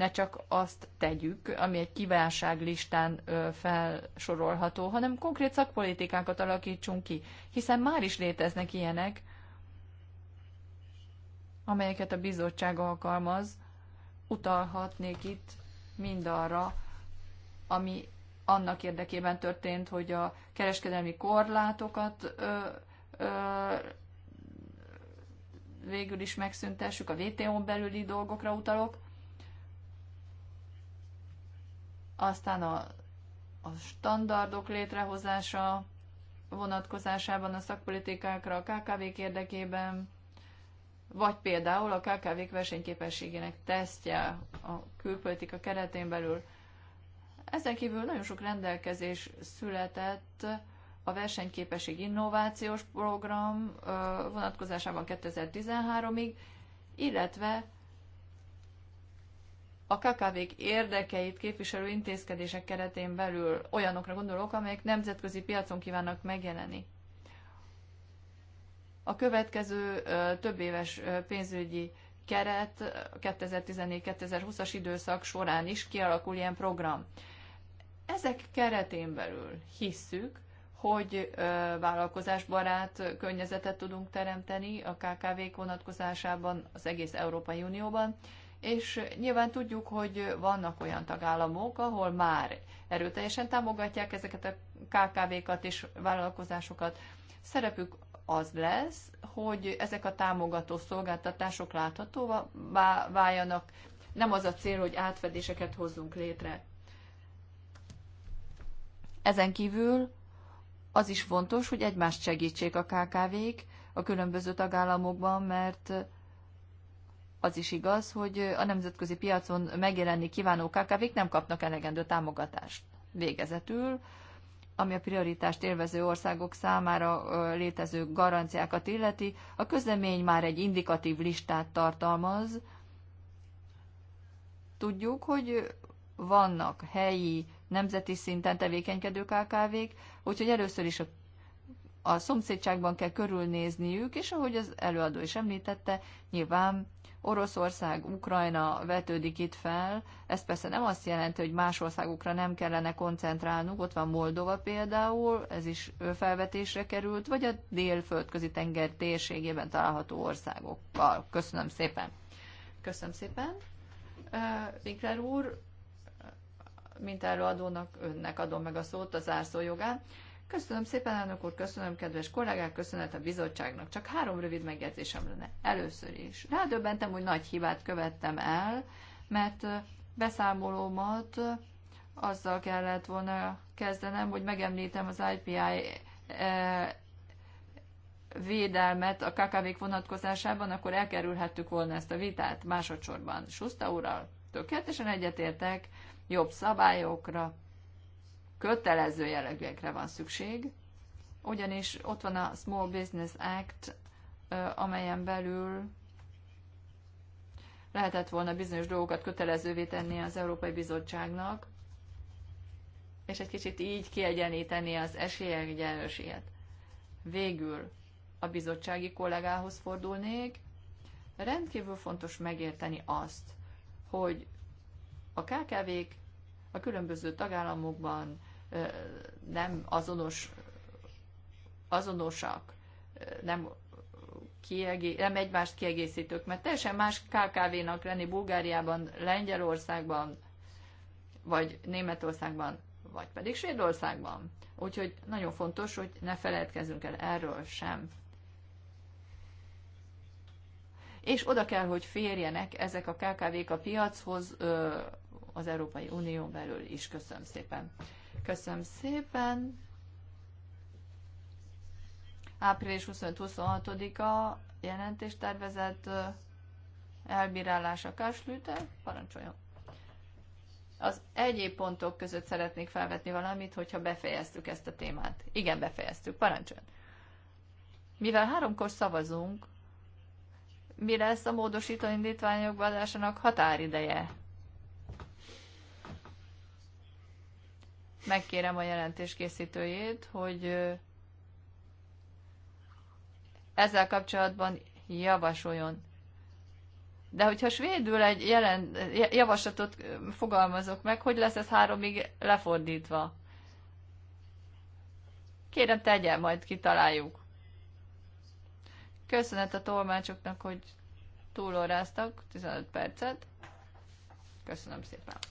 ne csak azt tegyük, ami egy kívánságlistán felsorolható, hanem konkrét szakpolitikákat alakítsunk ki, hiszen már is léteznek ilyenek, amelyeket a bizottság alkalmaz, utalhatnék itt mindarra, ami annak érdekében történt, hogy a kereskedelmi korlátokat ö, ö, végül is megszüntessük, a vto n belüli dolgokra utalok, Aztán a, a standardok létrehozása vonatkozásában a szakpolitikákra a KKV-k érdekében, vagy például a KKV-k versenyképességének tesztje a külpolitika keretén belül. Ezen kívül nagyon sok rendelkezés született a versenyképesség innovációs program vonatkozásában 2013-ig, illetve a kkv érdekeit képviselő intézkedések keretén belül olyanokra gondolok, amelyek nemzetközi piacon kívánnak megjelenni. A következő több éves pénzügyi keret 2014-2020-as időszak során is kialakul ilyen program. Ezek keretén belül hisszük, hogy vállalkozásbarát környezetet tudunk teremteni a KKV-k vonatkozásában az egész Európai Unióban, és nyilván tudjuk, hogy vannak olyan tagállamok, ahol már erőteljesen támogatják ezeket a KKV-kat és vállalkozásokat. Szerepük az lesz, hogy ezek a támogató szolgáltatások láthatóvá váljanak. Nem az a cél, hogy átfedéseket hozzunk létre. Ezen kívül az is fontos, hogy egymást segítsék a KKV-k a különböző tagállamokban, mert az is igaz, hogy a nemzetközi piacon megjelenni kívánó kkv nem kapnak elegendő támogatást. Végezetül, ami a prioritást élvező országok számára létező garanciákat illeti, a közlemény már egy indikatív listát tartalmaz. Tudjuk, hogy vannak helyi, nemzeti szinten tevékenykedő KKV-k, úgyhogy először is a a szomszédságban kell körülnézniük, és ahogy az előadó is említette, nyilván Oroszország, Ukrajna vetődik itt fel. Ez persze nem azt jelenti, hogy más országokra nem kellene koncentrálnunk. Ott van Moldova például, ez is felvetésre került, vagy a délföldközi tenger térségében található országokkal. Köszönöm szépen. Köszönöm szépen. Winkler úr, mint előadónak önnek adom meg a szót az árszójogán. Köszönöm szépen, elnök úr, köszönöm, kedves kollégák, köszönet a bizottságnak. Csak három rövid megjegyzésem lenne. Először is. Rádöbbentem, hogy nagy hibát követtem el, mert beszámolómat azzal kellett volna kezdenem, hogy megemlítem az IPI e, védelmet a kkv vonatkozásában, akkor elkerülhettük volna ezt a vitát másodszorban. Suszta úrral tökéletesen egyetértek, jobb szabályokra, kötelező jellegűekre van szükség, ugyanis ott van a Small Business Act, amelyen belül lehetett volna bizonyos dolgokat kötelezővé tenni az Európai Bizottságnak, és egy kicsit így kiegyenlíteni az esélyegyenlőséget. Végül a bizottsági kollégához fordulnék. Rendkívül fontos megérteni azt, hogy a KKV-k a különböző tagállamokban nem azonos, azonosak, nem, kiegé, nem egymást kiegészítők, mert teljesen más KKV-nak lenni Bulgáriában, Lengyelországban, vagy Németországban, vagy pedig Svédországban. Úgyhogy nagyon fontos, hogy ne feledkezzünk el erről sem. És oda kell, hogy férjenek ezek a KKV-k a piachoz az Európai Unión belül is. Köszönöm szépen. Köszönöm szépen. Április 25-26-a jelentéstervezet elbírálása Káslüte, parancsoljon. Az egyéb pontok között szeretnék felvetni valamit, hogyha befejeztük ezt a témát. Igen, befejeztük, parancsoljon. Mivel háromkor szavazunk, mi lesz a módosító indítványok adásának határideje? megkérem a jelentés készítőjét, hogy ezzel kapcsolatban javasoljon. De hogyha svédül egy jelen, javaslatot fogalmazok meg, hogy lesz ez háromig lefordítva? Kérem, tegye, majd kitaláljuk. Köszönet a tolmácsoknak, hogy túlóráztak 15 percet. Köszönöm szépen.